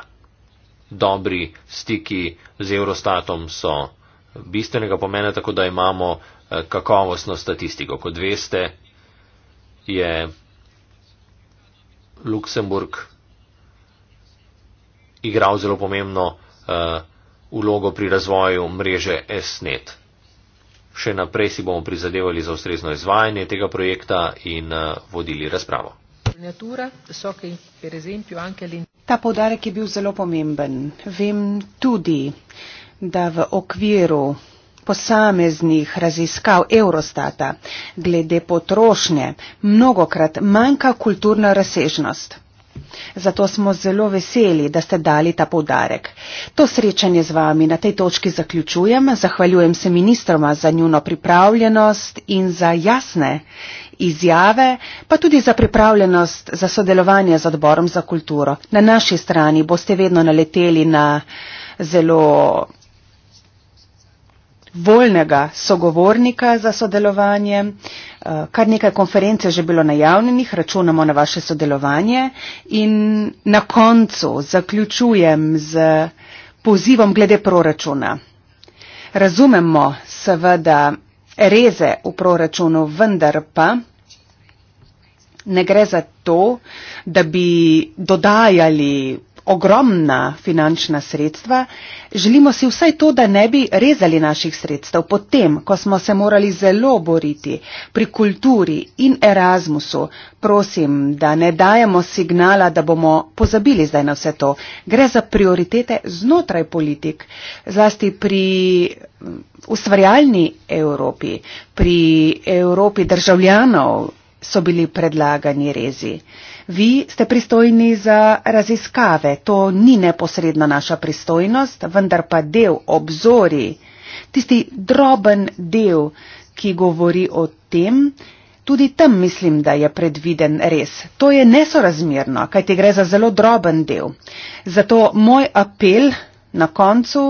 Dobri stiki z Eurostatom so bistvenega pomena, tako da imamo eh, kakovostno statistiko. Kot veste, je Luksemburg igral zelo pomembno uh, vlogo pri razvoju mreže SNET. Še naprej si bomo prizadevali za ustrezno izvajanje tega projekta in uh, vodili razpravo. Ta podarek je bil zelo pomemben. Vem tudi, da v okviru posameznih raziskav Eurostata glede potrošnje mnogokrat manjka kulturna razsežnost. Zato smo zelo veseli, da ste dali ta povdarek. To srečanje z vami na tej točki zaključujem. Zahvaljujem se ministroma za njuno pripravljenost in za jasne izjave, pa tudi za pripravljenost za sodelovanje z odborom za kulturo. Na naši strani boste vedno naleteli na zelo voljnega sogovornika za sodelovanje. Eh, kar nekaj konference že bilo najavljenih, računamo na vaše sodelovanje in na koncu zaključujem z pozivom glede proračuna. Razumemo seveda reze v proračunu, vendar pa ne gre za to, da bi dodajali ogromna finančna sredstva, želimo si vsaj to, da ne bi rezali naših sredstev. Potem, ko smo se morali zelo boriti pri kulturi in Erasmusu, prosim, da ne dajemo signala, da bomo pozabili zdaj na vse to. Gre za prioritete znotraj politik, zlasti pri mm, ustvarjalni Evropi, pri Evropi državljanov so bili predlagani rezi. Vi ste pristojni za raziskave, to ni neposredna naša pristojnost, vendar pa del obzori, tisti droben del, ki govori o tem, tudi tam mislim, da je predviden res. To je nesorazmerno, kajti gre za zelo droben del. Zato moj apel na koncu,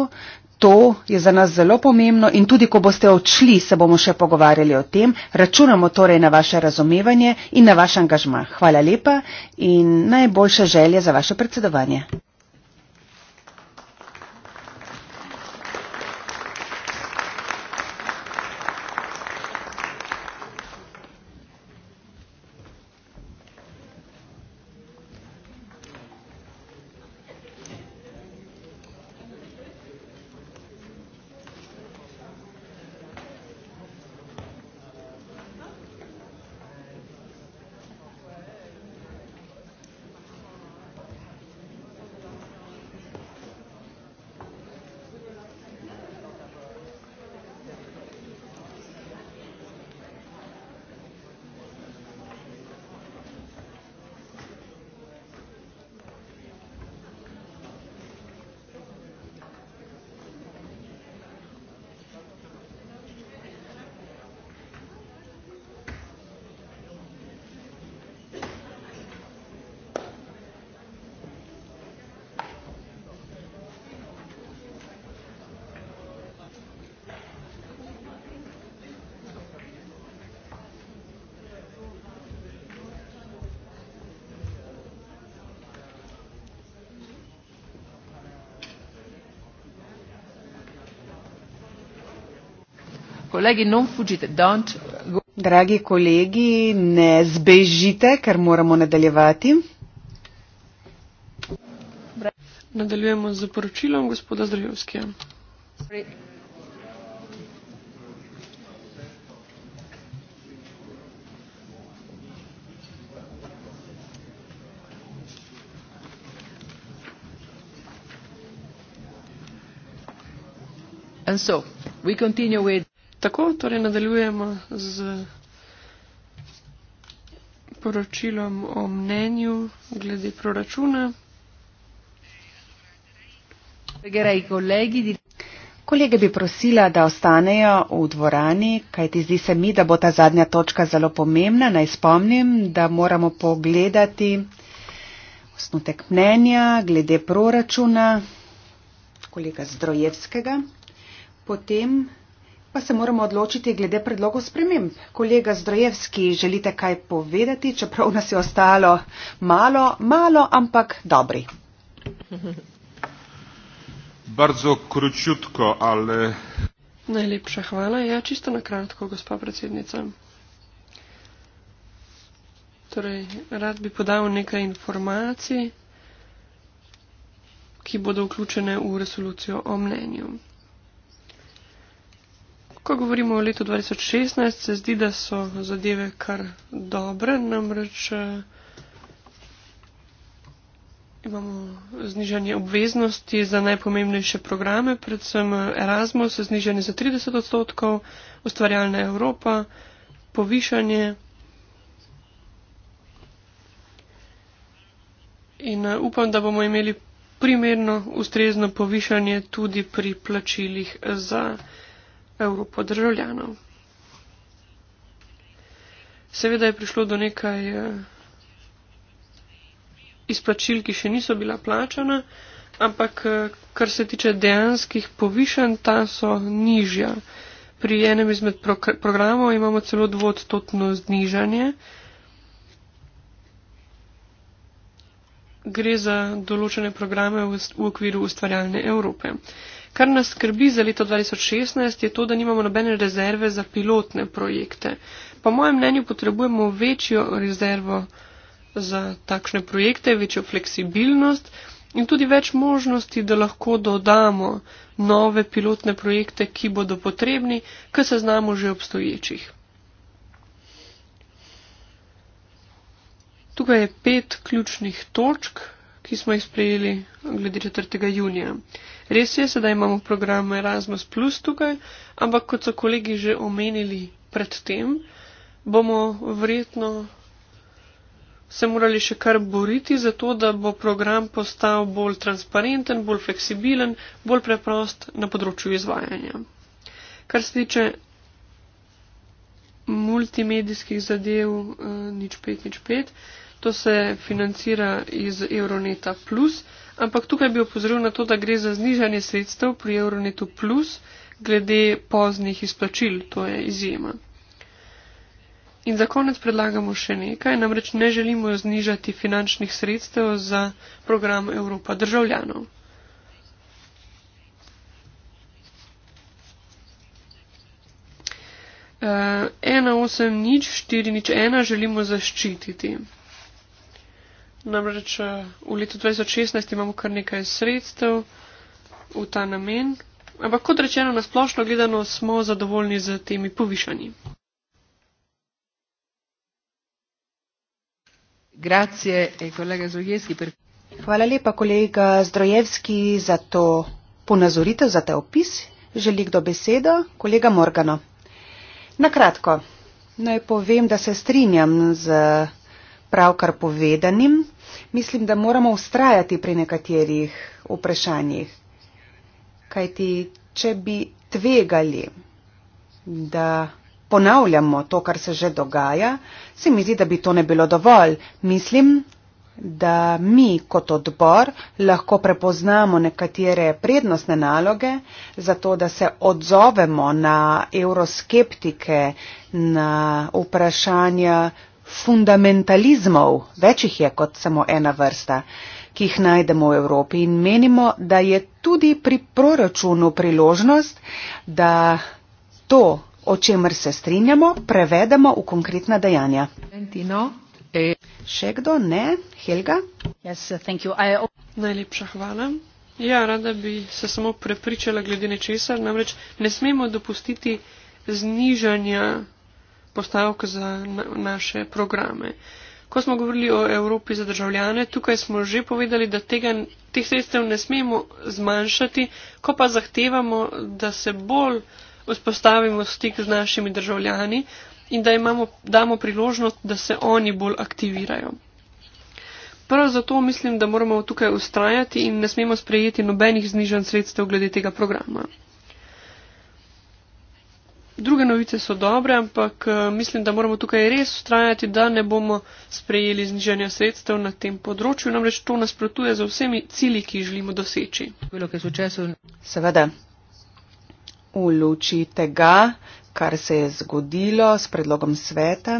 To je za nas zelo pomembno in tudi, ko boste odšli, se bomo še pogovarjali o tem. Računamo torej na vaše razumevanje in na vaš angažma. Hvala lepa in najboljše želje za vaše predsedovanje. Dragi kolegi, ne zbežite, ker moramo nadaljevati. Nadaljujemo z poročilom gospoda Zdravljevskega. In tako, nadaljujemo z Tako, torej nadaljujemo z poročilom o mnenju glede proračuna. Kolege bi prosila, da ostanejo v dvorani, kajti zdi se mi, da bo ta zadnja točka zelo pomembna. Naj spomnim, da moramo pogledati osnutek mnenja glede proračuna kolega Zdrojevskega. Potem pa se moramo odločiti glede predlogov sprememb. Kolega Zdrojevski, želite kaj povedati, čeprav nas je ostalo malo, malo, ampak dobri. Bardzo kručutko, ale. Najlepša hvala. Ja, čisto na kratko, gospa predsednica. Torej, rad bi podal nekaj informacij, ki bodo vključene v resolucijo o mnenju ko govorimo o letu 2016, se zdi, da so zadeve kar dobre, namreč eh, imamo znižanje obveznosti za najpomembnejše programe, predvsem eh, Erasmus, znižanje za 30 odstotkov, ustvarjalna Evropa, povišanje. In eh, upam, da bomo imeli primerno ustrezno povišanje tudi pri plačilih za evropo državljanov. Seveda je prišlo do nekaj eh, izplačil, ki še niso bila plačana, ampak eh, kar se tiče dejanskih povišenj, ta so nižja. Pri enem izmed programov imamo celo dvodstotno znižanje. Gre za določene programe v okviru ustvarjalne Evrope. Kar nas skrbi za leto 2016 je to, da nimamo nobene rezerve za pilotne projekte. Po mojem mnenju potrebujemo večjo rezervo za takšne projekte, večjo fleksibilnost in tudi več možnosti, da lahko dodamo nove pilotne projekte, ki bodo potrebni, kar se znamo že obstoječih. Tukaj je pet ključnih točk ki smo jih sprejeli glede 4. junija. Res je, sedaj imamo program Erasmus Plus tukaj, ampak kot so kolegi že omenili predtem, bomo verjetno se morali še kar boriti za to, da bo program postal bolj transparenten, bolj fleksibilen, bolj preprost na področju izvajanja. Kar se tiče multimedijskih zadev, eh, nič pet, nič pet to se financira iz Euroneta plus, ampak tukaj bi opozoril na to, da gre za znižanje sredstev pri Euronetu plus glede poznih izplačil, to je izjema. In za konec predlagamo še nekaj, namreč ne želimo znižati finančnih sredstev za program Evropa državljanov. Uh, eh, 1.8.0.4.1 želimo zaščititi. Namreč eh, v letu 2016 imamo kar nekaj sredstev v ta namen, ampak kot rečeno, nasplošno gledano smo zadovoljni z temi povišanji. Grazie, eh, kolega Zrojevski. Hvala lepa, kolega Zdrojevski, za to ponazoritev, za ta opis. Želi kdo besedo? Kolega Morgano. Nakratko, naj povem, da se strinjam z pravkar povedanim, mislim, da moramo ustrajati pri nekaterih vprašanjih. Kajti, če bi tvegali, da ponavljamo to, kar se že dogaja, se mi zdi, da bi to ne bilo dovolj. Mislim, da mi kot odbor lahko prepoznamo nekatere prednostne naloge, zato da se odzovemo na euroskeptike, na vprašanja, fundamentalizmov, večjih je kot samo ena vrsta, ki jih najdemo v Evropi in menimo, da je tudi pri proračunu priložnost, da to, o čemer se strinjamo, prevedemo v konkretna dejanja. Bentino. E- Še kdo? Ne? Helga? Yes, thank you. I... Najlepša hvala. Ja, rada bi se samo prepričala glede nečesa, namreč ne smemo dopustiti znižanja postavka za na, naše programe. Ko smo govorili o Evropi za državljane, tukaj smo že povedali, da tega, teh sredstev ne smemo zmanjšati, ko pa zahtevamo, da se bolj vzpostavimo stik z našimi državljani in da imamo, damo priložnost, da se oni bolj aktivirajo. Prav zato mislim, da moramo tukaj ustrajati in ne smemo sprejeti nobenih znižanj sredstev glede tega programa druge novice so dobre, ampak eh, mislim, da moramo tukaj res ustrajati, da ne bomo sprejeli zniženja sredstev na tem področju, namreč to nasprotuje za vsemi cilji, ki jih želimo doseči. Seveda, v luči tega, kar se je zgodilo s predlogom sveta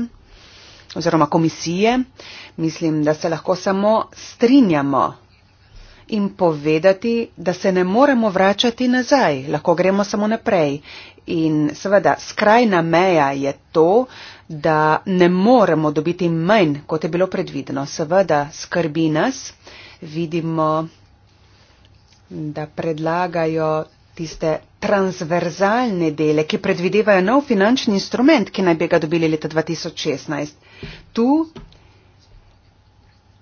oziroma komisije, mislim, da se lahko samo strinjamo in povedati, da se ne moremo vračati nazaj, lahko gremo samo naprej. In seveda, skrajna meja je to, da ne moremo dobiti manj, kot je bilo predvideno. Seveda, skrbi nas, vidimo, da predlagajo tiste transverzalne dele, ki predvidevajo nov finančni instrument, ki naj bi ga dobili leta 2016. Tu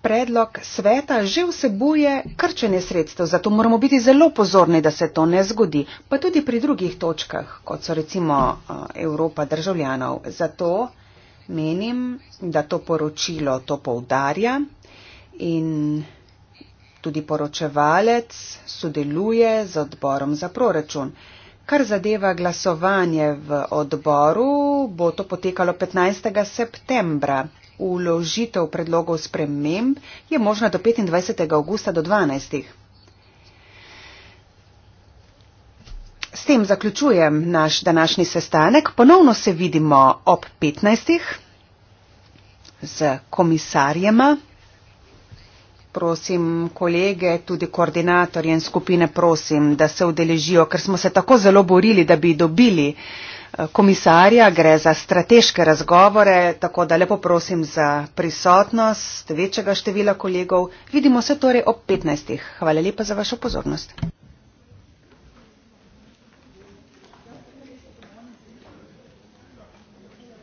predlog sveta že vsebuje krčenje sredstev, zato moramo biti zelo pozorni, da se to ne zgodi, pa tudi pri drugih točkah, kot so recimo eh, Evropa državljanov. Zato menim, da to poročilo to poudarja in tudi poročevalec sodeluje z odborom za proračun. Kar zadeva glasovanje v odboru, bo to potekalo 15. septembra uložitev predlogov sprememb je možna do 25. augusta do 12. S tem zaključujem naš današnji sestanek. Ponovno se vidimo ob 15. z komisarjema. Prosim kolege, tudi koordinatorje in skupine, prosim, da se udeležijo, ker smo se tako zelo borili, da bi dobili uh, komisarja, gre za strateške razgovore, tako da lepo prosim za prisotnost večjega števila kolegov. Vidimo se torej ob 15. Hvala lepa za vašo pozornost.